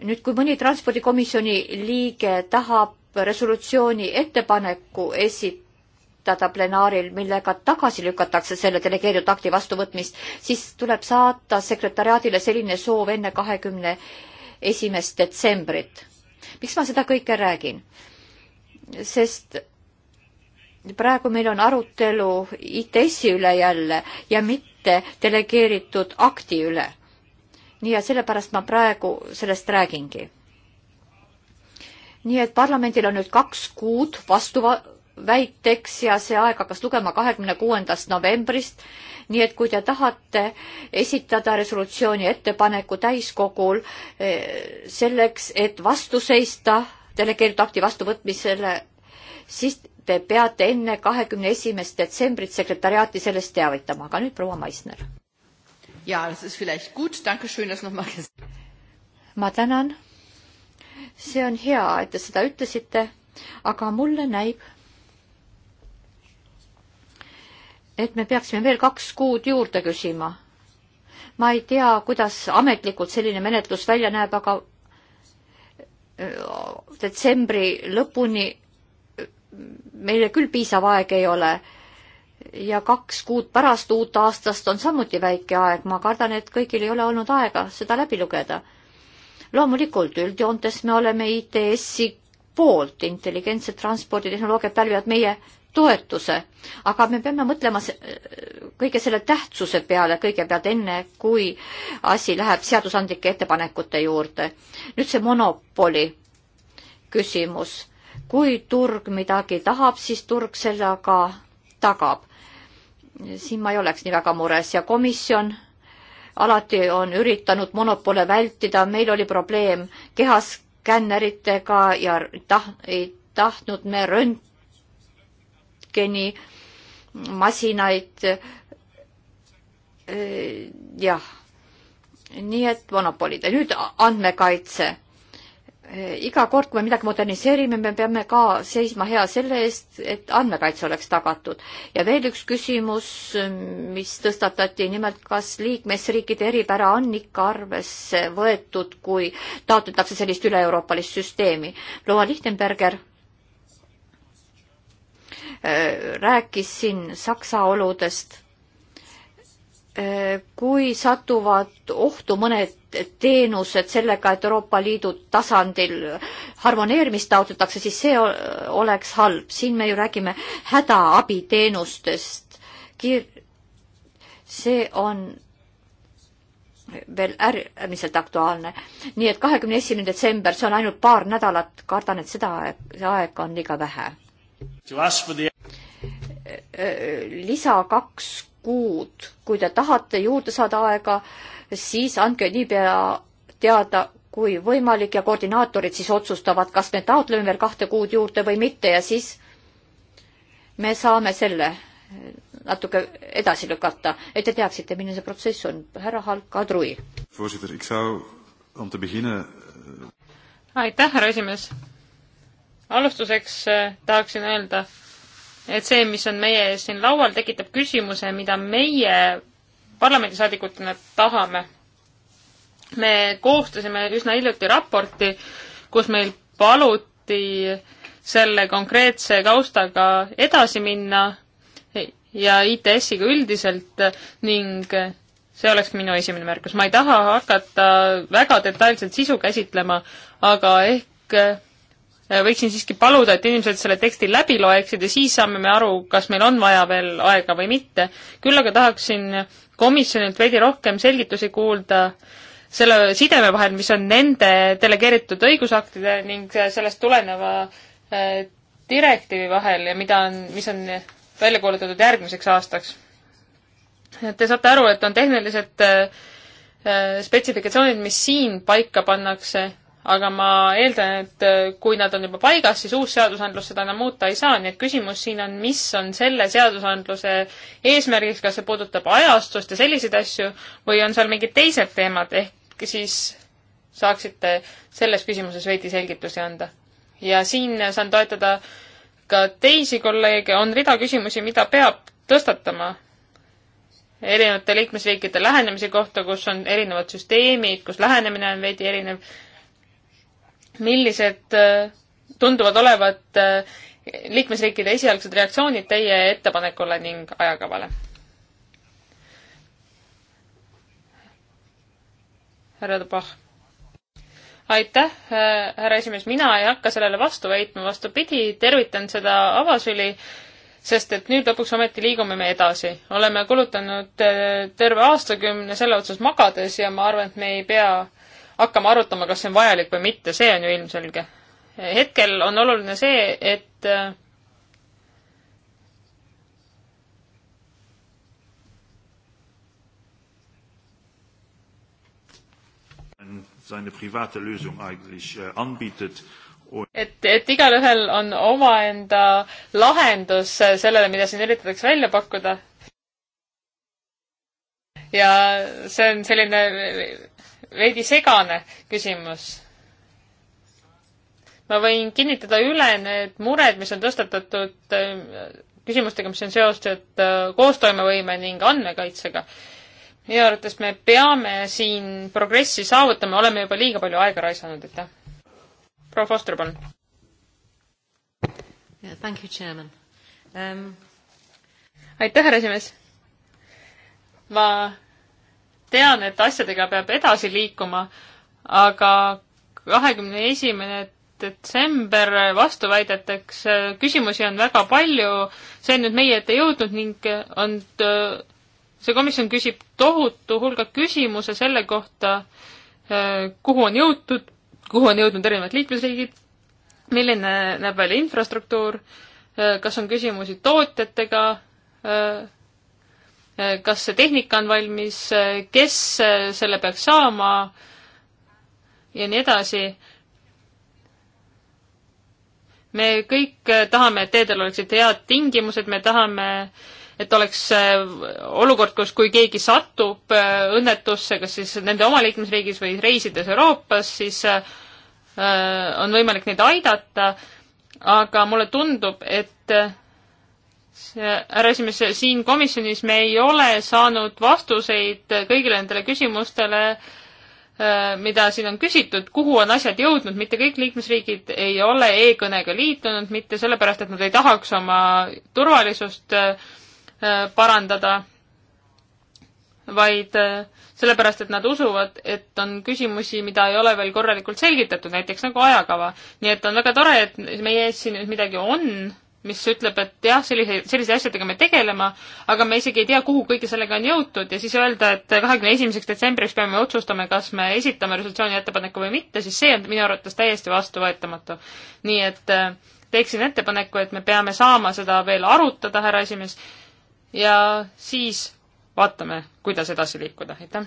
nüüd, kui mõni transpordikomisjoni liige tahab resolutsiooni ettepaneku esitada plenaaril, millega tagasi lükatakse selle delegeeritud akti vastuvõtmist, siis tuleb saata sekretäriaadile selline soov enne kahekümne esimest detsembrit. miks ma seda kõike räägin? sest praegu meil on arutelu ITS-i üle jälle ja mitte delegeeritud akti üle ja sellepärast ma praegu sellest räägingi. nii et parlamendil on nüüd kaks kuud vastuväiteks ja see aeg hakkas lugema kahekümne kuuendast novembrist. nii et kui te tahate esitada resolutsiooni ettepaneku täiskogul eh, selleks, et vastu seista delegeeritud akti vastuvõtmisele, siis te peate enne kahekümne esimest detsembrit sekretariaati sellest teavitama, aga nüüd proua Maisner ja, das ist vielleicht gut, danke schön, dass nochmal gesagt. ma tänan. see on hea, et te seda ütlesite, aga mulle näib, et me peaksime veel kaks kuud juurde küsima. ma ei tea, kuidas ametlikult selline menetlus välja näeb, aga äh, detsembri lõpuni äh, meile küll piisav aeg ei ole ja kaks kuud pärast uut aastast on samuti väike aeg, ma kardan, et kõigil ei ole olnud aega seda läbi lugeda. loomulikult üldjoontes me oleme ITS-i poolt, intelligentsed transporditehnoloogiad pälvivad meie toetuse, aga me peame mõtlema kõige selle tähtsuse peale kõigepealt, enne kui asi läheb seadusandlike ettepanekute juurde. nüüd see monopoli küsimus. kui turg midagi tahab, siis turg selle aga tagab siin ma ei oleks nii väga mures ja komisjon alati on üritanud monopole vältida, meil oli probleem kehaskänneritega ja tah-, ei tahtnud me röntgeni masinaid eh, jah, nii et monopolid ja nüüd andmekaitse iga kord, kui me midagi moderniseerime, me peame ka seisma hea selle eest, et andmekaitse oleks tagatud. ja veel üks küsimus, mis tõstatati, nimelt kas liikmesriikide eripära on ikka arvesse võetud, kui taotletakse sellist üle-euroopalist süsteemi? proua Lichtenberger äh, rääkis siin Saksa oludest kui satuvad ohtu mõned teenused sellega, et Euroopa Liidu tasandil harmoneerimist taotletakse, siis see oleks halb. siin me ju räägime hädaabiteenustest. see on veel äärmiselt aktuaalne. nii et kahekümne esimene detsember, see on ainult paar nädalat, kardan, et seda, see aega on liiga vähe. lisa kaks kuud. kui te tahate juurde saada aega, siis andke niipea teada, kui võimalik ja koordinaatorid siis otsustavad, kas me taotleme veel kahte kuud juurde või mitte ja siis me saame selle natuke edasi lükata, et te teaksite, milline see protsess on. härra Halkadrui. Eh, aitäh, härra esimees. alustuseks eh, tahaksin öelda, et see, mis on meie ees siin laual, tekitab küsimuse, mida meie parlamendisaadikutena tahame. me koostasime üsna hiljuti raporti, kus meil paluti selle konkreetse taustaga edasi minna ja ITS-iga üldiselt ning see oleks minu esimene märkus. ma ei taha hakata väga detailselt sisu käsitlema, aga ehk Äh, võiksin siiski paluda, et inimesed selle teksti läbi loeksid ja siis saame me aru, kas meil on vaja veel aega või mitte. küll aga tahaksin komisjonilt veidi rohkem selgitusi kuulda selle sideme vahel, mis on nende delegeeritud õigusaktide ning sellest tuleneva äh, direktiivi vahel ja mida on, mis on välja kuulutatud järgmiseks aastaks. Te saate aru, et on tehnilised äh, äh spetsifikatsioonid, mis siin paika pannakse aga ma eeldan, et äh, kui nad on juba paigas, siis uus seadusandlus seda enam muuta ei saa, nii et küsimus siin on, mis on selle seadusandluse eesmärgiks, kas see puudutab ajastust ja selliseid asju või on seal mingid teised teemad, ehk siis saaksite selles küsimuses veidi selgitusi anda. ja siin saan toetada ka teisi kolleege, on rida küsimusi, mida peab tõstatama erinevate liikmesriikide lähenemise kohta, kus on erinevad süsteemid, kus lähenemine on veidi erinev millised äh, tunduvad olevat äh, liikmesriikide esialgsed reaktsioonid teie ettepanekule ning ajakavale? härra Dubah. aitäh, äh, härra esimees, mina ei hakka sellele vastu väitma, vastupidi, tervitan seda avasüli, sest et nüüd lõpuks ometi liigume me edasi. oleme kulutanud terve aastakümne selle otsas magades ja ma arvan, et me ei pea äh, hakkama arutama, kas see on vajalik või mitte, see on ju ilmselge. hetkel on oluline see, et seine private Lösung eigentlich äh, anbietet. et, et igalühel on omaenda lahendus sellele, mida siin üritatakse välja pakkuda. ja see on selline veidi segane küsimus. ma võin kinnitada üle need mured, mis on tõstatatud äh, küsimustega, mis on seostatud äh, koostoimevõime ning andmekaitsega. minu arvates me peame siin progressi saavutama, oleme juba liiga palju aega raisanud, aitäh. proua Foster, palun. Thank you, chairman um.... aitäh, härra esimees. ma tean, et asjadega peab edasi liikuma, aga kahekümne esimene detsember vastuväideteks, küsimusi on väga palju, see on nüüd meie ette jõudnud ning on, see komisjon küsib tohutu hulga küsimuse selle kohta, kuhu on jõutud, kuhu on jõudnud erinevad liikmesriigid, milline näeb välja infrastruktuur, kas on küsimusi tootjatega, kas see tehnika on valmis, kes selle peaks saama ja nii edasi. me kõik tahame, et teedel oleksid head tingimused, me tahame, et oleks olukord, kus kui keegi satub õnnetusse, kas siis nende oma liikmesriigis või reisides Euroopas, siis äh, on võimalik neid aidata, aga mulle tundub, et härra esimees, siin komisjonis me ei ole saanud vastuseid kõigile nendele küsimustele, äh, mida siin on küsitud, kuhu on asjad jõudnud, mitte kõik liikmesriigid ei ole e-kõnega liitunud, mitte sellepärast, et nad ei tahaks oma turvalisust äh, parandada, vaid äh, sellepärast, et nad usuvad, et on küsimusi, mida ei ole veel korralikult selgitatud, näiteks nagu ajakava. nii et on väga tore, et meie ees siin nüüd midagi on mis ütleb, et jah, sellise, selliste asjadega me tegelema, aga me isegi ei tea, kuhu kõige sellega on jõutud ja siis öelda, et kahekümne esimeseks detsembriks peame otsustama, kas me esitame resolutsiooni ettepaneku või mitte, siis see on minu arvates täiesti vastuvõetamatu. nii et äh, teeksin ettepaneku, et me peame saama seda veel arutada, härra esimees, ja siis vaatame, kuidas edasi liikuda, aitäh!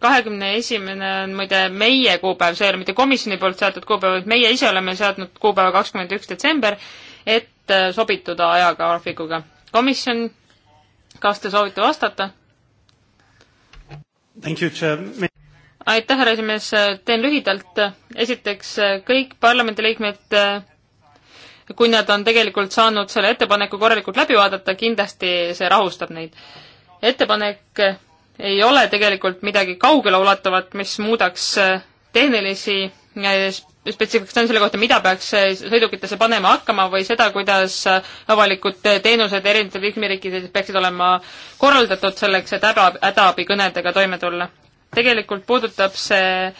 kahekümne esimene on muide meie kuupäev, see ei ole mitte komisjoni poolt seatud kuupäev, vaid meie ise oleme seadnud kuupäeva kakskümmend üks detsember et äh, sobituda ajagraafikuga. komisjon, kas te soovite vastata? aitäh, härra esimees, teen lühidalt. esiteks, äh, kõik parlamendiliikmed, äh, kui nad on tegelikult saanud selle ettepaneku korralikult läbi vaadata, kindlasti see rahustab neid. ettepanek ei ole tegelikult midagi kaugeleulatuvat, mis muudaks tehnilisi spetsifikatsioon selle kohta, mida peaks sõidukitesse panema hakkama või seda, kuidas avalikud teenused erinevates liikmeriikides peaksid olema korraldatud selleks, et häda, hädaabikõnedega toime tulla. tegelikult puudutab see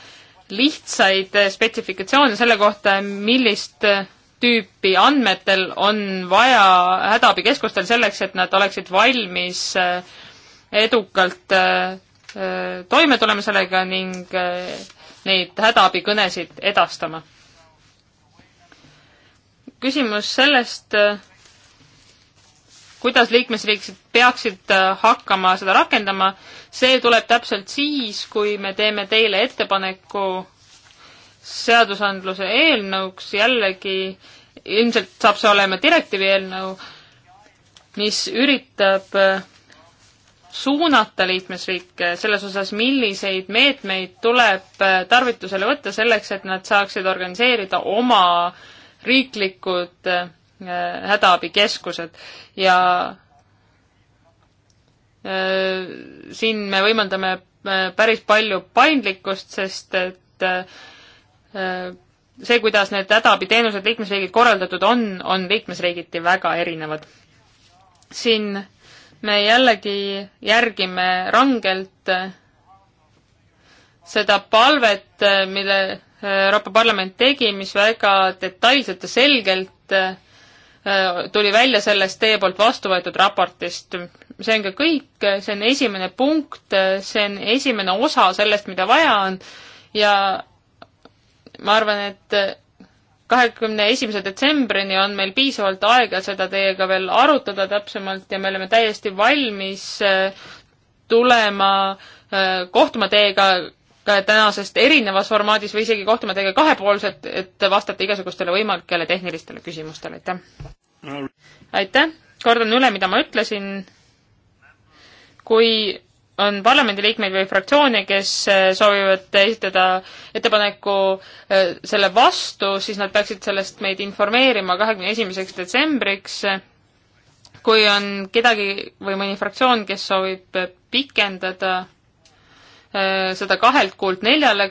lihtsaid spetsifikatsioone selle kohta, millist tüüpi andmetel on vaja hädaabikeskustel selleks, et nad oleksid valmis edukalt äh, äh, toime tulema sellega ning äh, neid hädaabikõnesid edastama. küsimus sellest, kuidas liikmesriigid peaksid äh, hakkama seda rakendama, see tuleb täpselt siis, kui me teeme teile ettepaneku seadusandluse eelnõuks, jällegi ilmselt saab see olema direktiivi eelnõu, mis üritab äh, suunata liikmesriike selles osas, milliseid meetmeid tuleb äh, tarvitusele võtta selleks, et nad saaksid organiseerida oma riiklikud äh, hädaabikeskused ja äh, siin me võimaldame päris palju paindlikkust, sest et see, kuidas need hädaabiteenused liikmesriigid korraldatud on, on liikmesriigiti väga erinevad. siin me jällegi järgime rangelt äh, seda palvet, äh, mille äh, Euroopa Parlament tegi, mis väga detailselt ja selgelt tuli välja sellest teie poolt vastu võetud raportist. see on ka kõik, see on esimene punkt, see on esimene osa sellest, mida vaja on ja ma arvan, et kahekümne esimese detsembrini on meil piisavalt aega seda teiega veel arutada täpsemalt ja me oleme täiesti valmis äh, tulema, äh, kohtuma teiega ka tänasest erinevas formaadis või isegi kohtuma teiega kahepoolselt, et vastata igasugustele võimalikele tehnilistele küsimustele, aitäh! aitäh, kordan üle, mida ma ütlesin, kui on parlamendiliikmeid või fraktsioone, kes äh, soovivad esitada ettepaneku äh, selle vastu, siis nad peaksid sellest meid informeerima kahekümne esimeseks detsembriks. kui on kedagi või mõni fraktsioon, kes soovib pikendada äh, seda kahelt kuult neljale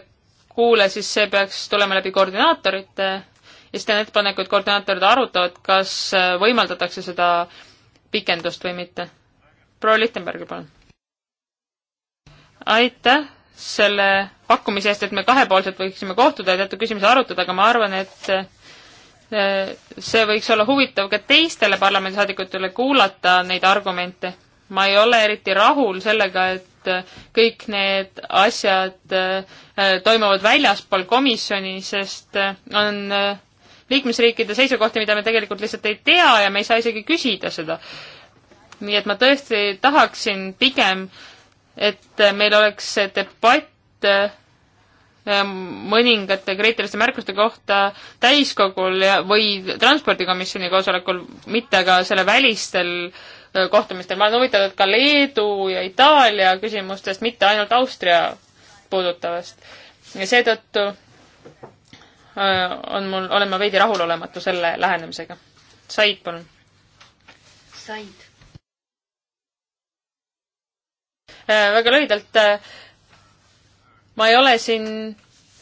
kuule, siis see peaks tulema läbi koordinaatorite ja siis teen ettepaneku, et koordinaatorid arutavad, kas võimaldatakse seda pikendust või mitte. proua Littenberg, palun aitäh selle pakkumise eest, et me kahepoolselt võiksime kohtuda ja teatud küsimusi arutada, aga ma arvan, et eh, see võiks olla huvitav ka teistele parlamendisaadikutele kuulata neid argumente. ma ei ole eriti rahul sellega, et eh, kõik need asjad eh, toimuvad väljaspool komisjoni, sest on liikmesriikide seisukohti, mida me tegelikult lihtsalt ei tea ja me ei saa isegi küsida seda. nii et ma tõesti tahaksin pigem äh, et meil oleks debatt äh, mõningate kriitiliste märkuste kohta täiskogul ja, või transpordikomisjoni koosolekul, mitte ka selle välistel äh, kohtumistel. ma olen huvitatud ka Leedu ja Itaalia küsimustest, mitte ainult Austria puudutavast. ja seetõttu äh, on mul, olen ma veidi rahulolematu selle lähenemisega. Said, palun. Said Äh, väga lühidalt, äh, ma ei ole siin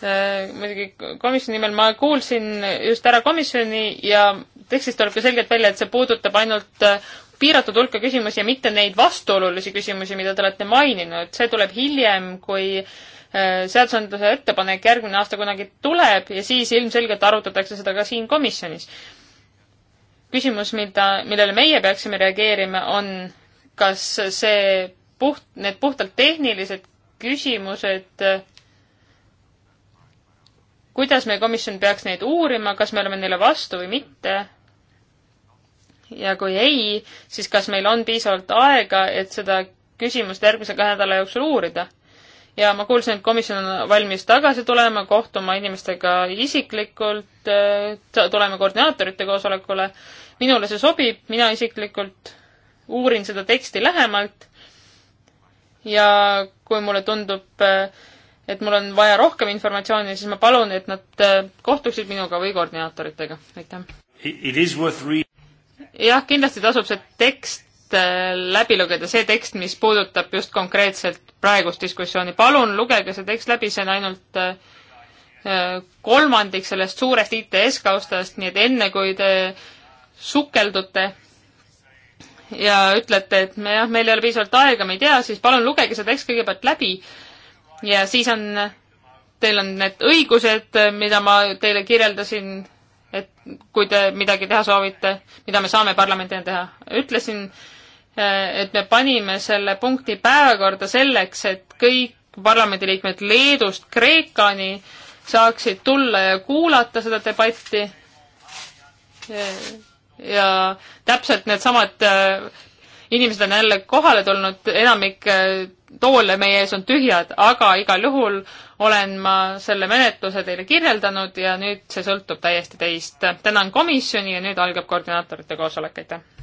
äh, muidugi komisjoni nimel, ma kuulsin just ära komisjoni ja tekstist tuleb ka selgelt välja, et see puudutab ainult piiratud hulka küsimusi ja mitte neid vastuolulisi küsimusi, mida te olete maininud, see tuleb hiljem, kui seadusandluse ettepanek järgmine aasta kunagi tuleb ja siis ilmselgelt arutatakse seda ka siin komisjonis. küsimus, mida, millele meie peaksime reageerima, on kas see puht, need puhtalt tehnilised küsimused, kuidas meie komisjon peaks neid uurima, kas me oleme neile vastu või mitte. ja kui ei, siis kas meil on piisavalt aega, et seda küsimust järgmise kahe nädala jooksul uurida. ja ma kuulsin, et komisjon on valmis tagasi tulema, kohtuma inimestega isiklikult, äh, tulema koordinaatorite koosolekule. minule see sobib, mina isiklikult uurin seda teksti lähemalt ja kui mulle tundub, eh, et mul on vaja rohkem informatsiooni, siis ma palun, et nad eh, kohtuksid minuga või koordinaatoritega, aitäh. jah, kindlasti tasub see tekst eh, läbi lugeda, see tekst, mis puudutab just konkreetselt praegust diskussiooni, palun lugege see tekst läbi, see on ainult kolmandik sellest suurest ITS kaustast, nii et enne, kui te sukeldute ja ütlete, et me, jah, meil ei ole piisavalt aega, me ei tea, siis palun lugege see tekst kõigepealt läbi ja siis on, teil on need õigused, mida ma teile kirjeldasin, et kui te midagi teha soovite, mida me saame parlamendina teha. ütlesin, et me panime selle punkti päevakorda selleks, et kõik parlamendiliikmed Leedust Kreekani saaksid tulla ja kuulata seda debatti ja täpselt needsamad äh, inimesed on jälle kohale tulnud, enamik äh, toole meie ees on tühjad, aga igal juhul olen ma selle menetluse teile kirjeldanud ja nüüd see sõltub täiesti teist. tänan komisjoni ja nüüd algab koordinaatorite koosolek, aitäh!